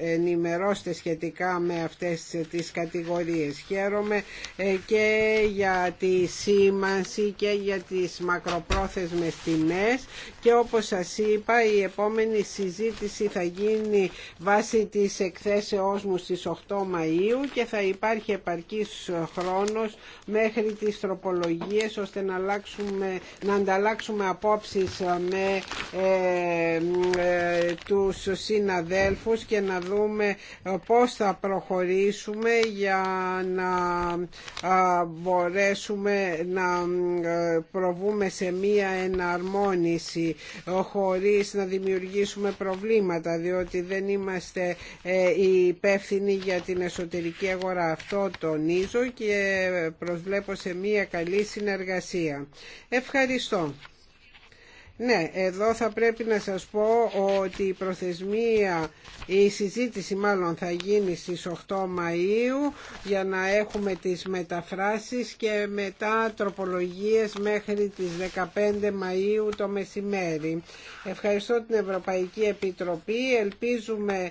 ενημερώσετε σχετικά με αυτές τις κατηγορίες. Χαίρομαι ε, και για τη σήμανση και για τις μακροπρόθεσμες τιμές και όπως σας είπα η επόμενη συζήτηση θα γίνει βάσει της εκθέσεώς μου στις 8 Μαΐου και θα υπάρχει επαρκής χρόνος μέχρι τις τροπολογίες ώστε να, αλλάξουμε, να ανταλλάξουμε απόψεις ε, με ε, ε, τους συναδέλφους και να δούμε ε, πώς θα προχωρήσουμε για να ε, μπορέσουμε να προβούμε σε μία εναρμόνιση χωρίς να δημιουργήσουμε προβλήματα διότι δεν είμαστε υπεύθυνοι για την εσωτερική αγορά. Αυτό τονίζω και προσβλέπω σε μια καλή συνεργασία. Ευχαριστώ. Ναι, εδώ θα πρέπει να σας πω ότι η προθεσμία, η συζήτηση μάλλον θα γίνει στις 8 Μαΐου για να έχουμε τις μεταφράσεις και μετά τροπολογίες μέχρι τις 15 Μαΐου το μεσημέρι. Ευχαριστώ την Ευρωπαϊκή Επιτροπή. Ελπίζουμε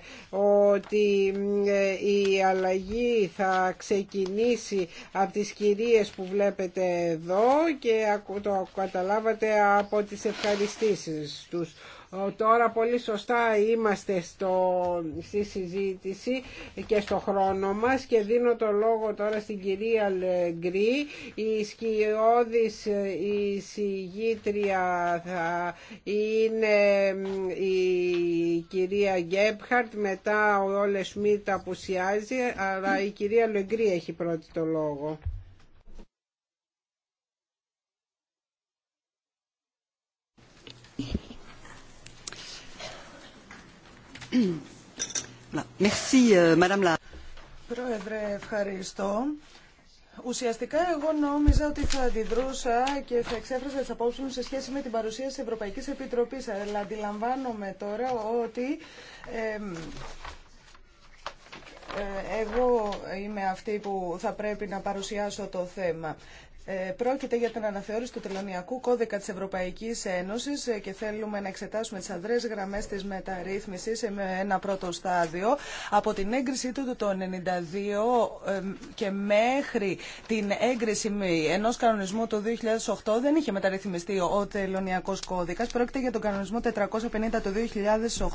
ότι ε, η αλλαγή θα ξεκινήσει από τις κυρίες που βλέπετε εδώ και το καταλάβατε από τις ευχαριστήσεις ευχαριστήσεις τους. Τώρα πολύ σωστά είμαστε στο, στη συζήτηση και στο χρόνο μας και δίνω το λόγο τώρα στην κυρία Λεγκρή. Η σκιώδης η συγγήτρια θα είναι η κυρία Γκέπχαρτ, μετά ο Όλε Σμίτ απουσιάζει, αλλά η κυρία Λεγκρή έχει πρώτη το λόγο. Euh, Πρόεδρε, ευχαριστώ. Ουσιαστικά εγώ νόμιζα ότι θα αντιδρούσα και θα εξέφρασα τις απόψεις μου σε σχέση με την παρουσία της Ευρωπαϊκής Επιτροπής. Αλλά αντιλαμβάνομαι τώρα ότι ε, εγώ είμαι αυτή που θα πρέπει να παρουσιάσω το θέμα. Ε, πρόκειται για την αναθεώρηση του τελωνιακού κώδικα της Ευρωπαϊκής Ένωσης ε, και θέλουμε να εξετάσουμε τις αδρές γραμμές της μεταρρύθμισης ε, με ένα πρώτο στάδιο. Από την έγκρισή του το 1992 και μέχρι την έγκριση ενός κανονισμού το 2008 δεν είχε μεταρρυθμιστεί ο τελωνιακός κώδικας. Πρόκειται για τον κανονισμό 450 το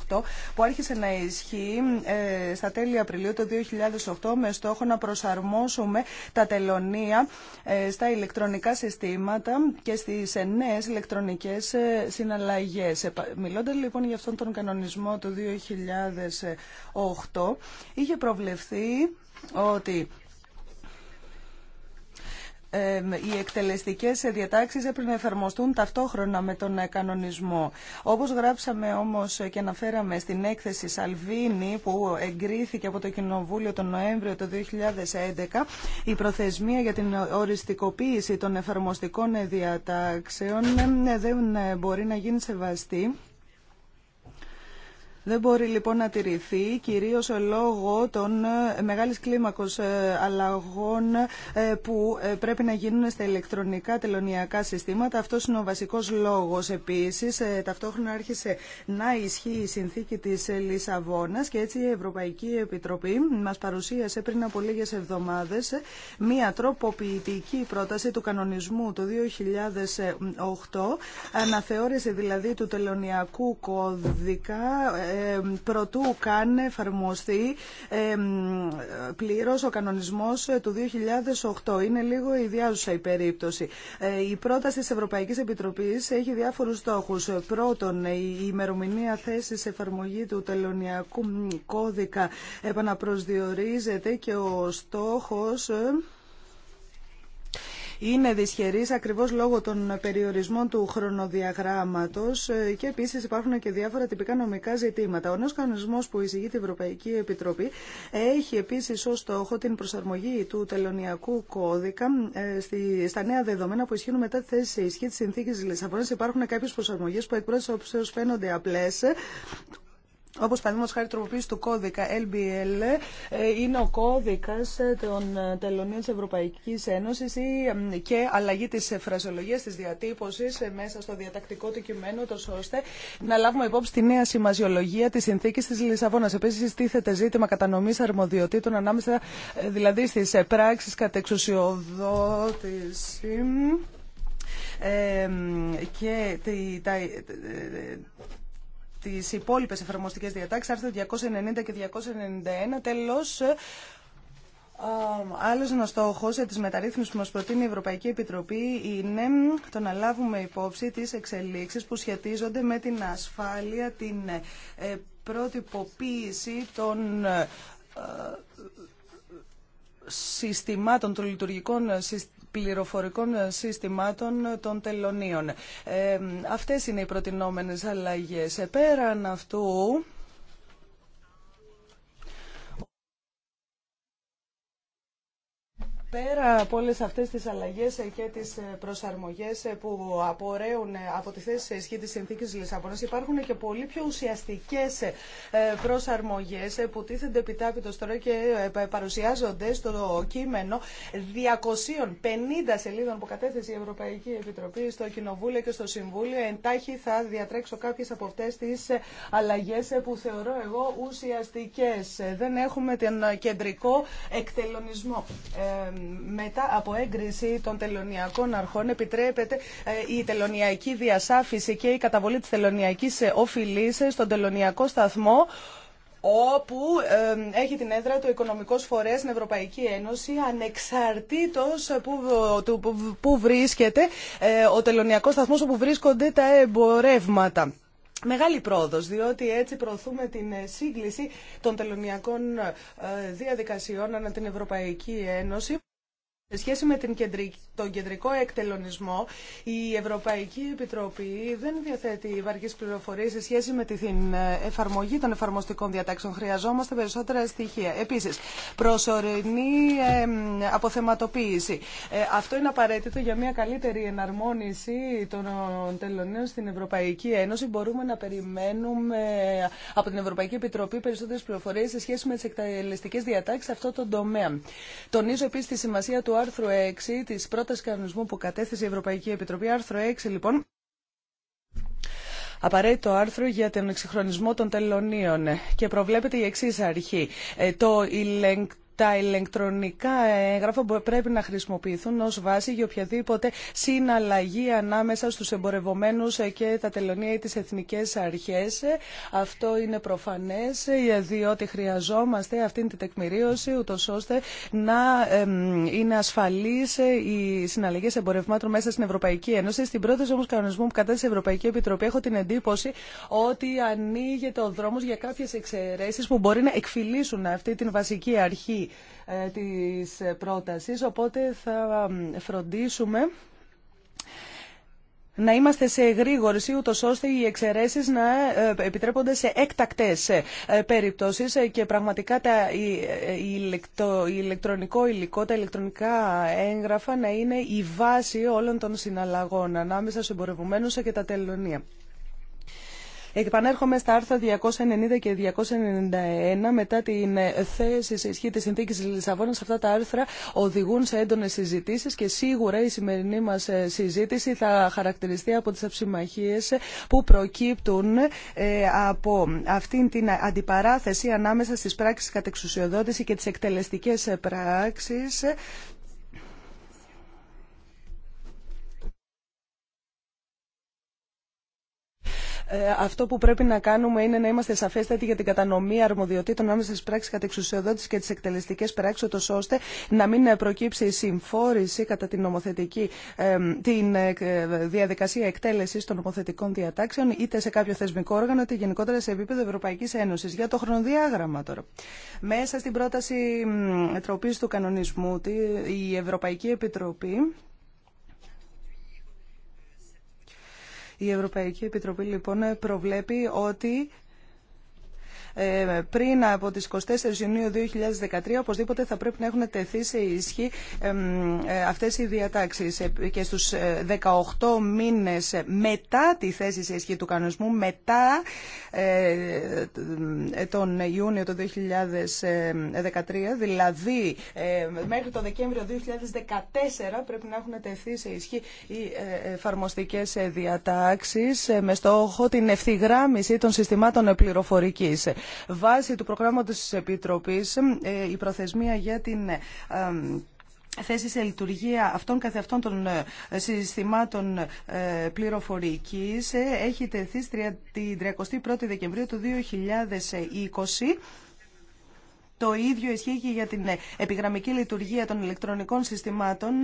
2008 που άρχισε να ισχύει στα τέλη Απριλίου το 2008 με στόχο να προσαρμόσουμε τα τελωνία στα ηλεκτρονικά συστήματα και στις νέες ηλεκτρονικές ε, συναλλαγές. Μιλώντας λοιπόν για αυτόν τον κανονισμό του 2008, είχε προβλεφθεί ότι οι εκτελεστικές διατάξεις έπρεπε να εφαρμοστούν ταυτόχρονα με τον ε, κανονισμό. Όπως γράψαμε όμως και αναφέραμε στην έκθεση Σαλβίνη που εγκρίθηκε από το Κοινοβούλιο τον Νοέμβριο το 2011, η προθεσμία για την οριστικοποίηση των εφαρμοστικών διατάξεων δεν ε, μπορεί να γίνει σεβαστή δεν μπορεί λοιπόν να τηρηθεί κυρίως ε, λόγω των ε, μεγάλης κλίμακος ε, αλλαγών που πρέπει να γίνουν στα ηλεκτρονικά τελωνιακά συστήματα. Αυτός είναι ο βασικός λόγος επίσης. Ταυτόχρονα άρχισε να ισχύει η συνθήκη της Λισαβόνας και έτσι η Ευρωπαϊκή Επιτροπή μας παρουσίασε πριν από λίγες εβδομάδες μία τροποποιητική πρόταση του κανονισμού του 2008 αναθεώρησε δηλαδή του τελωνιακού κώδικα Πρωτού καν εφαρμοστεί πλήρως ο κανονισμός ε, του 2008. Είναι λίγο ιδιάζουσα η περίπτωση. Ε, η πρόταση της Ευρωπαϊκής Επιτροπής έχει διάφορους στόχους. Πρώτον, η ημερομηνία θέσης εφαρμογή του τελωνιακού κώδικα επαναπροσδιορίζεται και ο στόχος ε, είναι δυσχερής ακριβώς λόγω των περιορισμών του χρονοδιαγράμματος ε, και επίσης υπάρχουν και διάφορα τυπικά νομικά ζητήματα. Ο νέος κανονισμός που εισηγεί η Ευρωπαϊκή Επιτροπή έχει επίσης ως στόχο την προσαρμογή του τελωνιακού κώδικα ε, στα νέα δεδομένα που ισχύουν μετά τη θέση ισχύ της συνθήκης Λισαβόνας. Υπάρχουν κάποιες προσαρμογές που εκπρόσωπες φαίνονται απλές όπως παραδείγματο χάρη τροποποίηση του κώδικα LBL ε, είναι ο κώδικας ε, των ε, τελωνίων της Ευρωπαϊκής Ένωσης και αλλαγή της φρασιολογία της διατύπωσης μέσα στο διατακτικό του κειμένου ώστε να λάβουμε υπόψη τη νέα σημασιολογία της συνθήκης της Λισαβόνα. Επίσης τίθεται ζήτημα κατανομής αρμοδιοτήτων ανάμεσα δηλαδή στις πράξεις κατεξουσιοδότηση και τι υπόλοιπε εφαρμοστικέ διατάξει άρθρο 290 και 291, τέλος... Άλλος στόχο για της μεταρρύθμισης που μα προτείνει η Ευρωπαϊκή Επιτροπή είναι το να λάβουμε υπόψη τι εξελίξεις που σχετίζονται με την ασφάλεια, την ε, πρότυποποίηση των ε, ε, συστημάτων, των λειτουργικών συστημάτων πληροφορικών ε, συστημάτων ε, των τελωνίων. Ε, αυτές είναι οι προτινόμενες αλλαγές. Πέραν αυτού, Πέρα από όλε αυτέ τι αλλαγέ και τι ε, προσαρμογέ ε, που απορρέουν ε, από τη θέση σε ισχύ τη συνθήκη Λισαβόνα, υπάρχουν και πολύ πιο ουσιαστικέ προσαρμογέ που τίθενται επιτάπητο τώρα και παρουσιάζονται στο κείμενο 250 σελίδων που κατέθεσε η Ευρωπαϊκή Επιτροπή στο Κοινοβούλιο και στο Συμβούλιο. Εντάχει θα διατρέξω κάποιε από αυτέ τι αλλαγέ που θεωρώ εγώ ουσιαστικέ. Δεν έχουμε τον κεντρικό εκτελονισμό μετά από έγκριση των τελωνιακών αρχών επιτρέπεται ε, η τελωνιακή διασάφηση και η καταβολή της τελωνιακής ε, οφειλής στον τελωνιακό σταθμό όπου ε, έχει την έδρα του Οικονομικός Φορέας στην Ευρωπαϊκή Ένωση ανεξαρτήτως που, που, που βρίσκεται ο τελωνιακός σταθμός όπου βρίσκονται τα εμπορεύματα. Μεγάλη πρόοδος, διότι έτσι προωθούμε την ε, σύγκληση των τελωνιακών ε, διαδικασιών ανά την Ευρωπαϊκή Ένωση σε σχέση με την κεντρική τον κεντρικό εκτελονισμό, η Ευρωπαϊκή Επιτροπή δεν διαθέτει βαρκείς πληροφορίες σε σχέση με την ε, εφαρμογή των εφαρμοστικών διατάξεων. Χρειαζόμαστε περισσότερα στοιχεία. Επίσης, προσωρινή αποθεματοποίηση. Ε, αυτό είναι απαραίτητο για μια καλύτερη εναρμόνιση των τελωνίων στην Ευρωπαϊκή Ένωση. Μπορούμε να περιμένουμε από την Ευρωπαϊκή Επιτροπή περισσότερες πληροφορίες σε σχέση με τις εκτελεστικές διατάξεις σε αυτό το τομέα. Τονίζω επίσης τη σημασία του άρθρου 6 της πρόταση κανονισμού που κατέθεσε η Ευρωπαϊκή Επιτροπή, άρθρο 6 λοιπόν, απαραίτητο άρθρο για τον εξυγχρονισμό των τελωνίων και προβλέπεται η εξή αρχή. Ε, το ηλεκτρο τα ηλεκτρονικά έγγραφα πρέπει να χρησιμοποιηθούν ως βάση για οποιαδήποτε συναλλαγή ανάμεσα στους εμπορευομένους και τα τελωνία ή τις εθνικές αρχές. Αυτό είναι προφανές διότι χρειαζόμαστε αυτήν την τεκμηρίωση ούτως ώστε να είναι ασφαλείς οι συναλλαγές εμπορευμάτων μέσα στην Ευρωπαϊκή Ένωση. Στην πρόταση όμως κανονισμού που κατέθεσε η Ευρωπαϊκή Επιτροπή έχω την εντύπωση ότι ανοίγεται ο δρόμος για κάποιες εξαιρέσεις που μπορεί να εκφυλίσουν πρωτη ομως κανονισμου που κατεθεσε η ευρωπαικη επιτροπη εχω την βασική αρχή ε, της πρότασης, οπότε θα φροντίσουμε να είμαστε σε γρήγορση ούτω ώστε οι εξαιρέσει να ε, επιτρέπονται σε έκτακτε περιπτώσει ε, και πραγματικά τα, το ηλεκτρονικό υλικό, τα ηλεκτρονικά έγγραφα να είναι η βάση όλων των συναλλαγών ανάμεσα στου εμπορευμένου και τα τελωνία. Επανέρχομαι στα άρθρα 290 και 291 μετά την ε, θέση σε ισχύ της συνθήκης της Λισαβόνας. Αυτά τα άρθρα οδηγούν σε έντονες συζητήσεις και σίγουρα η σημερινή μας ε, συζήτηση θα χαρακτηριστεί από τις αψημαχίες που προκύπτουν ε, από αυτήν την αντιπαράθεση ανάμεσα στις πράξεις κατεξουσιοδότηση και τις εκτελεστικές πράξεις Ε, αυτό που πρέπει να κάνουμε είναι να είμαστε σαφέστατοι για την κατανομή αρμοδιοτήτων άμεσα στι πράξει κατεξουσιοδότηση και τι εκτελεστικέ πράξει, ώστε να μην προκύψει η συμφόρηση κατά την νομοθετική ε, την ε, διαδικασία εκτέλεση των νομοθετικών διατάξεων, είτε σε κάποιο θεσμικό όργανο, είτε γενικότερα σε επίπεδο Ευρωπαϊκή Ένωση. Για το χρονοδιάγραμμα τώρα. Μέσα στην πρόταση τροπή του κανονισμού, η Ευρωπαϊκή Επιτροπή Η Ευρωπαϊκή Επιτροπή λοιπόν προβλέπει ότι ε, πριν από τις 24 Ιουνίου 2013 οπωσδήποτε θα πρέπει να έχουν τεθεί σε ισχύ ε, αυτές οι διατάξεις ε, και στους 18 μήνες μετά τη θέση σε ισχύ του κανονισμού, μετά τον Ιούνιο το 2013, δηλαδή μέχρι το Δεκέμβριο 2014 πρέπει να έχουν τεθεί σε ισχύ οι εφαρμοστικές διατάξεις με στόχο την ευθυγράμμιση των συστημάτων πληροφορικής. Βάσει του προγράμματος της Επιτροπής, η προθεσμία για την θέση σε λειτουργία αυτών καθεαυτών των συστημάτων πληροφορικής έχει τεθεί την 31η Δεκεμβρίου του 2020. Το ίδιο ισχύει και για την επιγραμμική λειτουργία των ηλεκτρονικών συστημάτων.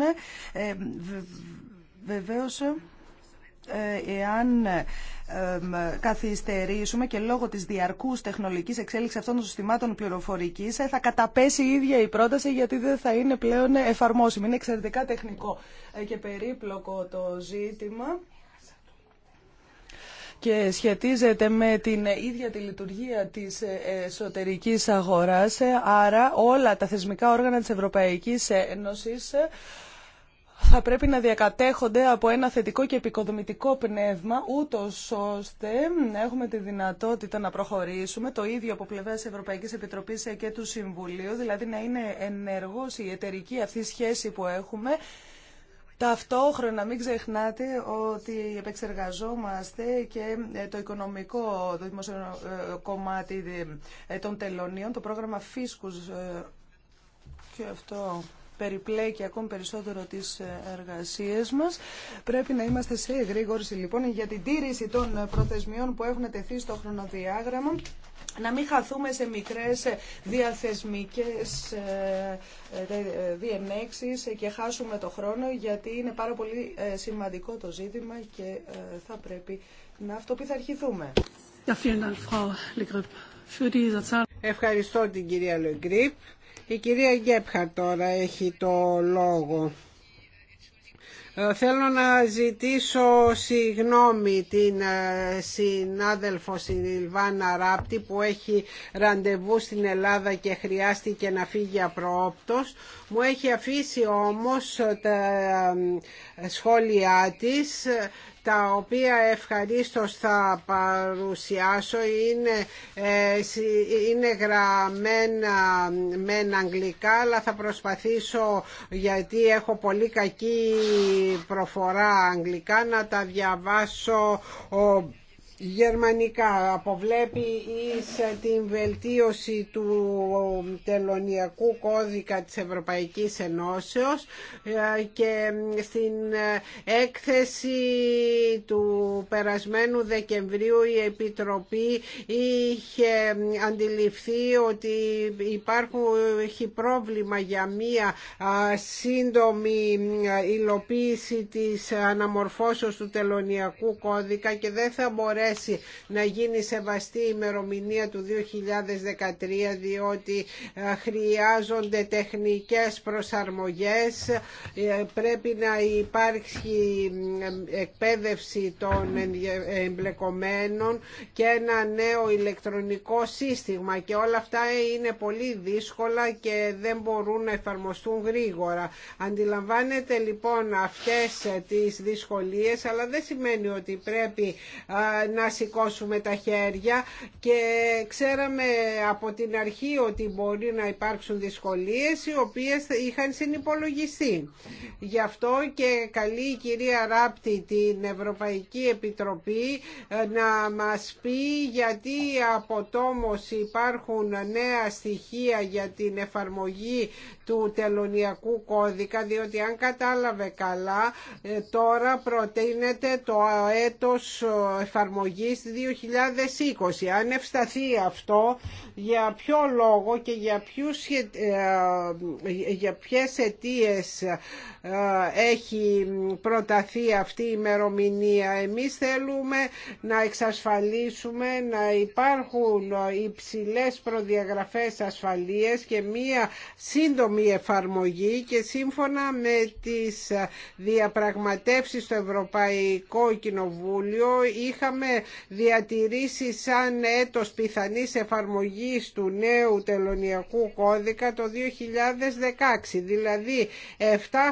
Βεβαίως... Ε, εάν καθυστερήσουμε και λόγω της διαρκούς τεχνολογικής εξέλιξης αυτών των συστημάτων πληροφορικής ε, θα καταπέσει η ίδια η πρόταση γιατί δεν θα είναι πλέον εφαρμόσιμη. Είναι εξαιρετικά τεχνικό ε, και περίπλοκο το ζήτημα και σχετίζεται με την ίδια τη λειτουργία της εσωτερικής αγοράς. Άρα όλα τα θεσμικά όργανα της Ευρωπαϊκής Ένωσης θα πρέπει να διακατέχονται από ένα θετικό και επικοδομητικό πνεύμα, ούτω ώστε να έχουμε τη δυνατότητα να προχωρήσουμε το ίδιο από πλευρά τη Ευρωπαϊκή Επιτροπή και του Συμβουλίου, δηλαδή να είναι ενεργό η εταιρική αυτή σχέση που έχουμε. Ταυτόχρονα μην ξεχνάτε ότι επεξεργαζόμαστε και ε, το οικονομικό το ε, κομμάτι ε, των τελωνίων, το πρόγραμμα Φίσκους και αυτό περιπλέκει ακόμη περισσότερο τις ε, εργασίες μας. Πρέπει να είμαστε σε εγρήγορση λοιπόν για την τήρηση των ε, προθεσμιών που έχουν τεθεί στο χρονοδιάγραμμα να μην χαθούμε σε μικρές ε, διαθεσμικές διενέξεις και χάσουμε το χρόνο γιατί είναι πάρα πολύ σημαντικό το ζήτημα και θα πρέπει να αυτοπιθαρχηθούμε. Ευχαριστώ την κυρία Λεγκρίπ. Η κυρία Γκέπχαρ τώρα έχει το λόγο. Ε, θέλω να ζητήσω συγγνώμη την ε, συνάδελφο Σιλβάνα Ράπτη που έχει ραντεβού στην Ελλάδα και χρειάστηκε να φύγει απρόοπτος. Μου έχει αφήσει όμως τα ε, σχόλιά της τα οποία ευχαρίστως θα παρουσιάσω είναι, ε, είναι γραμμένα μεν αγγλικά αλλά θα προσπαθήσω γιατί έχω πολύ κακή προφορά αγγλικά να τα διαβάσω γερμανικά αποβλέπει εις ε, την βελτίωση του τελωνιακού κώδικα της Ευρωπαϊκής Ενώσεως ε, και στην ε, έκθεση του περασμένου Δεκεμβρίου η Επιτροπή είχε αντιληφθεί ότι έχει πρόβλημα για μία σύντομη υλοποίηση της αναμορφώσεως του τελωνιακού κώδικα και δεν θα μπορέσει να γίνει σεβαστή η ημερομηνία του 2013 διότι ε, χρειάζονται τεχνικές προσαρμογές ε, πρέπει να υπάρχει εκπαίδευση των εμπλεκομένων και ένα νέο ηλεκτρονικό σύστημα και όλα αυτά είναι πολύ δύσκολα και δεν μπορούν να εφαρμοστούν γρήγορα. Αντιλαμβάνεται λοιπόν αυτές ε, τις δυσκολίες αλλά δεν σημαίνει ότι πρέπει να σηκώσουμε τα χέρια και ξέραμε από την αρχή ότι μπορεί να υπάρξουν δυσκολίες οι οποίες είχαν συνυπολογιστεί. Γι' αυτό και καλεί η κυρία Ράπτη την Ευρωπαϊκή Επιτροπή ε, να μας πει γιατί από τόμος υπάρχουν νέα στοιχεία για την εφαρμογή του τελωνιακού κώδικα διότι αν κατάλαβε καλά ε, τώρα προτείνεται το έτος ε, εφαρμογής 2020. Αν ευσταθεί αυτό για ποιο λόγο και για, ποιους, ε, για ποιες αιτίες έχει προταθεί αυτή η ημερομηνία. Εμείς θέλουμε να εξασφαλίσουμε να υπάρχουν υψηλές προδιαγραφές ασφαλείας και μία σύντομη και σύμφωνα με τις διαπραγματεύσεις στο Ευρωπαϊκό Κοινοβούλιο είχαμε διατηρήσει σαν έτος πιθανής εφαρμογής του νέου τελωνιακού κώδικα το 2016, δηλαδή 7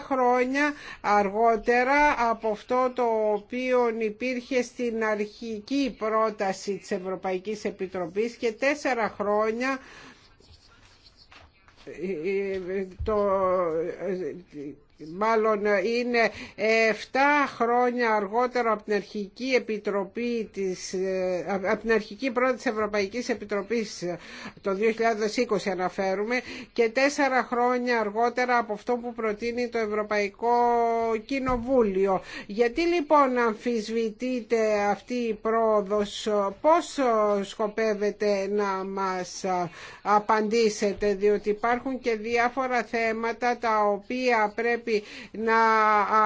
χρόνια αργότερα από αυτό το οποίο υπήρχε στην αρχική πρόταση της Ευρωπαϊκής Επιτροπής και 4 χρόνια το, μάλλον είναι 7 χρόνια αργότερα από την αρχική επιτροπή της, από την αρχική πρώτη της Ευρωπαϊκής Επιτροπής το 2020 αναφέρουμε και 4 χρόνια αργότερα από αυτό που προτείνει το Ευρωπαϊκό Κοινοβούλιο. Γιατί λοιπόν αμφισβητείτε αυτή η πρόοδος, πώς σκοπεύετε να μας απαντήσετε, διότι υπάρχουν υπάρχουν και διάφορα θέματα τα οποία πρέπει να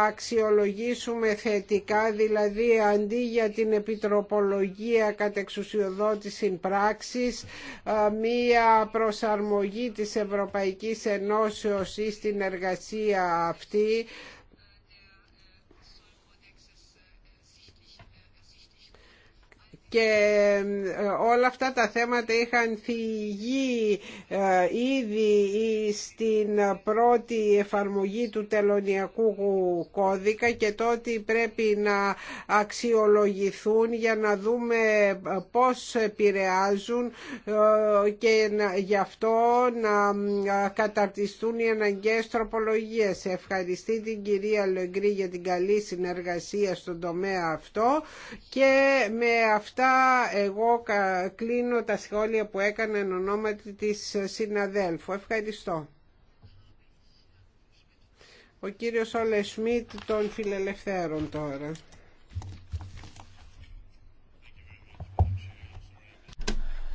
αξιολογήσουμε θετικά, δηλαδή αντί για την επιτροπολογία εξουσιοδότηση πράξης, ε, μία προσαρμογή της Ευρωπαϊκής Ενώσεως ή στην εργασία αυτή, και ε, όλα αυτά τα θέματα είχαν θυγεί ε, ήδη στην πρώτη εφαρμογή του τελωνιακού κώδικα και τότε πρέπει να αξιολογηθούν για να δούμε ε, πώς επηρεάζουν και γι' αυτό να καταρτιστούν οι αναγκαίες τροπολογίες. Ευχαριστή την κυρία Λεγκρή για την καλή συνεργασία στον τομέα αυτό και με αυτά εγώ κλείνω τα σχόλια που έκανα εν ονόματι της συναδέλφου. Ευχαριστώ. Ο κύριος Όλε Σμιτ των Φιλελευθέρων τώρα.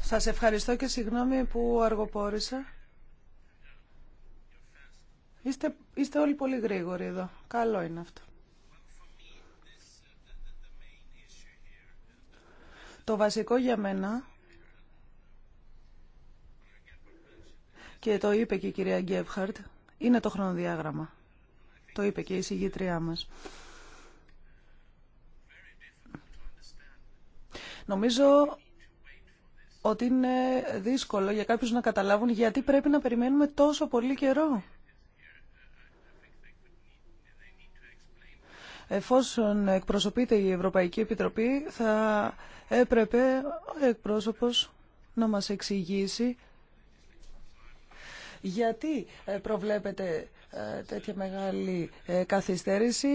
Σας ευχαριστώ και συγγνώμη που αργοπόρησα. Είστε, είστε όλοι πολύ γρήγοροι εδώ. Καλό είναι αυτό. Το βασικό για μένα και το είπε και η κυρία Γκέφχαρτ είναι το χρονοδιάγραμμα. Το είπε και η συγγήτριά μας. Νομίζω ότι είναι δύσκολο για κάποιους να καταλάβουν γιατί πρέπει να περιμένουμε τόσο πολύ καιρό. Εφόσον εκπροσωπείται η Ευρωπαϊκή Επιτροπή, θα έπρεπε ο εκπρόσωπος να μας εξηγήσει γιατί ε, προβλέπεται ε, τέτοια μεγάλη ε, καθυστέρηση,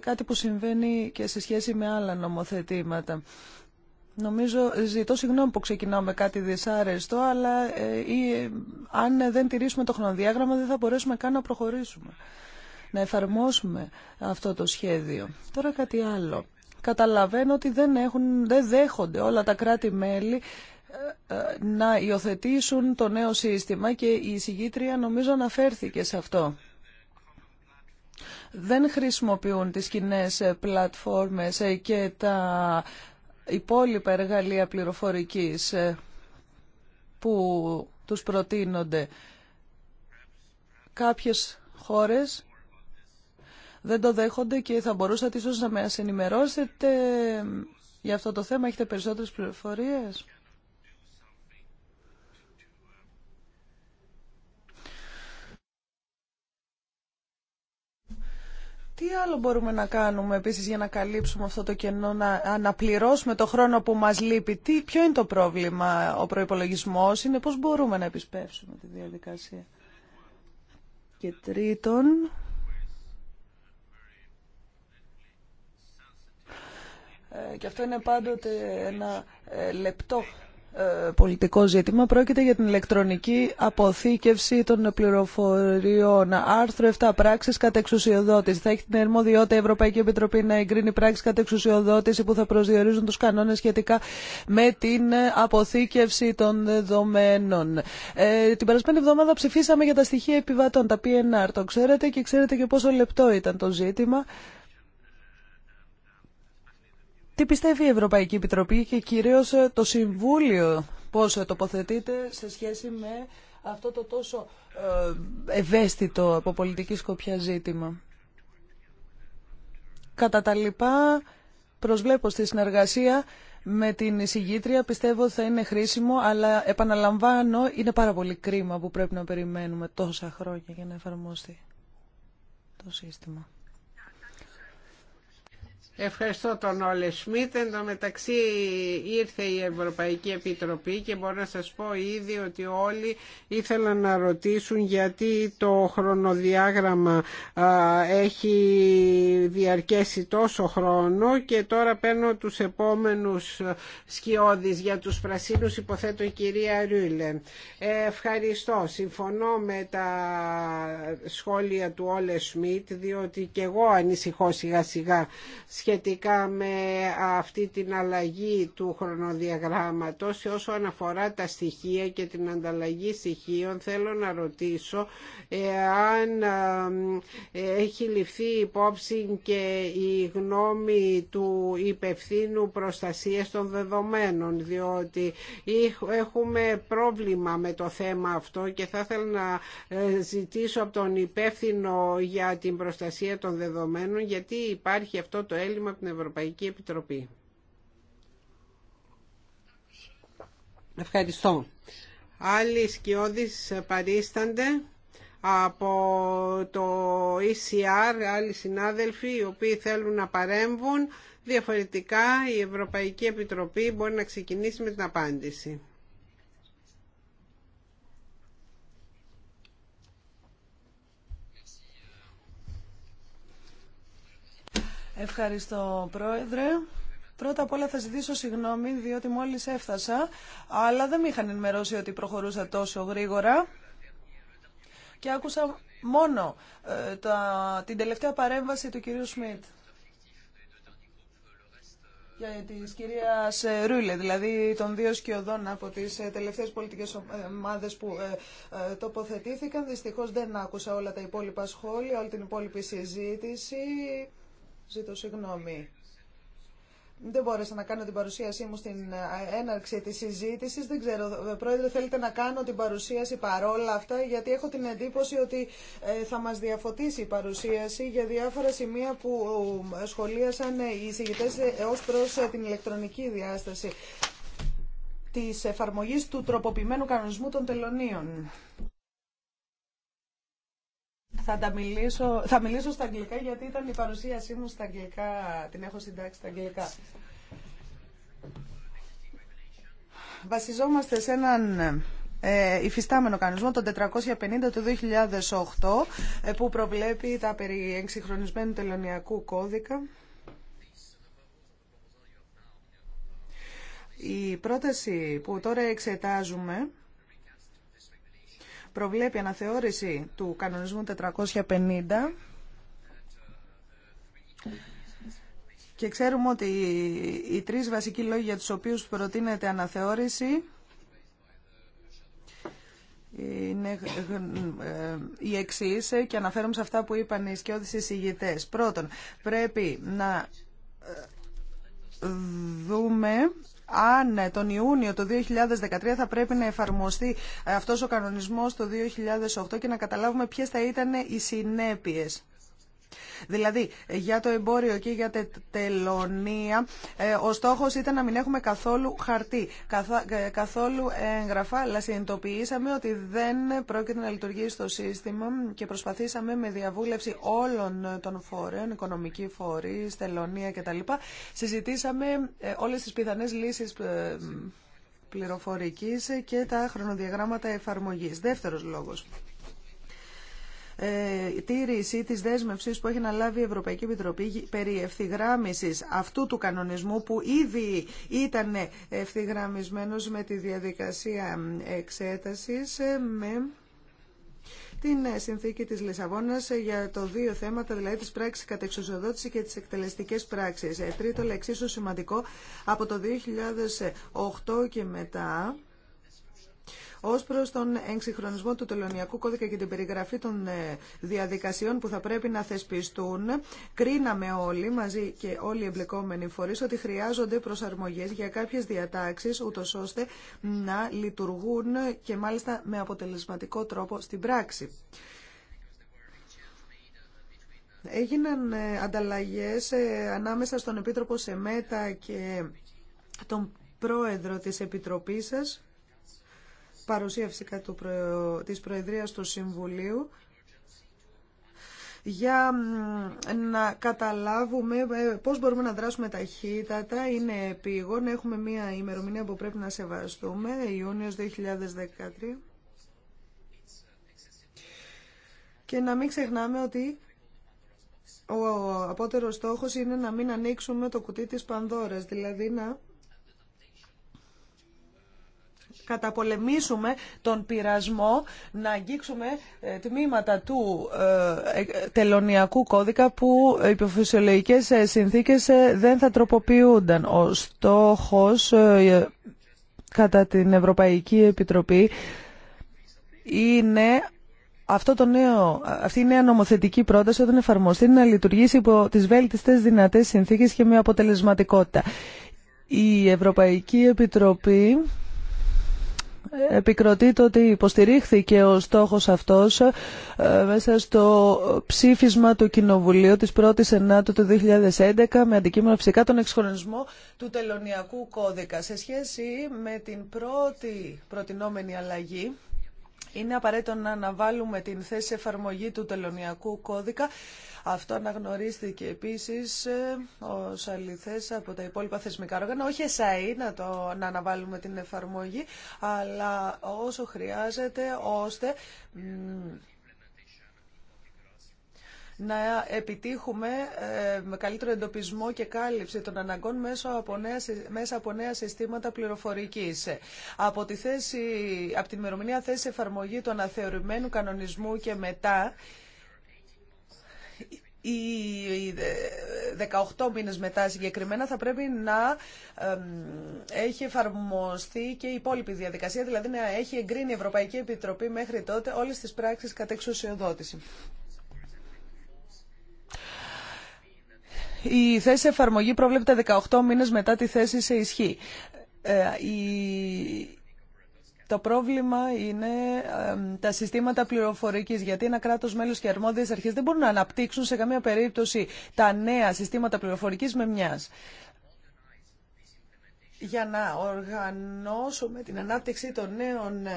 κάτι που συμβαίνει και σε σχέση με άλλα νομοθετήματα. Νομίζω, ζητώ συγγνώμη που ξεκινάω με κάτι δυσάρεστο, αλλά ή, αν δεν τηρήσουμε το χρονοδιάγραμμα δεν θα μπορέσουμε καν να προχωρήσουμε να εφαρμόσουμε αυτό το σχέδιο. Τώρα κάτι άλλο. Καταλαβαίνω ότι δεν, έχουν, δεν δέχονται όλα τα κράτη-μέλη ε, ε, να υιοθετήσουν το νέο σύστημα και η εισηγήτρια νομίζω αναφέρθηκε σε αυτό. Δεν χρησιμοποιούν τις κοινέ ε, πλατφόρμες και τα υπόλοιπα εργαλεία πληροφορικής που τους προτείνονται. Κάποιες χώρες δεν το δέχονται και θα μπορούσατε ίσως να με ενημερώσετε για αυτό το θέμα. Έχετε περισσότερες πληροφορίες. Τι άλλο μπορούμε να κάνουμε επίσης για να καλύψουμε αυτό το κενό, να αναπληρώσουμε το χρόνο που μας λείπει. Τι, ποιο είναι το πρόβλημα, ο προϋπολογισμός είναι, πώς μπορούμε να επισπεύσουμε τη διαδικασία. Και τρίτον, Ε, και αυτό είναι πάντοτε ένα ε, λεπτό ε, πολιτικό ζήτημα πρόκειται για την ηλεκτρονική αποθήκευση των πληροφοριών. Άρθρο 7. Πράξεις κατά εξουσιοδότηση. Θα έχει την ερμοδιότητα η Ευρωπαϊκή Επιτροπή να εγκρίνει πράξεις κατά εξουσιοδότηση που θα προσδιορίζουν τους κανόνες σχετικά με την αποθήκευση των δεδομένων. την περασμένη εβδομάδα ψηφίσαμε για τα στοιχεία επιβατών, τα PNR. Το ξέρετε και ξέρετε και πόσο λεπτό ήταν το ζήτημα. Τι πιστεύει η Ευρωπαϊκή Επιτροπή και κυρίως ε, το Συμβούλιο πώς ε, τοποθετείται σε σχέση με αυτό το τόσο ε, ευαίσθητο από πολιτική σκοπιά ζήτημα. Κατά τα λοιπά, προσβλέπω στη συνεργασία με την εισηγήτρια. Πιστεύω θα είναι χρήσιμο, αλλά επαναλαμβάνω, είναι πάρα πολύ κρίμα που πρέπει να περιμένουμε τόσα χρόνια για να εφαρμόσει το σύστημα. Ευχαριστώ τον Όλε Σμιτ. Εν τω μεταξύ ήρθε η Ευρωπαϊκή Επιτροπή και μπορώ να σας πω ήδη ότι όλοι ήθελαν να ρωτήσουν γιατί το χρονοδιάγραμμα έχει διαρκέσει τόσο χρόνο και τώρα παίρνω τους επόμενους σκιώδεις για τους πρασίνους υποθέτω η κυρία Ρούλε. Ε, ευχαριστώ. Συμφωνώ με τα σχόλια του Όλε Σμιτ διότι και εγώ ανησυχώ σιγά σιγά σχετικά με αυτή την αλλαγή του χρονοδιαγράμματος όσο αναφορά τα στοιχεία και την ανταλλαγή στοιχείων θέλω να ρωτήσω αν ε, έχει ληφθεί υπόψη και η γνώμη του υπευθύνου προστασίας των δεδομένων διότι έχουμε πρόβλημα με το θέμα αυτό και θα ήθελα να ε, ζητήσω από τον υπεύθυνο για την προστασία των δεδομένων γιατί υπάρχει αυτό το έλλειμμα θέλημα από την Ευρωπαϊκή Επιτροπή. Ευχαριστώ. Άλλοι σκιώδεις παρίστανται από το ECR, άλλοι συνάδελφοι οι οποίοι θέλουν να παρέμβουν. Διαφορετικά η Ευρωπαϊκή Επιτροπή μπορεί να ξεκινήσει με την απάντηση. Ευχαριστώ, Πρόεδρε. Πρώτα απ' όλα θα ζητήσω συγγνώμη, διότι μόλις έφτασα, αλλά δεν με είχαν ενημερώσει ότι προχωρούσα τόσο γρήγορα και άκουσα μόνο ε, τα, την τελευταία παρέμβαση του κυρίου Σμιτ για ε, τη κυρία ε, Ρούλε, δηλαδή των δύο σκιωδών από τις τελευταίες πολιτικές ομάδε που τοποθετήθηκαν. Δυστυχώ δεν άκουσα όλα τα υπόλοιπα σχόλια, όλη την υπόλοιπη συζήτηση. Ζήτω συγγνώμη. Δεν μπόρεσα να κάνω την παρουσίασή μου στην ε, έναρξη της συζήτησης. Δεν ξέρω, ε, Πρόεδρε, θέλετε να κάνω την παρουσίαση παρόλα αυτά, γιατί έχω την εντύπωση ότι ε, θα μας διαφωτίσει η παρουσίαση για διάφορα σημεία που σχολίασαν οι εισηγητές ως προς την ηλεκτρονική διάσταση της εφαρμογής του τροποποιημένου κανονισμού των τελωνίων. Θα, τα μιλήσω, θα μιλήσω στα αγγλικά γιατί ήταν η παρουσίασή μου στα αγγλικά, την έχω συντάξει στα αγγλικά. Βασιζόμαστε σε έναν ε, υφιστάμενο κανονισμό, το 450 του 2008, ε, που προβλέπει τα περί εξυγχρονισμένου τελωνιακού κώδικα. Η πρόταση που τώρα εξετάζουμε προβλέπει αναθεώρηση του κανονισμού 450 και ξέρουμε ότι οι τρεις βασικοί λόγοι για τους οποίους προτείνεται αναθεώρηση είναι ε, οι εξή ε, και αναφέρουμε σε αυτά που είπαν οι σκιώδεις εισηγητές. Πρώτον, πρέπει να ε, δούμε αν τον Ιούνιο του 2013 θα πρέπει να εφαρμοστεί αυτός ο κανονισμός το 2008 και να καταλάβουμε ποιες θα ήταν οι συνέπειες. Δηλαδή, για το εμπόριο και για τη τελωνία, ε, ο στόχο ήταν να μην έχουμε καθόλου χαρτί, ε, καθόλου έγγραφα, αλλά συνειδητοποιήσαμε ότι δεν πρόκειται να λειτουργήσει το σύστημα και προσπαθήσαμε με διαβούλευση όλων των φορέων, οικονομική φορή, τελωνία κτλ. Συζητήσαμε ε, όλε τι πιθανέ λύσει πληροφορικής και τα χρονοδιαγράμματα εφαρμογής. Δεύτερος λόγος ε, τήρηση της δέσμευσης που έχει να λάβει η Ευρωπαϊκή Επιτροπή περί ευθυγράμμισης αυτού του κανονισμού που ήδη ήταν ευθυγραμμισμένος με τη διαδικασία εξέτασης ε, με την συνθήκη της Λισαβόνας για το δύο θέματα, δηλαδή της πράξης κατεξοσοδότησης και τις εκτελεστικές πράξεις. Ε, τρίτο, αλλά σημαντικό, από το 2008 και μετά Ω προ τον εξυγχρονισμό του τελωνιακού κώδικα και την περιγραφή των ε, διαδικασιών που θα πρέπει να θεσπιστούν, κρίναμε όλοι μαζί και όλοι οι εμπλεκόμενοι φορεί ότι χρειάζονται προσαρμογέ για κάποιε διατάξει, ούτω ώστε να λειτουργούν και μάλιστα με αποτελεσματικό τρόπο στην πράξη. Έγιναν ε, ανταλλαγές ε, ανάμεσα στον Επίτροπο Σεμέτα και τον Πρόεδρο της Επιτροπής σας παρουσία φυσικά του, της Προεδρίας του Συμβουλίου για να καταλάβουμε ε, πώς μπορούμε να δράσουμε ταχύτατα. Είναι επίγον. Έχουμε μία ημερομηνία που πρέπει να σεβαστούμε, Ιούνιος 2013. Και να μην ξεχνάμε ότι ο απότερος στόχος είναι να μην ανοίξουμε το κουτί της Πανδώρας, δηλαδή να καταπολεμήσουμε τον πειρασμό, να αγγίξουμε ε, τμήματα του ε, ε, τελωνιακού κώδικα που οι υποφυσιολογικέ συνθήκες δεν θα τροποποιούνταν. Ο στόχος κατά την Ευρωπαϊκή Επιτροπή είναι αυτό το νέο, αυτή η νέα νομοθετική πρόταση όταν εφαρμοστεί να λειτουργήσει υπό τις βέλτιστες δυνατές συνθήκες και με αποτελεσματικότητα. Η Ευρωπαϊκή Επιτροπή επικροτεί το ότι υποστηρίχθηκε ο στόχος αυτός ε, μέσα στο ψήφισμα του Κοινοβουλίου της 1ης Ενάτου του 2011 με αντικείμενο φυσικά τον εξχρονισμό του τελωνιακού κώδικα. Σε σχέση με την πρώτη προτινόμενη αλλαγή είναι απαραίτητο να αναβάλουμε την θέση εφαρμογή του τελωνιακού κώδικα. Αυτό αναγνωρίστηκε επίσης ε, ω αληθέ από τα υπόλοιπα θεσμικά όργανα. Όχι εσάι να, το, να αναβάλουμε την εφαρμογή, αλλά όσο χρειάζεται ώστε να επιτύχουμε ε, με καλύτερο εντοπισμό και κάλυψη των αναγκών μέσω από μέσα από νέα συστήματα πληροφορικής. Από τη, θέση, από την ημερομηνία θέση εφαρμογή του αναθεωρημένου κανονισμού και μετά, οι 18 μήνες μετά συγκεκριμένα θα πρέπει να έχει εφαρμοστεί και η υπόλοιπη διαδικασία, δηλαδή να έχει εγκρίνει η Ευρωπαϊκή Επιτροπή μέχρι τότε όλες τις πράξεις κατεξουσιοδότηση. Η θέση εφαρμογή προβλέπεται 18 μήνες μετά τη θέση σε ισχύ. Ε, το πρόβλημα είναι τα συστήματα πληροφορικής, γιατί ένα κράτος μέλος και αρμόδιες αρχές δεν μπορούν να αναπτύξουν σε καμία περίπτωση τα νέα συστήματα πληροφορικής με μιας. Για να οργανώσουμε την ανάπτυξη των νέων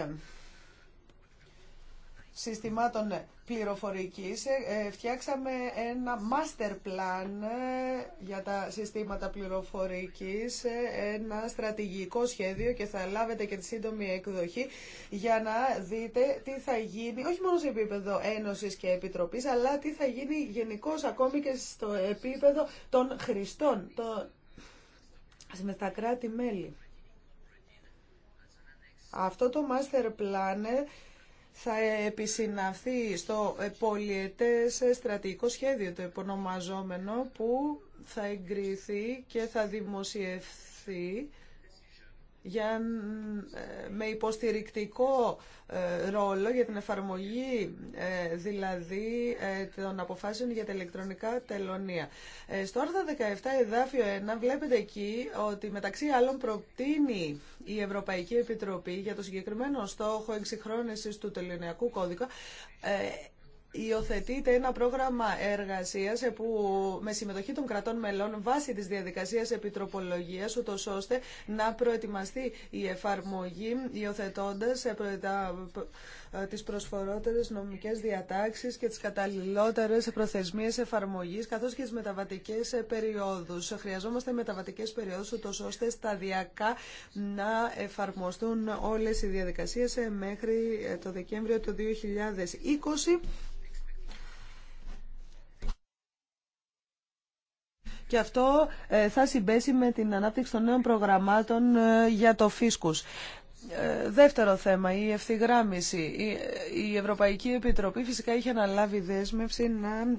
συστημάτων ναι, πληροφορικής ε, ε, φτιάξαμε ένα master plan ε, για τα συστήματα πληροφορικής, ένα στρατηγικό σχέδιο και θα λάβετε και τη σύντομη εκδοχή για να δείτε τι θα γίνει, όχι μόνο σε επίπεδο Ένωσης και Επιτροπής, αλλά τι θα γίνει γενικώ ακόμη και στο επίπεδο των χρηστών, το... με τα κράτη-μέλη. Αυτό το master plan θα επισυναυθεί στο πολιετές στρατηγικό σχέδιο το επωνομαζόμενο που θα εγκριθεί και θα δημοσιευθεί για, ε, με υποστηρικτικό ε, ρόλο για την εφαρμογή ε, δηλαδή των αποφάσεων για τα ηλεκτρονικά τελωνία. Στο άρθρο 17 εδάφιο 1 βλέπετε εκεί ότι μεταξύ άλλων προτείνει η Ευρωπαϊκή Επιτροπή για το συγκεκριμένο στόχο εξυγχρόνησης του τελωνιακού κώδικα υιοθετείται ένα πρόγραμμα εργασίας ε, που με συμμετοχή των κρατών μελών βάσει της διαδικασία επιτροπολογίας ούτω ώστε να προετοιμαστεί η εφαρμογή υιοθετώντα ε, ε, τις προσφορότερες νομικές διατάξεις και τις καταλληλότερες προθεσμίες εφαρμογής καθώς και τις μεταβατικές περιόδους. Χρειαζόμαστε μεταβατικές περιόδους ούτω ώστε σταδιακά να εφαρμοστούν όλες οι διαδικασίες μέχρι το Δεκέμβριο του 2020 Και αυτό ε, θα συμπέσει με την ανάπτυξη των νέων προγραμμάτων ε, για το φίσκους. Ε, δεύτερο θέμα, η ευθυγράμμιση. Η Ευρωπαϊκή Επιτροπή φυσικά είχε αναλάβει δέσμευση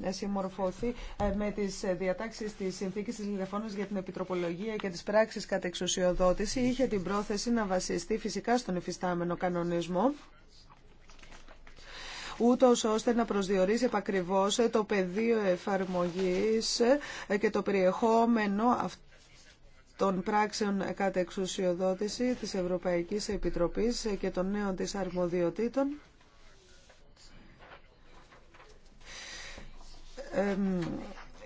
να συμμορφωθεί με τις διατάξεις της συνθήκης της Λιλεφώνης για την Επιτροπολογία και τις πράξεις κατεξουσιοδότηση. Είχε την πρόθεση να βασιστεί φυσικά στον υφιστάμενο κανονισμό ούτως ώστε να προσδιορίσει επακριβώ το πεδίο εφαρμογής και το περιεχόμενο των πράξεων κατά εξουσιοδότηση της Ευρωπαϊκής Επιτροπής και των νέων της αρμοδιοτήτων.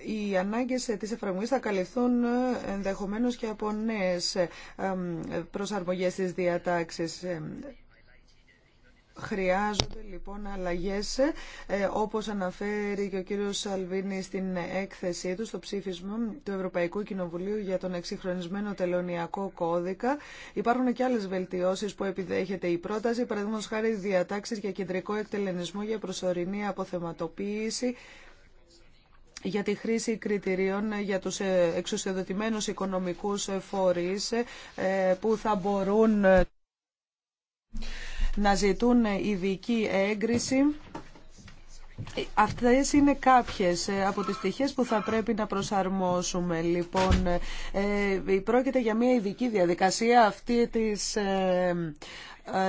οι ανάγκες της εφαρμογής θα καλυφθούν ε, ενδεχομένως και από νέες ε, προσαρμογές της διατάξης. Ε, Χρειάζονται λοιπόν αλλαγές ε, όπως αναφέρει και ο κύριος Σαλβίνη στην έκθεσή του στο ψήφισμα του Ευρωπαϊκού Κοινοβουλίου για τον εξυγχρονισμένο τελωνιακό κώδικα. Υπάρχουν και άλλες βελτιώσεις που επιδέχεται η πρόταση, παραδείγματος χάρη διατάξεις για κεντρικό εκτελενισμό για προσωρινή αποθεματοποίηση για τη χρήση κριτηρίων ε, για τους ε, εξουσιοδοτημένους οικονομικούς φορείς που θα μπορούν να ζητούν ειδική έγκριση. Αυτές είναι κάποιες ε, από τις στοιχείες που θα πρέπει να προσαρμόσουμε. Λοιπόν, ε, ε, πρόκειται για μια ειδική διαδικασία αυτή της ε,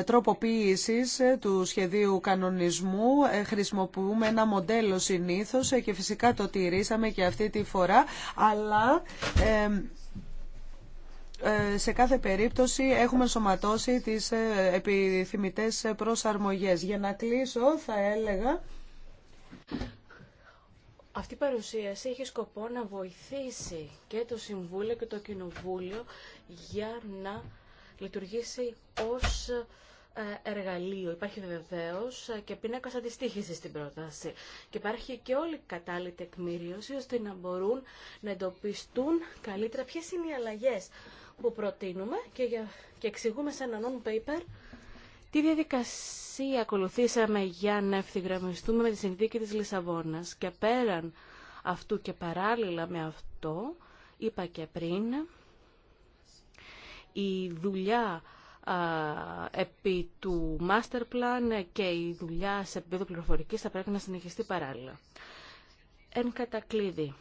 τροποποίησης του σχεδίου κανονισμού. Χρησιμοποιούμε ένα μοντέλο συνήθως και φυσικά το τηρήσαμε και αυτή τη φορά, αλλά... Ε, σε κάθε περίπτωση έχουμε σωματώσει τις ε, επιθυμητές προσαρμογές. Για να κλείσω θα έλεγα... Αυτή η παρουσίαση έχει σκοπό να βοηθήσει και το Συμβούλιο και το Κοινοβούλιο για να λειτουργήσει ως ε, εργαλείο. Υπάρχει βεβαίω και πίνακα αντιστοίχηση στην πρόταση. Και υπάρχει και όλη κατάλληλη τεκμήριωση ώστε να μπορούν να εντοπιστούν καλύτερα ποιε είναι οι αλλαγέ που προτείνουμε και, για, και εξηγούμε σε ένα non-paper τι διαδικασία ακολουθήσαμε για να ευθυγραμμιστούμε με τη συνθήκη της Λισαβόνας. Και πέραν αυτού και παράλληλα με αυτό, είπα και πριν, η δουλειά επί του master plan και η δουλειά σε επίπεδο πληροφορικής θα πρέπει να συνεχιστεί παράλληλα. Εν κατακλείδη,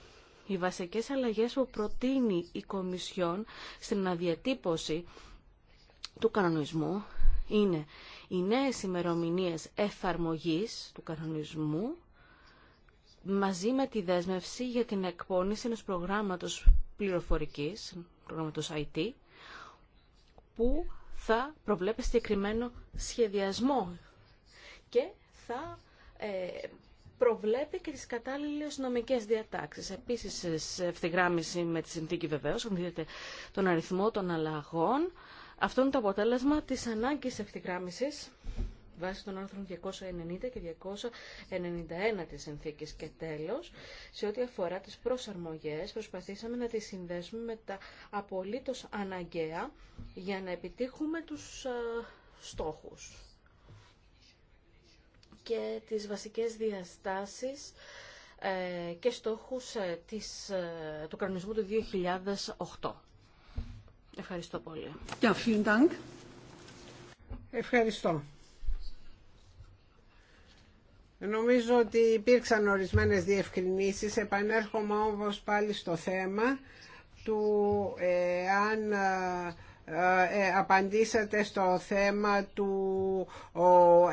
οι βασικές αλλαγές που προτείνει η Κομισιόν στην αδιατύπωση του κανονισμού είναι οι νέες ημερομηνίε εφαρμογής του κανονισμού μαζί με τη δέσμευση για την εκπόνηση ενός προγράμματος πληροφορικής, προγράμματος IT, που θα προβλέπει συγκεκριμένο σχεδιασμό και θα ε, προβλέπει και τις κατάλληλες νομικές διατάξεις. Επίσης, σε ευθυγράμμιση με τη συνθήκη βεβαίως, αν δείτε τον αριθμό των αλλαγών, αυτό είναι το αποτέλεσμα της ανάγκης ευθυγράμμισης βάσει των άρθρων 290 και 291 της συνθήκης. Και τέλος, σε ό,τι αφορά τις προσαρμογές, προσπαθήσαμε να τις συνδέσουμε με τα απολύτως αναγκαία για να επιτύχουμε τους ε, στόχους και τις βασικές διαστάσεις ε, και στόχους ε, της, ε, του κανονισμού του 2008. Ευχαριστώ πολύ. Ja, Ευχαριστώ. Νομίζω ότι υπήρξαν ορισμένες διευκρινήσεις. Επανέρχομαι όμως πάλι στο θέμα του αν ε, ε, απαντήσατε στο θέμα του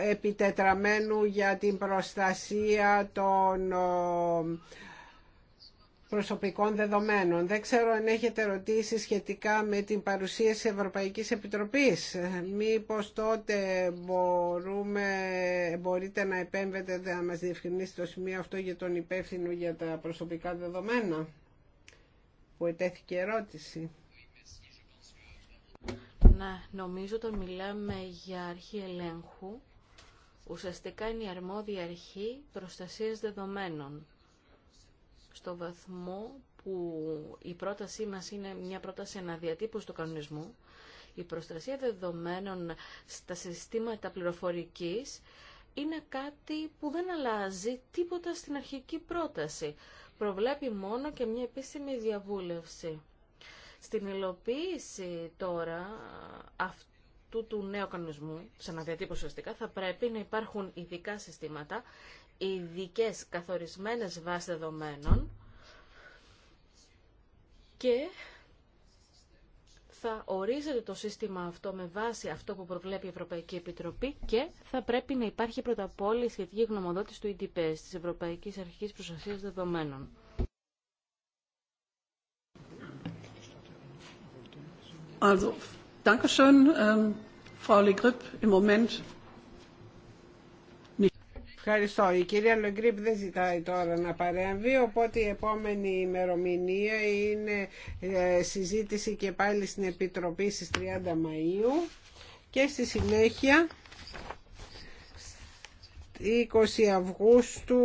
επιτετραμένου για την προστασία των προσωπικών δεδομένων. Δεν ξέρω αν έχετε ρωτήσει σχετικά με την παρουσία Ευρωπαϊκής Επιτροπής. Μήπως τότε μπορούμε, μπορείτε να επέμβετε να μας διευκρινίσετε το σημείο αυτό για τον υπεύθυνο για τα προσωπικά δεδομένα που ετέθηκε ερώτηση. Ναι, νομίζω όταν μιλάμε για αρχή ελέγχου, ουσιαστικά είναι η αρμόδια αρχή προστασίας δεδομένων. Στο βαθμό που η πρότασή μας είναι μια πρόταση αναδιατύπωση του κανονισμού, η προστασία δεδομένων στα συστήματα πληροφορικής είναι κάτι που δεν αλλάζει τίποτα στην αρχική πρόταση. Προβλέπει μόνο και μια επίσημη διαβούλευση. Στην υλοποίηση τώρα αυτού του νέου κανονισμού, σαν διατύπωση ουσιαστικά, θα πρέπει να υπάρχουν ειδικά συστήματα, ειδικέ καθορισμένες βάσει δεδομένων και θα ορίζεται το σύστημα αυτό με βάση αυτό που προβλέπει η Ευρωπαϊκή Επιτροπή και θα πρέπει να υπάρχει πρώτα απ' όλα η σχετική γνωμοδότηση του EDPS, της Ευρωπαϊκής Αρχής Προστασίας Δεδομένων. Ähm, Ευχαριστώ. Η κυρία Λεγκρίπ δεν ζητάει τώρα να παρέμβει, οπότε η επόμενη ημερομηνία είναι ε, συζήτηση και πάλι στην Επιτροπή στις 30 Μαΐου και στη συνέχεια 20 Αυγούστου,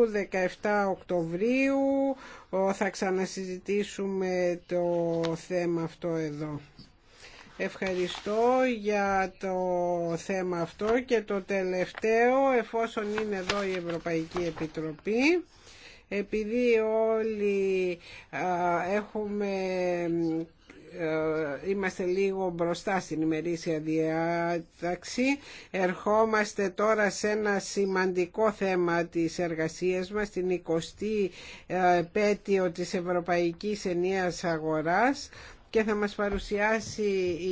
17 Οκτωβρίου θα ξανασυζητήσουμε το θέμα αυτό εδώ. Ευχαριστώ για το θέμα αυτό και το τελευταίο εφόσον είναι εδώ η Ευρωπαϊκή Επιτροπή επειδή όλοι έχουμε είμαστε λίγο μπροστά στην ημερήσια διάταξη. Ερχόμαστε τώρα σε ένα σημαντικό θέμα της εργασίας μας, την 20η πέτειο της Ευρωπαϊκής Ενίας Αγοράς και θα μας παρουσιάσει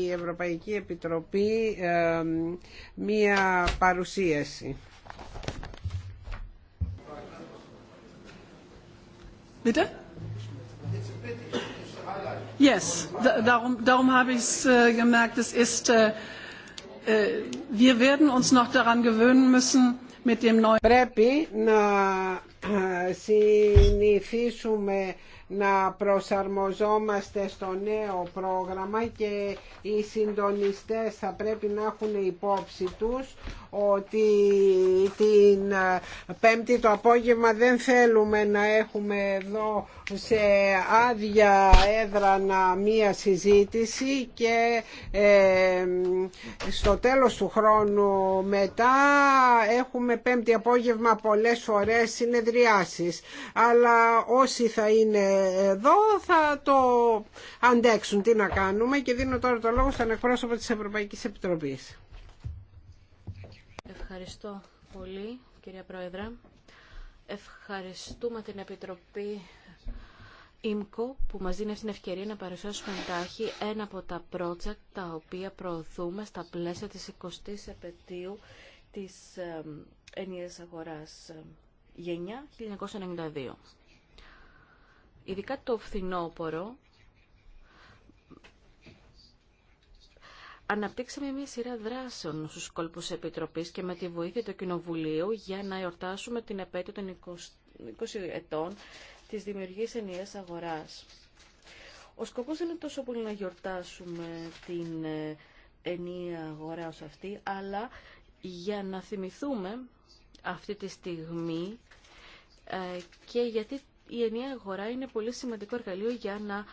η Ευρωπαϊκή Επιτροπή ε, μία παρουσίαση. Bitte? Yes, darum, darum habe ich es äh, gemerkt. Es ist, äh, wir werden uns noch daran gewöhnen müssen, mit dem neuen. Πρέπει να συνηθίσουμε να προσαρμοζόμαστε στο νέο πρόγραμμα και οι συντονιστές θα πρέπει να έχουν υπόψη τους ότι την ε, πέμπτη το απόγευμα δεν θέλουμε να έχουμε εδώ σε άδεια έδρανα μία συζήτηση και ε, στο τέλος του χρόνου μετά έχουμε πέμπτη απόγευμα πολλές φορές συνεδριάσεις αλλά όσοι θα είναι εδώ θα το αντέξουν τι να κάνουμε και δίνω τώρα το λόγο στον εκπρόσωπο της Ευρωπαϊκής Επιτροπής. Ευχαριστώ πολύ κυρία Πρόεδρε. Ευχαριστούμε την Επιτροπή ΙΜΚΟ που μας δίνει αυτή την ευκαιρία να παρουσιάσουμε εντάχει ένα από τα project τα οποία προωθούμε στα πλαίσια της 20ης επαιτίου της ενιαίας αγοράς γενιά 1992. Ειδικά το φθινόπορο Αναπτύξαμε μια σειρά δράσεων στους κόλπους Επιτροπής και με τη βοήθεια του Κοινοβουλίου για να εορτάσουμε την επέτειο των 20 ετών της δημιουργίας ενιαίας αγοράς. Ο σκοπός δεν είναι τόσο πολύ να γιορτάσουμε την ε, ενιαία αγορά ως αυτή, αλλά για να θυμηθούμε αυτή τη στιγμή ε, και γιατί η ενιαία αγορά είναι πολύ σημαντικό εργαλείο για να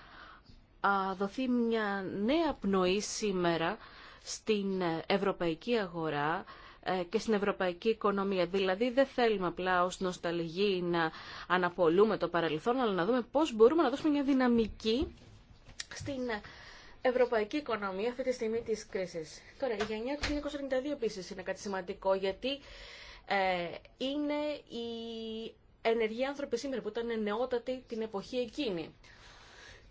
δοθεί μια νέα πνοή σήμερα στην ε, ευρωπαϊκή αγορά ε, και στην ευρωπαϊκή οικονομία. Δηλαδή δεν θέλουμε απλά ως νοσταλγή να αναπολούμε το παρελθόν, αλλά να δούμε πώς μπορούμε να δώσουμε μια δυναμική στην ευρωπαϊκή οικονομία αυτή τη στιγμή της κρίσης. Τώρα, η γενιά του 1992 επίσης είναι κάτι σημαντικό, γιατί ε, είναι η ενεργοί άνθρωποι σήμερα που ήταν νεότατοι την εποχή εκείνη.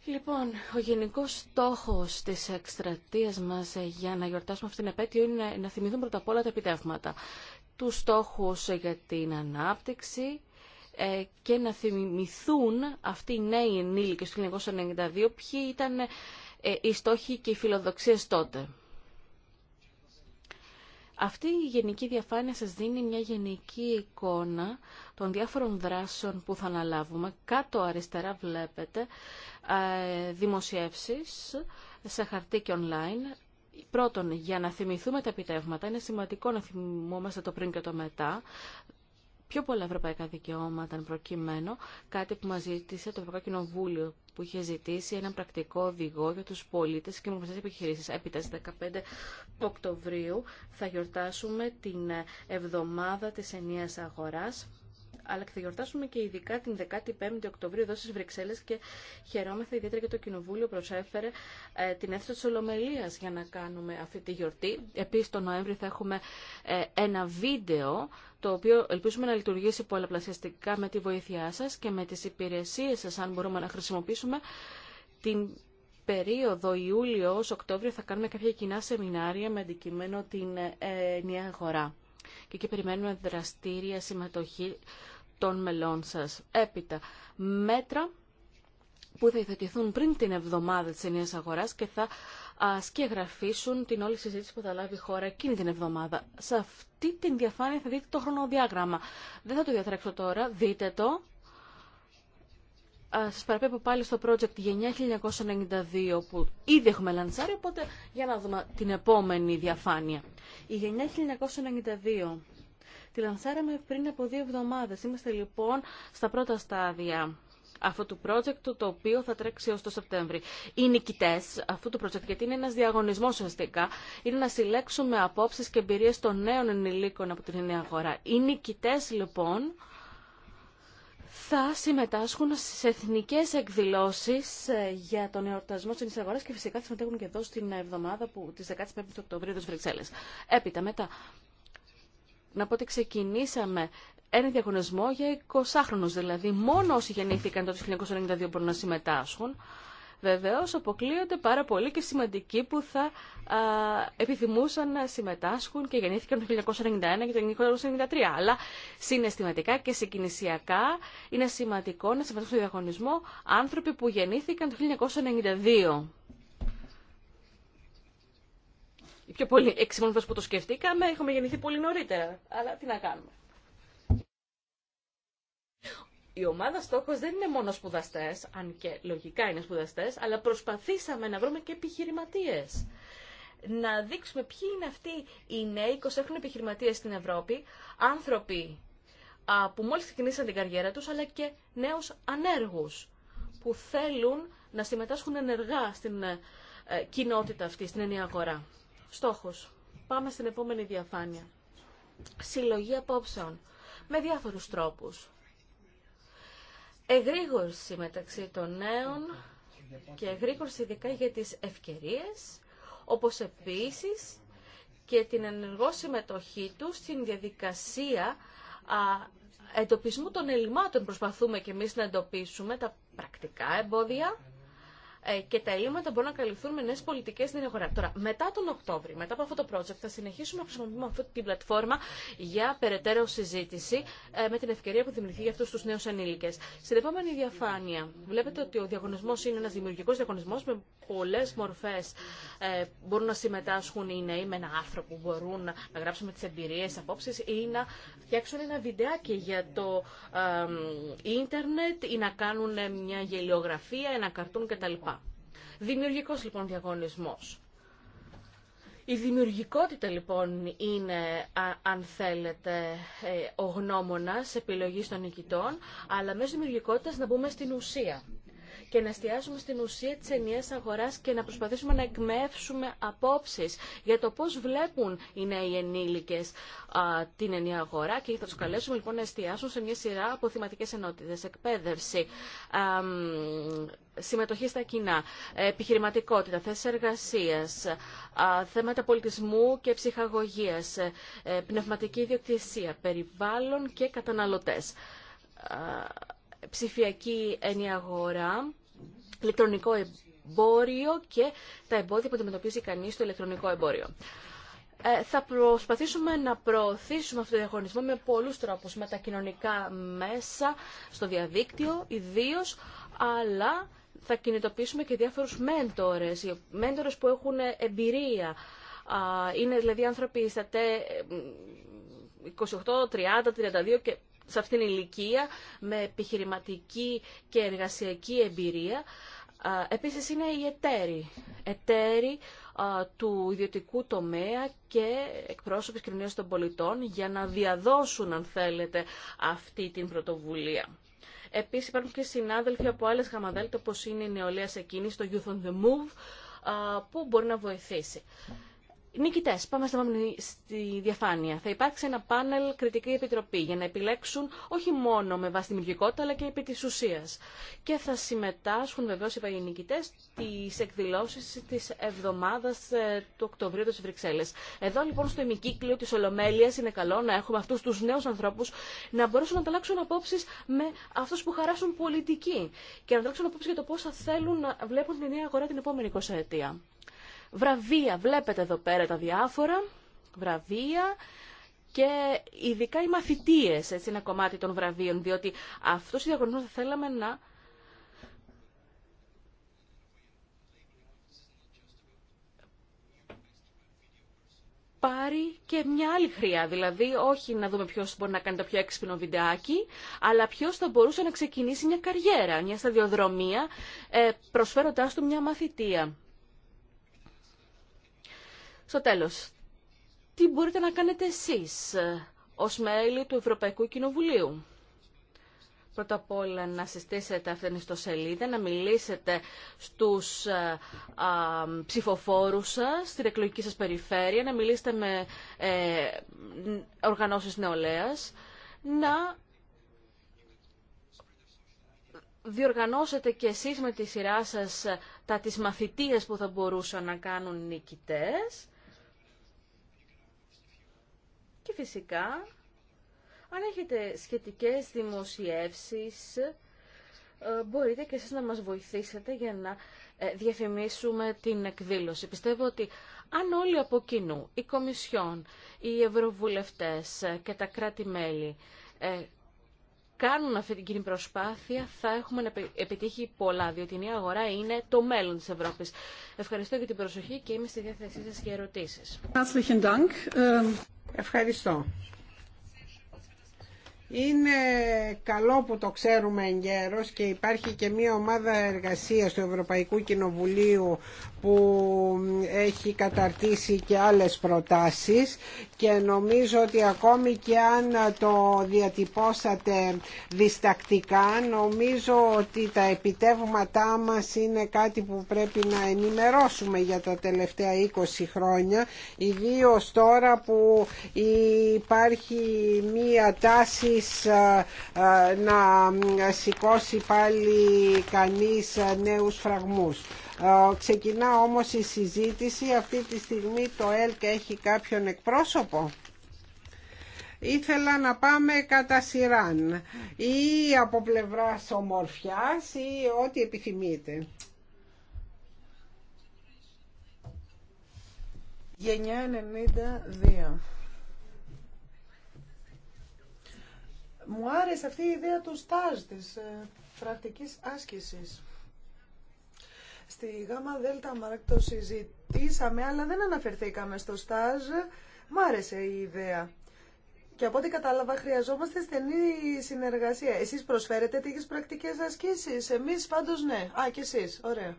Λοιπόν, ο γενικός στόχος της εκστρατείας μας ε, για να γιορτάσουμε αυτήν την επέτειο είναι να θυμηθούν πρώτα απ' όλα τα επιτεύγματα. του στόχου ε, για την ανάπτυξη ε, και να θυμηθούν αυτοί οι νέοι ενήλικε του 1992 ποιοι ήταν οι στόχοι και οι φιλοδοξίες τότε. Αυτή η γενική διαφάνεια σας δίνει μια γενική εικόνα των διάφορων δράσεων που θα αναλάβουμε. Κάτω αριστερά βλέπετε ε, δημοσιεύσεις σε χαρτί και online. Πρώτον, για να θυμηθούμε τα επιτεύγματα, είναι σημαντικό να θυμόμαστε το πριν και το μετά πιο πολλά ευρωπαϊκά δικαιώματα εν προκειμένου, κάτι που μας ζήτησε το Ευρωπαϊκό Κοινοβούλιο που είχε ζητήσει έναν πρακτικό οδηγό για τους πολίτες και τις επιχειρήσεις. Έπειτα στις 15 Οκτωβρίου θα γιορτάσουμε την εβδομάδα της ενίας αγοράς αλλά και θα γιορτάσουμε και ειδικά την 15η Οκτωβρίου εδώ στις Βρυξέλλες και χαιρόμεθα ιδιαίτερα και το Κοινοβούλιο προσέφερε ε, την αίθουσα της Ολομελίας για να κάνουμε αυτή τη γιορτή. Επίση, το Νοέμβρη θα έχουμε ε, ένα βίντεο το οποίο ελπίζουμε να λειτουργήσει πολλαπλασιαστικά με τη βοήθειά σας και με τις υπηρεσίες σας, αν μπορούμε να χρησιμοποιήσουμε την περίοδο Ιούλιο ως Οκτώβριο θα κάνουμε κάποια κοινά σεμινάρια με αντικείμενο την ε, νέα αγορά. Και εκεί περιμένουμε δραστήρια συμμετοχή των μελών σας. Έπειτα, μέτρα που θα υιοθετηθούν πριν την εβδομάδα της νέας αγοράς και θα γραφήσουν την όλη συζήτηση που θα λάβει η χώρα εκείνη την εβδομάδα. Σε αυτή την διαφάνεια θα δείτε το χρονοδιάγραμμα. Δεν θα το διατρέξω τώρα, δείτε το. Σας παραπέμπω πάλι στο project Γενιά 1992 που ήδη έχουμε λανσάρει, οπότε για να δούμε την επόμενη διαφάνεια. Η Γενιά 1992 τη λανσάραμε πριν από δύο εβδομάδες. Είμαστε λοιπόν στα πρώτα στάδια αυτού του project, το οποίο θα τρέξει έως το Σεπτέμβρη. Οι νικητέ αυτού του project, γιατί είναι ένας διαγωνισμός ουσιαστικά, είναι να συλλέξουμε απόψεις και εμπειρίες των νέων ενηλίκων από την νέα αγορά. Οι νικητέ λοιπόν θα συμμετάσχουν στι εθνικέ εκδηλώσει ε, για τον εορτασμό τη αγορά και φυσικά θα συμμετέχουν και εδώ στην εβδομάδα που, της 15 Οκτωβρίου τη Βρυξέλλες. Έπειτα μετά, να πω ότι ξεκινήσαμε ένα διαγωνισμό για 20χρονους, δηλαδή μόνο όσοι γεννήθηκαν το 1992 μπορούν να συμμετάσχουν. Βεβαίως αποκλείονται πάρα πολλοί και σημαντικοί που θα επιθυμούσαν να συμμετάσχουν και γεννήθηκαν το 1991 και το 1993. Αλλά συναισθηματικά και συγκινησιακά είναι σημαντικό να συμμετάσχουν στο διαγωνισμό άνθρωποι που γεννήθηκαν το 1992. Οι πιο πολλοί, που το σκεφτήκαμε, είχαμε γεννηθεί πολύ νωρίτερα. Αλλά τι να κάνουμε η ομάδα στόχο δεν είναι μόνο σπουδαστέ, αν και λογικά είναι σπουδαστέ, αλλά προσπαθήσαμε να βρούμε και επιχειρηματίε. Να δείξουμε ποιοι είναι αυτοί οι νέοι 20 έχουν επιχειρηματίε στην Ευρώπη, άνθρωποι που μόλις ξεκινήσαν την καριέρα τους, αλλά και νέου ανέργου που θέλουν να συμμετάσχουν ενεργά στην ε, κοινότητα αυτή, στην ενιαία αγορά. Στόχο, Πάμε στην επόμενη διαφάνεια. Συλλογή απόψεων. Με διάφορους τρόπους εγρήγορση μεταξύ των νέων και εγρήγορση ειδικά για τις ευκαιρίες, όπως επίσης και την ενεργό συμμετοχή του στην διαδικασία α, εντοπισμού των ελλημάτων. Προσπαθούμε και εμείς να εντοπίσουμε τα πρακτικά εμπόδια ε, και τα ελλείμματα μπορούν να καλυφθούν με νέε πολιτικέ στην αγορά. Τώρα, μετά τον Οκτώβριο, μετά από αυτό το project, θα συνεχίσουμε να χρησιμοποιούμε αυτή την πλατφόρμα για περαιτέρω συζήτηση ε, με την ευκαιρία που δημιουργεί για αυτού του νέου ενήλικε. Στην επόμενη διαφάνεια, βλέπετε ότι ο διαγωνισμό είναι ένα δημιουργικό διαγωνισμό με πολλέ μορφέ. Ε, μπορούν να συμμετάσχουν οι νέοι με ένα άρθρο που μπορούν να γράψουν με τι εμπειρίε, απόψει ή να φτιάξουν ένα βιντεάκι για το ίντερνετ ή να κάνουν μια γελιογραφία, ένα καρτούν κτλ. Δημιουργικός λοιπόν διαγωνισμός. Η δημιουργικότητα λοιπόν είναι, αν θέλετε, ε, ο γνώμονας επιλογής των νικητών, αλλά μέσω δημιουργικότητας να μπούμε στην ουσία και να εστιάσουμε στην ουσία τη ενιαίας αγοράς και να προσπαθήσουμε να εκμεύσουμε απόψεις για το πώς βλέπουν οι νέοι ενήλικες την ενιαία αγορά και θα του καλέσουμε λοιπόν να εστιάσουν σε μια σειρά από θεματικές ενότητες, εκπαίδευση, α, συμμετοχή στα κοινά, επιχειρηματικότητα, θέσει εργασία, θέματα πολιτισμού και ψυχαγωγία, ε, πνευματική ιδιοκτησία, περιβάλλον και καταναλωτέ ψηφιακή ενιαγορά, ηλεκτρονικό εμπόριο και τα εμπόδια που αντιμετωπίζει κανείς στο ηλεκτρονικό εμπόριο. Ε, θα προσπαθήσουμε να προωθήσουμε αυτό το διαγωνισμό με πολλούς τρόπους, με τα κοινωνικά μέσα, στο διαδίκτυο ιδίω, αλλά θα κινητοποιήσουμε και διάφορους μέντορες, οι μέντορες που έχουν εμπειρία. Είναι δηλαδή άνθρωποι στα 28, 30, 32 και σε αυτήν την ηλικία με επιχειρηματική και εργασιακή εμπειρία. Επίσης είναι οι εταίροι, εταίροι του ιδιωτικού τομέα και εκπρόσωποι κοινωνίας των πολιτών για να διαδώσουν, αν θέλετε, αυτή την πρωτοβουλία. Επίσης υπάρχουν και συνάδελφοι από άλλες γαμαδέλτες, όπως είναι η νεολαία σε κίνηση, το Youth on the Move, που μπορεί να βοηθήσει. Νικητέ, πάμε στα στη διαφάνεια. Θα υπάρξει ένα πάνελ κριτική επιτροπή για να επιλέξουν όχι μόνο με βάση τη δημιουργικότητα αλλά και επί τη ουσία. Και θα συμμετάσχουν βεβαίω, οι νικητέ, στι εκδηλώσει τη εβδομάδα ε, του Οκτωβρίου τη Βρυξέλλε. Εδώ λοιπόν στο ημικύκλιο τη Ολομέλεια είναι καλό να έχουμε αυτού του νέου ανθρώπου να μπορέσουν να ανταλλάξουν απόψει με αυτού που χαράσουν πολιτική και να ανταλλάξουν απόψει για το πώ θα θέλουν να βλέπουν την νέα αγορά την επόμενη 20 ετία βραβεία. Βλέπετε εδώ πέρα τα διάφορα βραβεία και ειδικά οι μαθητείες, έτσι είναι κομμάτι των βραβείων, διότι αυτός ο διαγωνισμός θα θέλαμε να πάρει και μια άλλη χρειά. Δηλαδή, όχι να δούμε ποιος μπορεί να κάνει το πιο έξυπνο βιντεάκι, αλλά ποιος θα μπορούσε να ξεκινήσει μια καριέρα, μια σταδιοδρομία, ε, προσφέροντά του μια μαθητεία. Στο τέλος, τι μπορείτε να κάνετε εσείς ε, ως μέλη του Ευρωπαϊκού Κοινοβουλίου. Πρώτα απ' όλα να συστήσετε αυτήν την ιστοσελίδα, να μιλήσετε στους α, ε, α, ψηφοφόρους σας, στην εκλογική σας περιφέρεια, να μιλήσετε με ε, οργανώσεις νεολαίας, να διοργανώσετε και εσείς με τη σειρά σας τα τις μαθητείες που θα μπορούσαν να κάνουν νικητές και φυσικά, αν έχετε σχετικές δημοσιεύσεις, ε, μπορείτε και εσείς να μας βοηθήσετε για να ε, διαφημίσουμε την εκδήλωση. Πιστεύω ότι αν όλοι από κοινού, η Κομισιόν, οι Ευρωβουλευτές ε, και τα κράτη-μέλη κάνουν αυτή την κοινή προσπάθεια, θα έχουμε να επιτύχει πολλά, διότι η νέα αγορά είναι το μέλλον της Ευρώπης. Ευχαριστώ για την προσοχή και είμαι στη διάθεσή σας για ερωτήσεις. Ευχαριστώ. Είναι καλό που το ξέρουμε εν και υπάρχει και μια ομάδα εργασίας του Ευρωπαϊκού Κοινοβουλίου που έχει καταρτήσει και άλλες προτάσεις και νομίζω ότι ακόμη και αν το διατυπώσατε διστακτικά νομίζω ότι τα επιτεύγματά μας είναι κάτι που πρέπει να ενημερώσουμε για τα τελευταία 20 χρόνια ιδίω τώρα που υπάρχει μία τάση να σηκώσει πάλι κανείς νέους φραγμούς. Ξεκινά όμως η συζήτηση. Αυτή τη στιγμή το ΕΛΚ έχει κάποιον εκπρόσωπο. Ήθελα να πάμε κατά σειράν ή από πλευράς ομορφιάς ή ό,τι επιθυμείτε. Γενιά 92. Μου άρεσε αυτή η ιδέα του στάζ της ε, πρακτικής άσκησης. Στη ΓΑΜΑ ΔΕΛΤΑ ΜΑΡΚ το συζητήσαμε, αλλά δεν αναφερθήκαμε στο ΣΤΑΖ. Μ' άρεσε η ιδέα. Και από ό,τι κατάλαβα, χρειαζόμαστε στενή συνεργασία. Εσείς προσφέρετε τέτοιες πρακτικές ασκήσεις. Εμείς πάντως ναι. Α, και εσείς. Ωραία.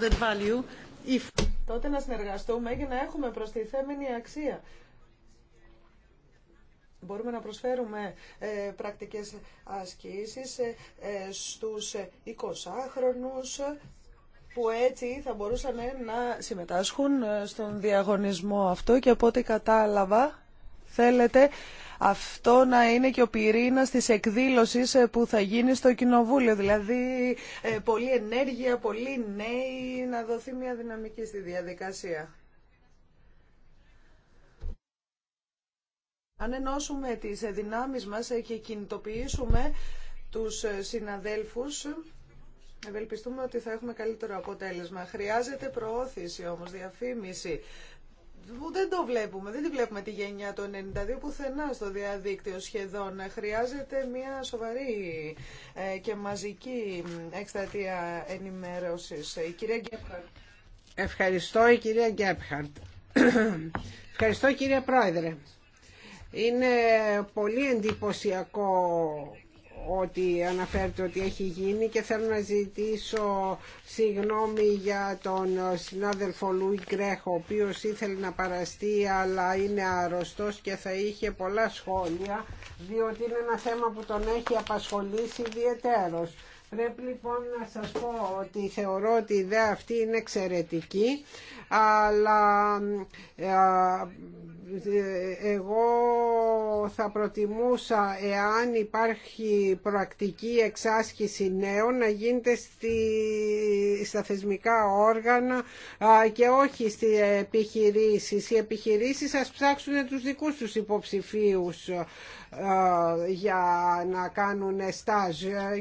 value, if... Τότε να συνεργαστούμε για να έχουμε προστιθέμενη αξία. Μπορούμε να προσφέρουμε ε, πρακτικές ασκήσεις ε, ε, στους 20χρονους που έτσι θα μπορούσαν να συμμετάσχουν στον διαγωνισμό αυτό και από ό,τι κατάλαβα θέλετε αυτό να είναι και ο πυρήνα τη εκδήλωση που θα γίνει στο Κοινοβούλιο. Δηλαδή, πολλή ενέργεια, πολλοί νέοι, να δοθεί μια δυναμική στη διαδικασία. Αν ενώσουμε τις δυνάμεις μας και κινητοποιήσουμε τους συναδέλφους, ευελπιστούμε ότι θα έχουμε καλύτερο αποτέλεσμα. Χρειάζεται προώθηση όμως, διαφήμιση. Δεν το βλέπουμε, δεν τη βλέπουμε τη γενιά το 92 πουθενά στο διαδίκτυο σχεδόν. Χρειάζεται μια σοβαρή ε, και μαζική εκστατεία ενημέρωσης. Η κυρία Γκέπχαρτ. Ευχαριστώ η κυρία Γκέπχαρτ. Ευχαριστώ κύριε Πρόεδρε. Είναι πολύ εντυπωσιακό ότι αναφέρεται ότι έχει γίνει και θέλω να ζητήσω συγγνώμη για τον συνάδελφο Λουί Γκρέχο ο οποίος ήθελε να παραστεί αλλά είναι αρρωστός και θα είχε πολλά σχόλια διότι είναι ένα θέμα που τον έχει απασχολήσει ιδιαίτερος. Πρέπει λοιπόν να σας πω ότι θεωρώ ότι η ιδέα αυτή είναι εξαιρετική, αλλά εγώ θα προτιμούσα εάν υπάρχει προακτική εξάσκηση νέων να γίνεται στη, στα θεσμικά όργανα και όχι στι επιχειρήσεις. Οι επιχειρήσεις σας ψάξουν τους δικούς τους υποψηφίους ε, για να κάνουν στάζ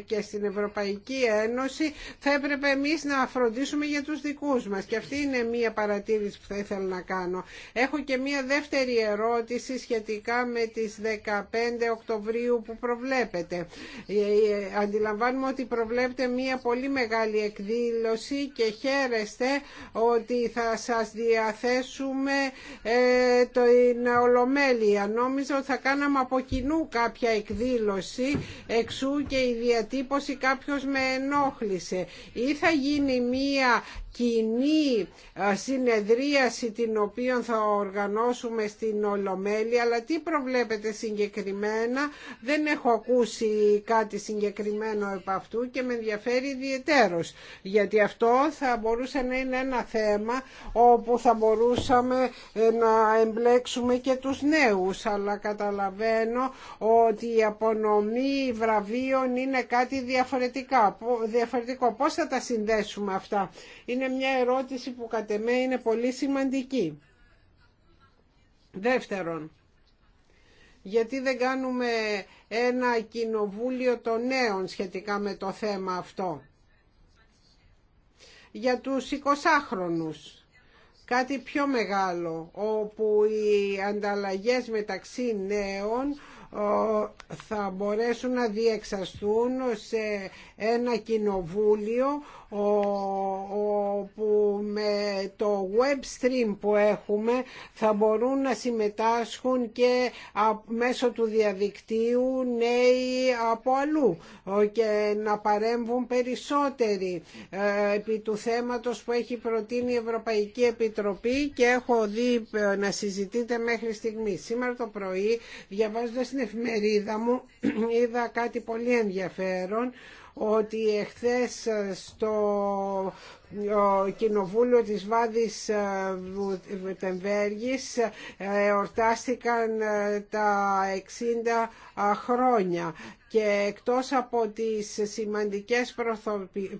και στην Ευρωπαϊκή Ένωση θα έπρεπε εμείς να φροντίσουμε για τους δικούς μας και αυτή είναι μία παρατήρηση που θα ήθελα να κάνω. Έχω και μία δεύτερη ερώτηση σχετικά με τις 15 Οκτωβρίου που προβλέπετε. Ε, ε, αντιλαμβάνουμε ότι προβλέπετε μία πολύ μεγάλη εκδήλωση και χαίρεστε ότι θα σας διαθέσουμε την Ολομέλεια. Νόμιζα ότι θα κάναμε από κοινού κάποια εκδήλωση εξού και η διατύπωση κάποιος με ενόχλησε ή θα γίνει μία κοινή συνεδρίαση την οποία θα οργανώσουμε στην Ολομέλη αλλά τι προβλέπετε συγκεκριμένα δεν έχω ακούσει κάτι συγκεκριμένο επ' αυτού και με ενδιαφέρει ιδιαιτέρως γιατί αυτό θα μπορούσε να είναι ένα θέμα όπου θα μπορούσαμε ε, να εμπλέξουμε και τους νέους αλλά καταλαβαίνω ότι η απονομή βραβείων είναι κάτι διαφορετικά, διαφορετικό. Πώς θα τα συνδέσουμε αυτά. Είναι μια ερώτηση που κατ' εμέ είναι πολύ σημαντική. Δεύτερον, γιατί δεν κάνουμε ένα κοινοβούλιο των νέων σχετικά με το θέμα αυτό. Για τους 20χρονους κάτι πιο μεγάλο, όπου οι ανταλλαγές μεταξύ νέων θα μπορέσουν να διεξαστούν σε ένα κοινοβούλιο όπου με το web stream που έχουμε θα μπορούν να συμμετάσχουν και μέσω του διαδικτύου νέοι από αλλού και να παρέμβουν περισσότεροι ε, επί του θέματος που έχει προτείνει η Ευρωπαϊκή Επιτροπή και έχω δει ε, να συζητείτε μέχρι στιγμή. Σήμερα το πρωί διαβάζοντας την εφημερίδα μου είδα κάτι πολύ ενδιαφέρον ότι εχθές στο κοινοβούλιο της Βάδης ε, Βουτεμβέργης ε, εορτάστηκαν ε, τα 60 χρόνια και εκτός από τις σημαντικές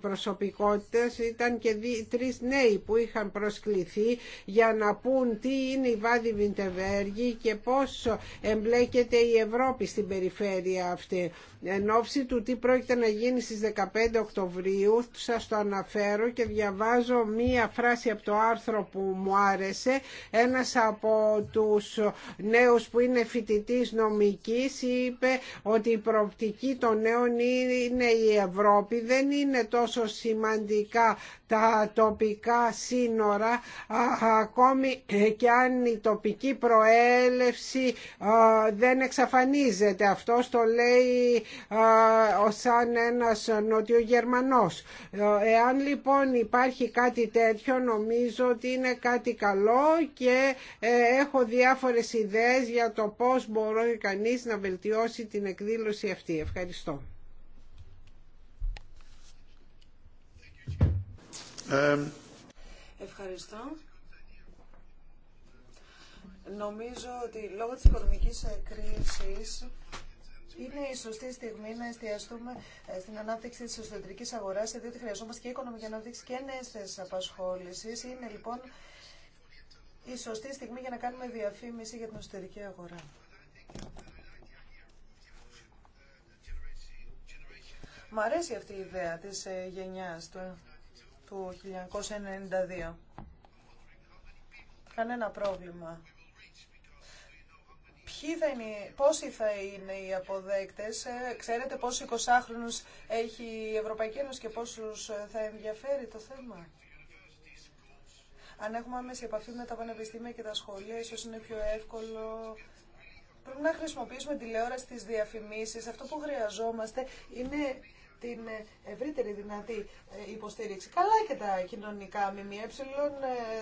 προσωπικότητες ήταν και δι, τρεις νέοι που είχαν προσκληθεί για να πούν τι είναι η Βάδη Βιντεβέργη και πώς εμπλέκεται η Ευρώπη στην περιφέρεια αυτή. Εν ώψη του τι πρόκειται να γίνει στις 15 Οκτωβρίου σας το αναφέρω και διαβάζω μία φράση από το άρθρο που μου άρεσε. Ένας από τους νέους που είναι φοιτητή νομικής είπε ότι η προοπτική των νέων είναι η Ευρώπη. Δεν είναι τόσο σημαντικά τα τοπικά σύνορα ακόμη και αν η τοπική προέλευση δεν εξαφανίζεται. Αυτό το λέει σαν ένας νοτιογερμανός. Ε, εάν λοιπόν υπάρχει κάτι τέτοιο νομίζω ότι είναι κάτι καλό και ε, έχω διάφορες ιδέες για το πώς μπορεί κανείς να βελτιώσει την εκδήλωση αυτή. Ευχαριστώ. Ευχαριστώ. Νομίζω ότι λόγω της οικονομικής ε, κρίσης είναι η σωστή στιγμή να εστιαστούμε ε, στην ανάπτυξη τη εσωτερική αγορά, διότι χρειαζόμαστε και οικονομική ανάπτυξη και νέε θέσει απασχόληση. Είναι λοιπόν η σωστή στιγμή για να κάνουμε διαφήμιση για την εσωτερική αγορά. Μ' αρέσει αυτή η ιδέα της ε, γενιάς του, του 1992. Κανένα πρόβλημα ποιοι θα είναι, πόσοι θα είναι οι αποδέκτες. Ε, πόσοι πόσους 20χρονους έχει η Ευρωπαϊκή Ένωση και πόσους ε, θα ενδιαφέρει το θέμα. Αν έχουμε άμεση επαφή με τα πανεπιστήμια και τα σχολεία, ίσως είναι πιο εύκολο πρέπει να χρησιμοποιήσουμε τηλεόραση στις διαφημίσεις. Αυτό που χρειαζόμαστε είναι την ε, ευρύτερη δυνατή υποστήριξη. Καλά και τα κοινωνικά ΜΜΕ,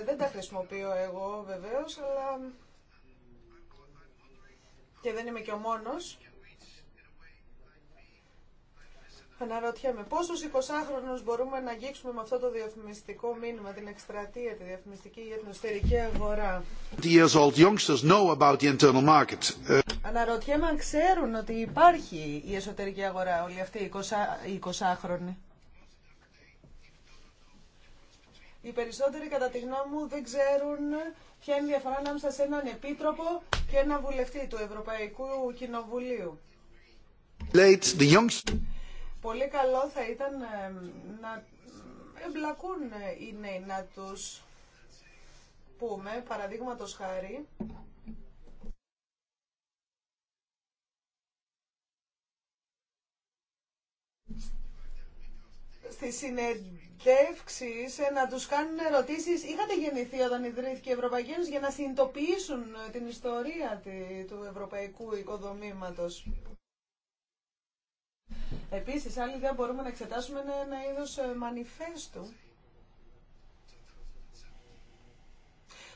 δεν τα χρησιμοποιώ εγώ βεβαίως, αλλά και δεν είμαι και ο μόνος. Αναρωτιέμαι πόσους 20χρονους μπορούμε να αγγίξουμε με αυτό το διαφημιστικό μήνυμα, την εκστρατεία, τη διαφημιστική για την εσωτερική αγορά. Years Αναρωτιέμαι αν ξέρουν ότι υπάρχει η εσωτερική αγορά όλοι αυτοί οι 20, 20χρονοι. Οι περισσότεροι, κατά τη γνώμη μου, δεν ξέρουν ποια είναι η διαφορά ανάμεσα σε έναν επίτροπο και έναν βουλευτή του Ευρωπαϊκού Κοινοβουλίου. Πολύ καλό θα ήταν ε, να εμπλακούν ε, οι νέοι, να τους πούμε, παραδείγματος χάρη, στη συνέντευξη ε, να τους κάνουν ερωτήσεις. Είχατε γεννηθεί όταν ιδρύθηκε η Ευρωπαϊκή Ένωση για να συνειδητοποιήσουν ε, την ιστορία του ευρωπαϊκού οικοδομήματος. Επίσης, άλλη ιδέα μπορούμε να εξετάσουμε είναι ένα είδος ε, μανιφέστου.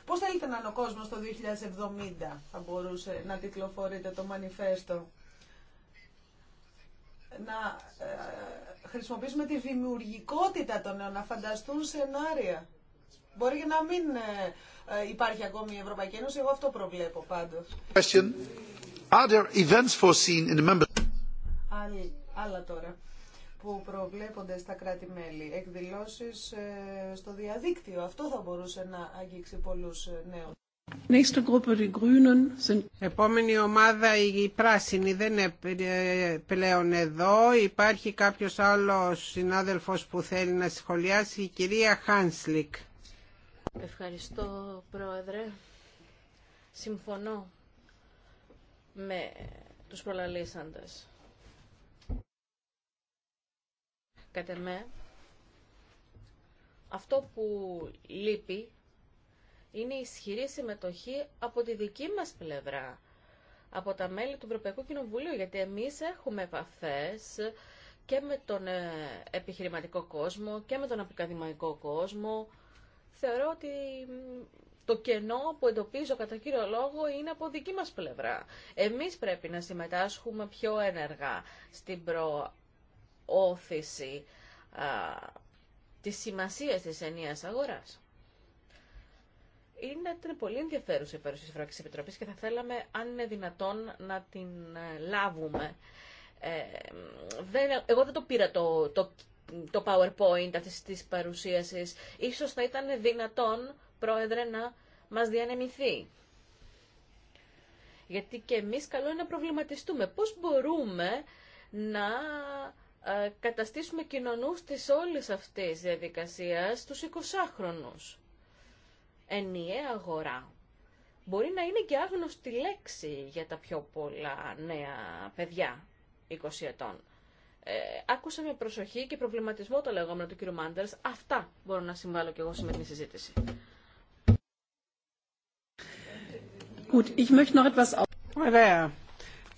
Πώς θέλετε να είναι ο κόσμος το 2070, θα μπορούσε να τυκλοφορείτε το μανιφέστο να ε, χρησιμοποιήσουμε τη δημιουργικότητα των νέων, να φανταστούν σενάρια. Μπορεί και να μην ε, ε, υπάρχει ακόμη η Ευρωπαϊκή Ένωση, εγώ αυτό προβλέπω πάντως. events foreseen in the Άλλα τώρα που προβλέπονται στα κράτη-μέλη, εκδηλώσεις στο διαδίκτυο, αυτό θα μπορούσε να αγγίξει πολλούς νέους. Επόμενη ομάδα η πράσινη δεν είναι ε, πλέον εδώ. Υπάρχει κάποιος άλλος συνάδελφος που θέλει να σχολιάσει. Η κυρία Χάνσλικ. Ευχαριστώ πρόεδρε. Συμφωνώ με τους προλαλήσαντες. Κατ' εμέ, αυτό που λείπει είναι ισχυρή συμμετοχή από τη δική μας πλευρά, από τα μέλη του Ευρωπαϊκού Κοινοβουλίου, γιατί εμείς έχουμε επαφές και με τον ε, επιχειρηματικό κόσμο και με τον ακαδημαϊκό κόσμο. Θεωρώ ότι το κενό που εντοπίζω κατά κύριο λόγο είναι από δική μας πλευρά. Εμείς πρέπει να συμμετάσχουμε πιο ένεργα στην προώθηση α, της σημασίας της ενίας αγοράς είναι πολύ ενδιαφέρουσα η παρουσία της Ευρωπαϊκής και θα θέλαμε, αν είναι δυνατόν, να την ε, λάβουμε. Ε, δεν, εγώ δεν το πήρα το, το, το PowerPoint αυτής της παρουσίασης. Ίσως θα ήταν δυνατόν, Πρόεδρε, να μας διανεμηθεί. Γιατί και εμείς καλό είναι να προβληματιστούμε. Πώς μπορούμε να ε, καταστήσουμε κοινωνούς της όλης αυτής διαδικασίας τους 20χρονους ενιαία αγορά μπορεί να είναι και άγνωστη λέξη για τα πιο πολλά νέα παιδιά 20 ετών. Ε, άκουσα με προσοχή και προβληματισμό το λεγόμενο του κ. Μάντερς. Αυτά μπορώ να συμβάλλω και εγώ σήμερα μια συζήτηση.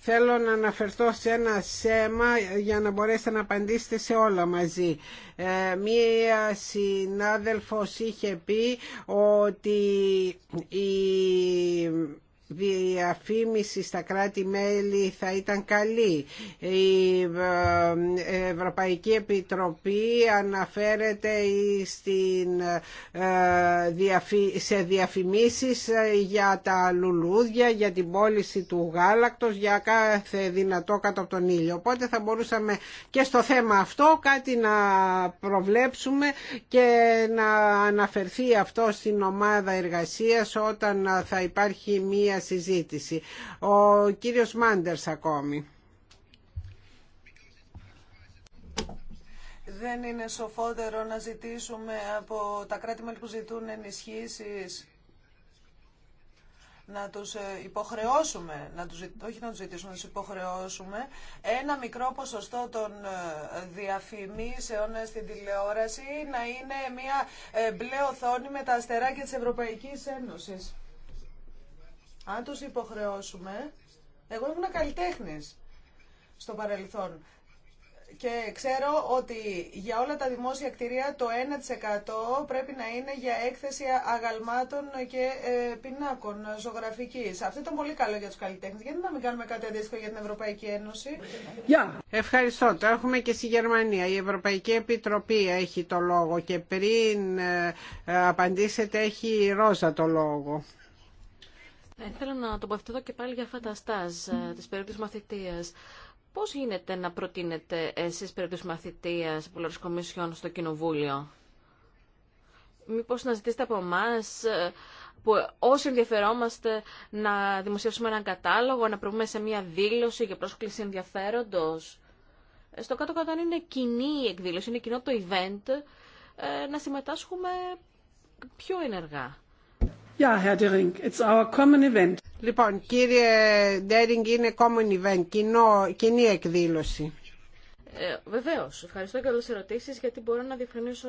Θέλω να αναφερθώ σε ένα σέμα για να μπορέσετε να απαντήσετε σε όλα μαζί. Ε, μία συνάδελφος είχε πει ότι η διαφήμιση στα κράτη-μέλη θα ήταν καλή. Η ε, Ευρωπαϊκή Επιτροπή αναφέρεται ε, σε διαφημίσεις ε, για τα λουλούδια, για την πώληση του γάλακτος, για κάθε δυνατό κάτω από τον ήλιο. Οπότε θα μπορούσαμε και στο θέμα αυτό κάτι να προβλέψουμε και να αναφερθεί αυτό στην ομάδα εργασίας όταν θα υπάρχει μία μια συζήτηση. Ο κύριος Μάντερς ακόμη. Δεν είναι σοφότερο να ζητήσουμε από τα κράτη-μέλη που ζητούν ενισχύσεις να τους ε, υποχρεώσουμε, να τους, όχι να τους ζητήσουμε, να τους υποχρεώσουμε ένα μικρό ποσοστό των ε, διαφημίσεων ε, στην τηλεόραση να είναι μια μπλε οθόνη με τα αστεράκια της Ευρωπαϊκής Ένωσης αν τους υποχρεώσουμε, εγώ ήμουν καλλιτέχνης στο παρελθόν και ξέρω ότι για όλα τα δημόσια κτιρία το 1% πρέπει να είναι για έκθεση αγαλμάτων και ε, πινάκων ζωγραφικής. Αυτό ήταν πολύ καλό για τους καλλιτέχνε. Γιατί να μην κάνουμε κάτι αντίστοιχο για την Ευρωπαϊκή Ένωση. Yeah. Ευχαριστώ. Το έχουμε και στη Γερμανία. Η Ευρωπαϊκή Επιτροπή έχει το λόγο και πριν ε, ε, απαντήσετε έχει η Ρόζα το λόγο. Ε, θέλω να τοποθετηθώ και πάλι για αυτά τα στάζ ε, της περίπτωσης Πώς γίνεται να προτείνετε εσείς περίπτωση μαθητείας από κομισιών στο Κοινοβούλιο. Μήπως να ζητήσετε από εμά ε, που όσοι ενδιαφερόμαστε να δημοσιεύσουμε έναν κατάλογο, να προβούμε σε μια δήλωση για πρόσκληση ενδιαφέροντος. Ε, στο κάτω-κάτω αν είναι κοινή η εκδήλωση, είναι κοινό το event, να συμμετάσχουμε πιο ενεργά. Λοιπόν, κύριε Ντέριγκ, είναι common event, κοινό, κοινή εκδήλωση. Ε, Βεβαίω. Ευχαριστώ για όλε τι ερωτήσει, γιατί μπορώ να διευκρινίσω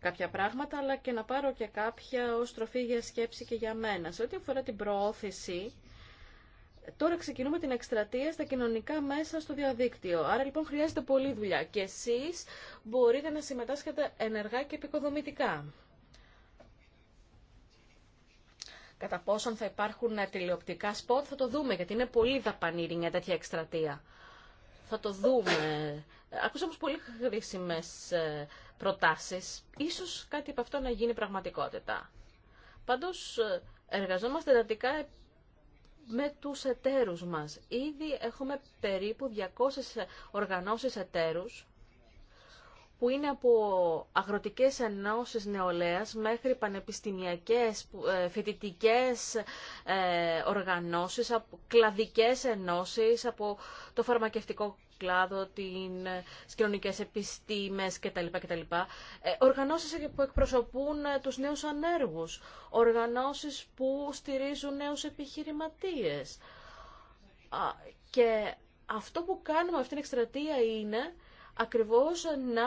κάποια πράγματα, αλλά και να πάρω και κάποια ω τροφή για σκέψη και για μένα. Σε ό,τι αφορά την προώθηση, τώρα ξεκινούμε την εκστρατεία στα κοινωνικά μέσα στο διαδίκτυο. Άρα λοιπόν χρειάζεται πολλή δουλειά και εσεί μπορείτε να συμμετάσχετε ενεργά και επικοδομητικά. Κατά πόσον θα υπάρχουν ε, τηλεοπτικά σποτ θα το δούμε, γιατί είναι πολύ δαπανήρη μια τέτοια εκστρατεία. Θα το δούμε. Ακούσα ε, όμως πολύ χρήσιμες ε, προτάσεις. Ίσως κάτι από αυτό να γίνει πραγματικότητα. Πάντως, εργαζόμαστε εντατικά με τους εταίρους μας. Ήδη έχουμε περίπου 200 οργανώσεις εταίρους που είναι από αγροτικές ενώσεις νεολαίας μέχρι πανεπιστημιακές, ε, φοιτητικές ε, οργανώσεις, από κλαδικές ενώσεις, από το φαρμακευτικό κλάδο, την, τις ε, κοινωνικές επιστήμες κτλ. κτλ. οργανώσεις που εκπροσωπούν τους νέους ανέργους, οργανώσεις που στηρίζουν νέους επιχειρηματίες. και αυτό που κάνουμε αυτήν την εκστρατεία είναι ακριβώς να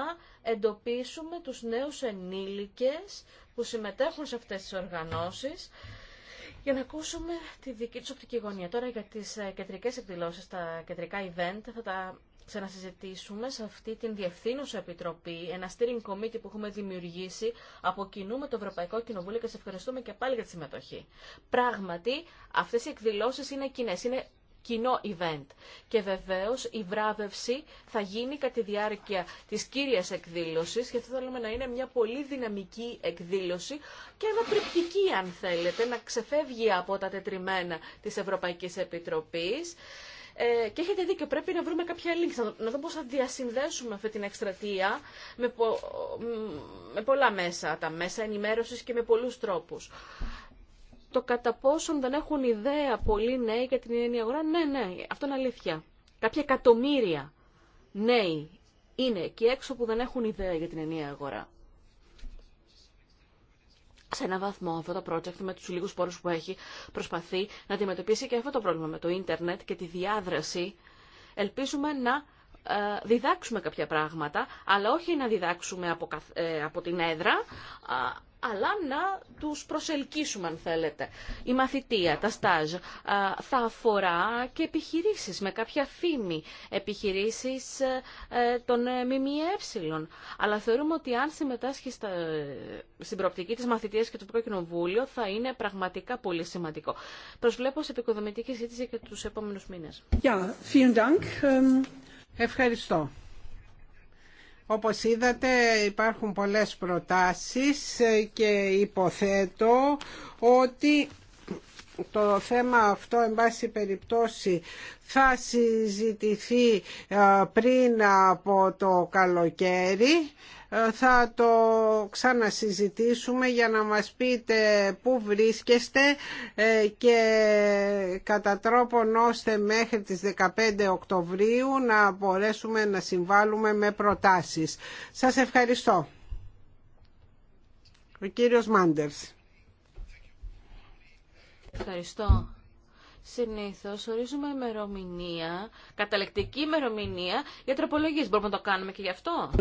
εντοπίσουμε τους νέους ενήλικες που συμμετέχουν σε αυτές τις οργανώσεις για να ακούσουμε τη δική τους οπτική γωνία. Τώρα για τις ε, κεντρικές εκδηλώσεις, τα κεντρικά event, θα τα ξανασυζητήσουμε σε αυτή την Διευθύνουσα Επιτροπή, ένα steering committee που έχουμε δημιουργήσει από κοινού με το Ευρωπαϊκό Κοινοβούλιο και σε ευχαριστούμε και πάλι για τη συμμετοχή. Πράγματι, αυτές οι εκδηλώσεις είναι κοινέ, είναι κοινό event. Και βεβαίω η βράβευση θα γίνει κατά τη διάρκεια τη κύρια εκδήλωση και αυτό θέλουμε να είναι μια πολύ δυναμική εκδήλωση και ανατριπτική, αν θέλετε, να ξεφεύγει από τα τετριμένα τη Ευρωπαϊκή Επιτροπή. Ε, και έχετε δει και πρέπει να βρούμε κάποια links, να, δούμε πώς θα διασυνδέσουμε αυτή την εκστρατεία με, με πολλά μέσα, τα μέσα ενημέρωσης και με πολλούς τρόπους το κατά πόσον δεν έχουν ιδέα πολλοί νέοι για την ενιαία αγορά. Ναι, ναι, αυτό είναι αλήθεια. Κάποια εκατομμύρια νέοι είναι εκεί έξω που δεν έχουν ιδέα για την ενιαία αγορά. Σε ένα βαθμό αυτό το project με τους λίγους πόρους που έχει προσπαθεί να αντιμετωπίσει και αυτό το πρόβλημα με το ίντερνετ και τη διάδραση. Ελπίζουμε να ε, διδάξουμε κάποια πράγματα, αλλά όχι να διδάξουμε από, ε, την έδρα, αλλά να τους προσελκύσουμε αν θέλετε. Η μαθητεία, τα στάζ θα αφορά και επιχειρήσεις με κάποια φήμη, επιχειρήσεις ε, ε, των ε, ΜΜΕ. Αλλά θεωρούμε ότι αν συμμετάσχει στα, στην προοπτική της μαθητείας και του Προκοινοβούλιο θα είναι πραγματικά πολύ σημαντικό. Προσβλέπω σε επικοδομητική συζήτηση και τους επόμενους μήνες. Όπως είδατε υπάρχουν πολλές προτάσεις και υποθέτω ότι το θέμα αυτό εν πάση περιπτώσει θα συζητηθεί πριν από το καλοκαίρι θα το ξανασυζητήσουμε για να μας πείτε πού βρίσκεστε ε, και κατά τρόπον ώστε μέχρι τις 15 Οκτωβρίου να μπορέσουμε να συμβάλλουμε με προτάσεις. Σας ευχαριστώ. Ο κύριος Μάντερς. Ευχαριστώ συνήθως ορίζουμε ημερομηνία, καταλεκτική ημερομηνία για τροπολογίες. Μπορούμε να το κάνουμε και γι' αυτό.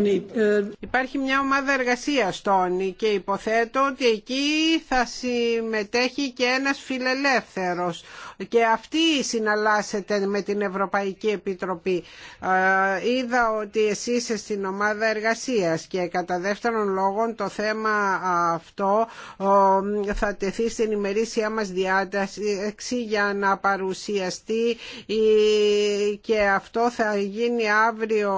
Υπάρχει μια ομάδα εργασία Τόνι, και υποθέτω ότι εκεί θα συμμετέχει και ένας φιλελεύθερος. Και αυτή συναλλάσσεται με την Ευρωπαϊκή Επιτροπή. Ε, είδα ότι εσεί είσαι στην ομάδα εργασία και κατά δεύτερον λόγο το θέμα αυτό ε, θα τεθεί στην ημερήσια μας διάταξη για να παρουσιαστεί ε, και αυτό θα γίνει αύριο,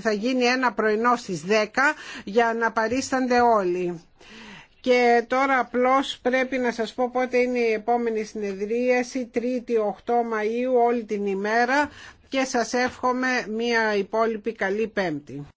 θα γίνει ένα πρωινό στις 10 για να παρίστανται όλοι. Και τώρα απλώς πρέπει να σας πω πότε είναι η επόμενη συνεδρίαση, 3η 8 Μαΐου όλη την ημέρα και σας εύχομαι μια υπόλοιπη καλή πέμπτη.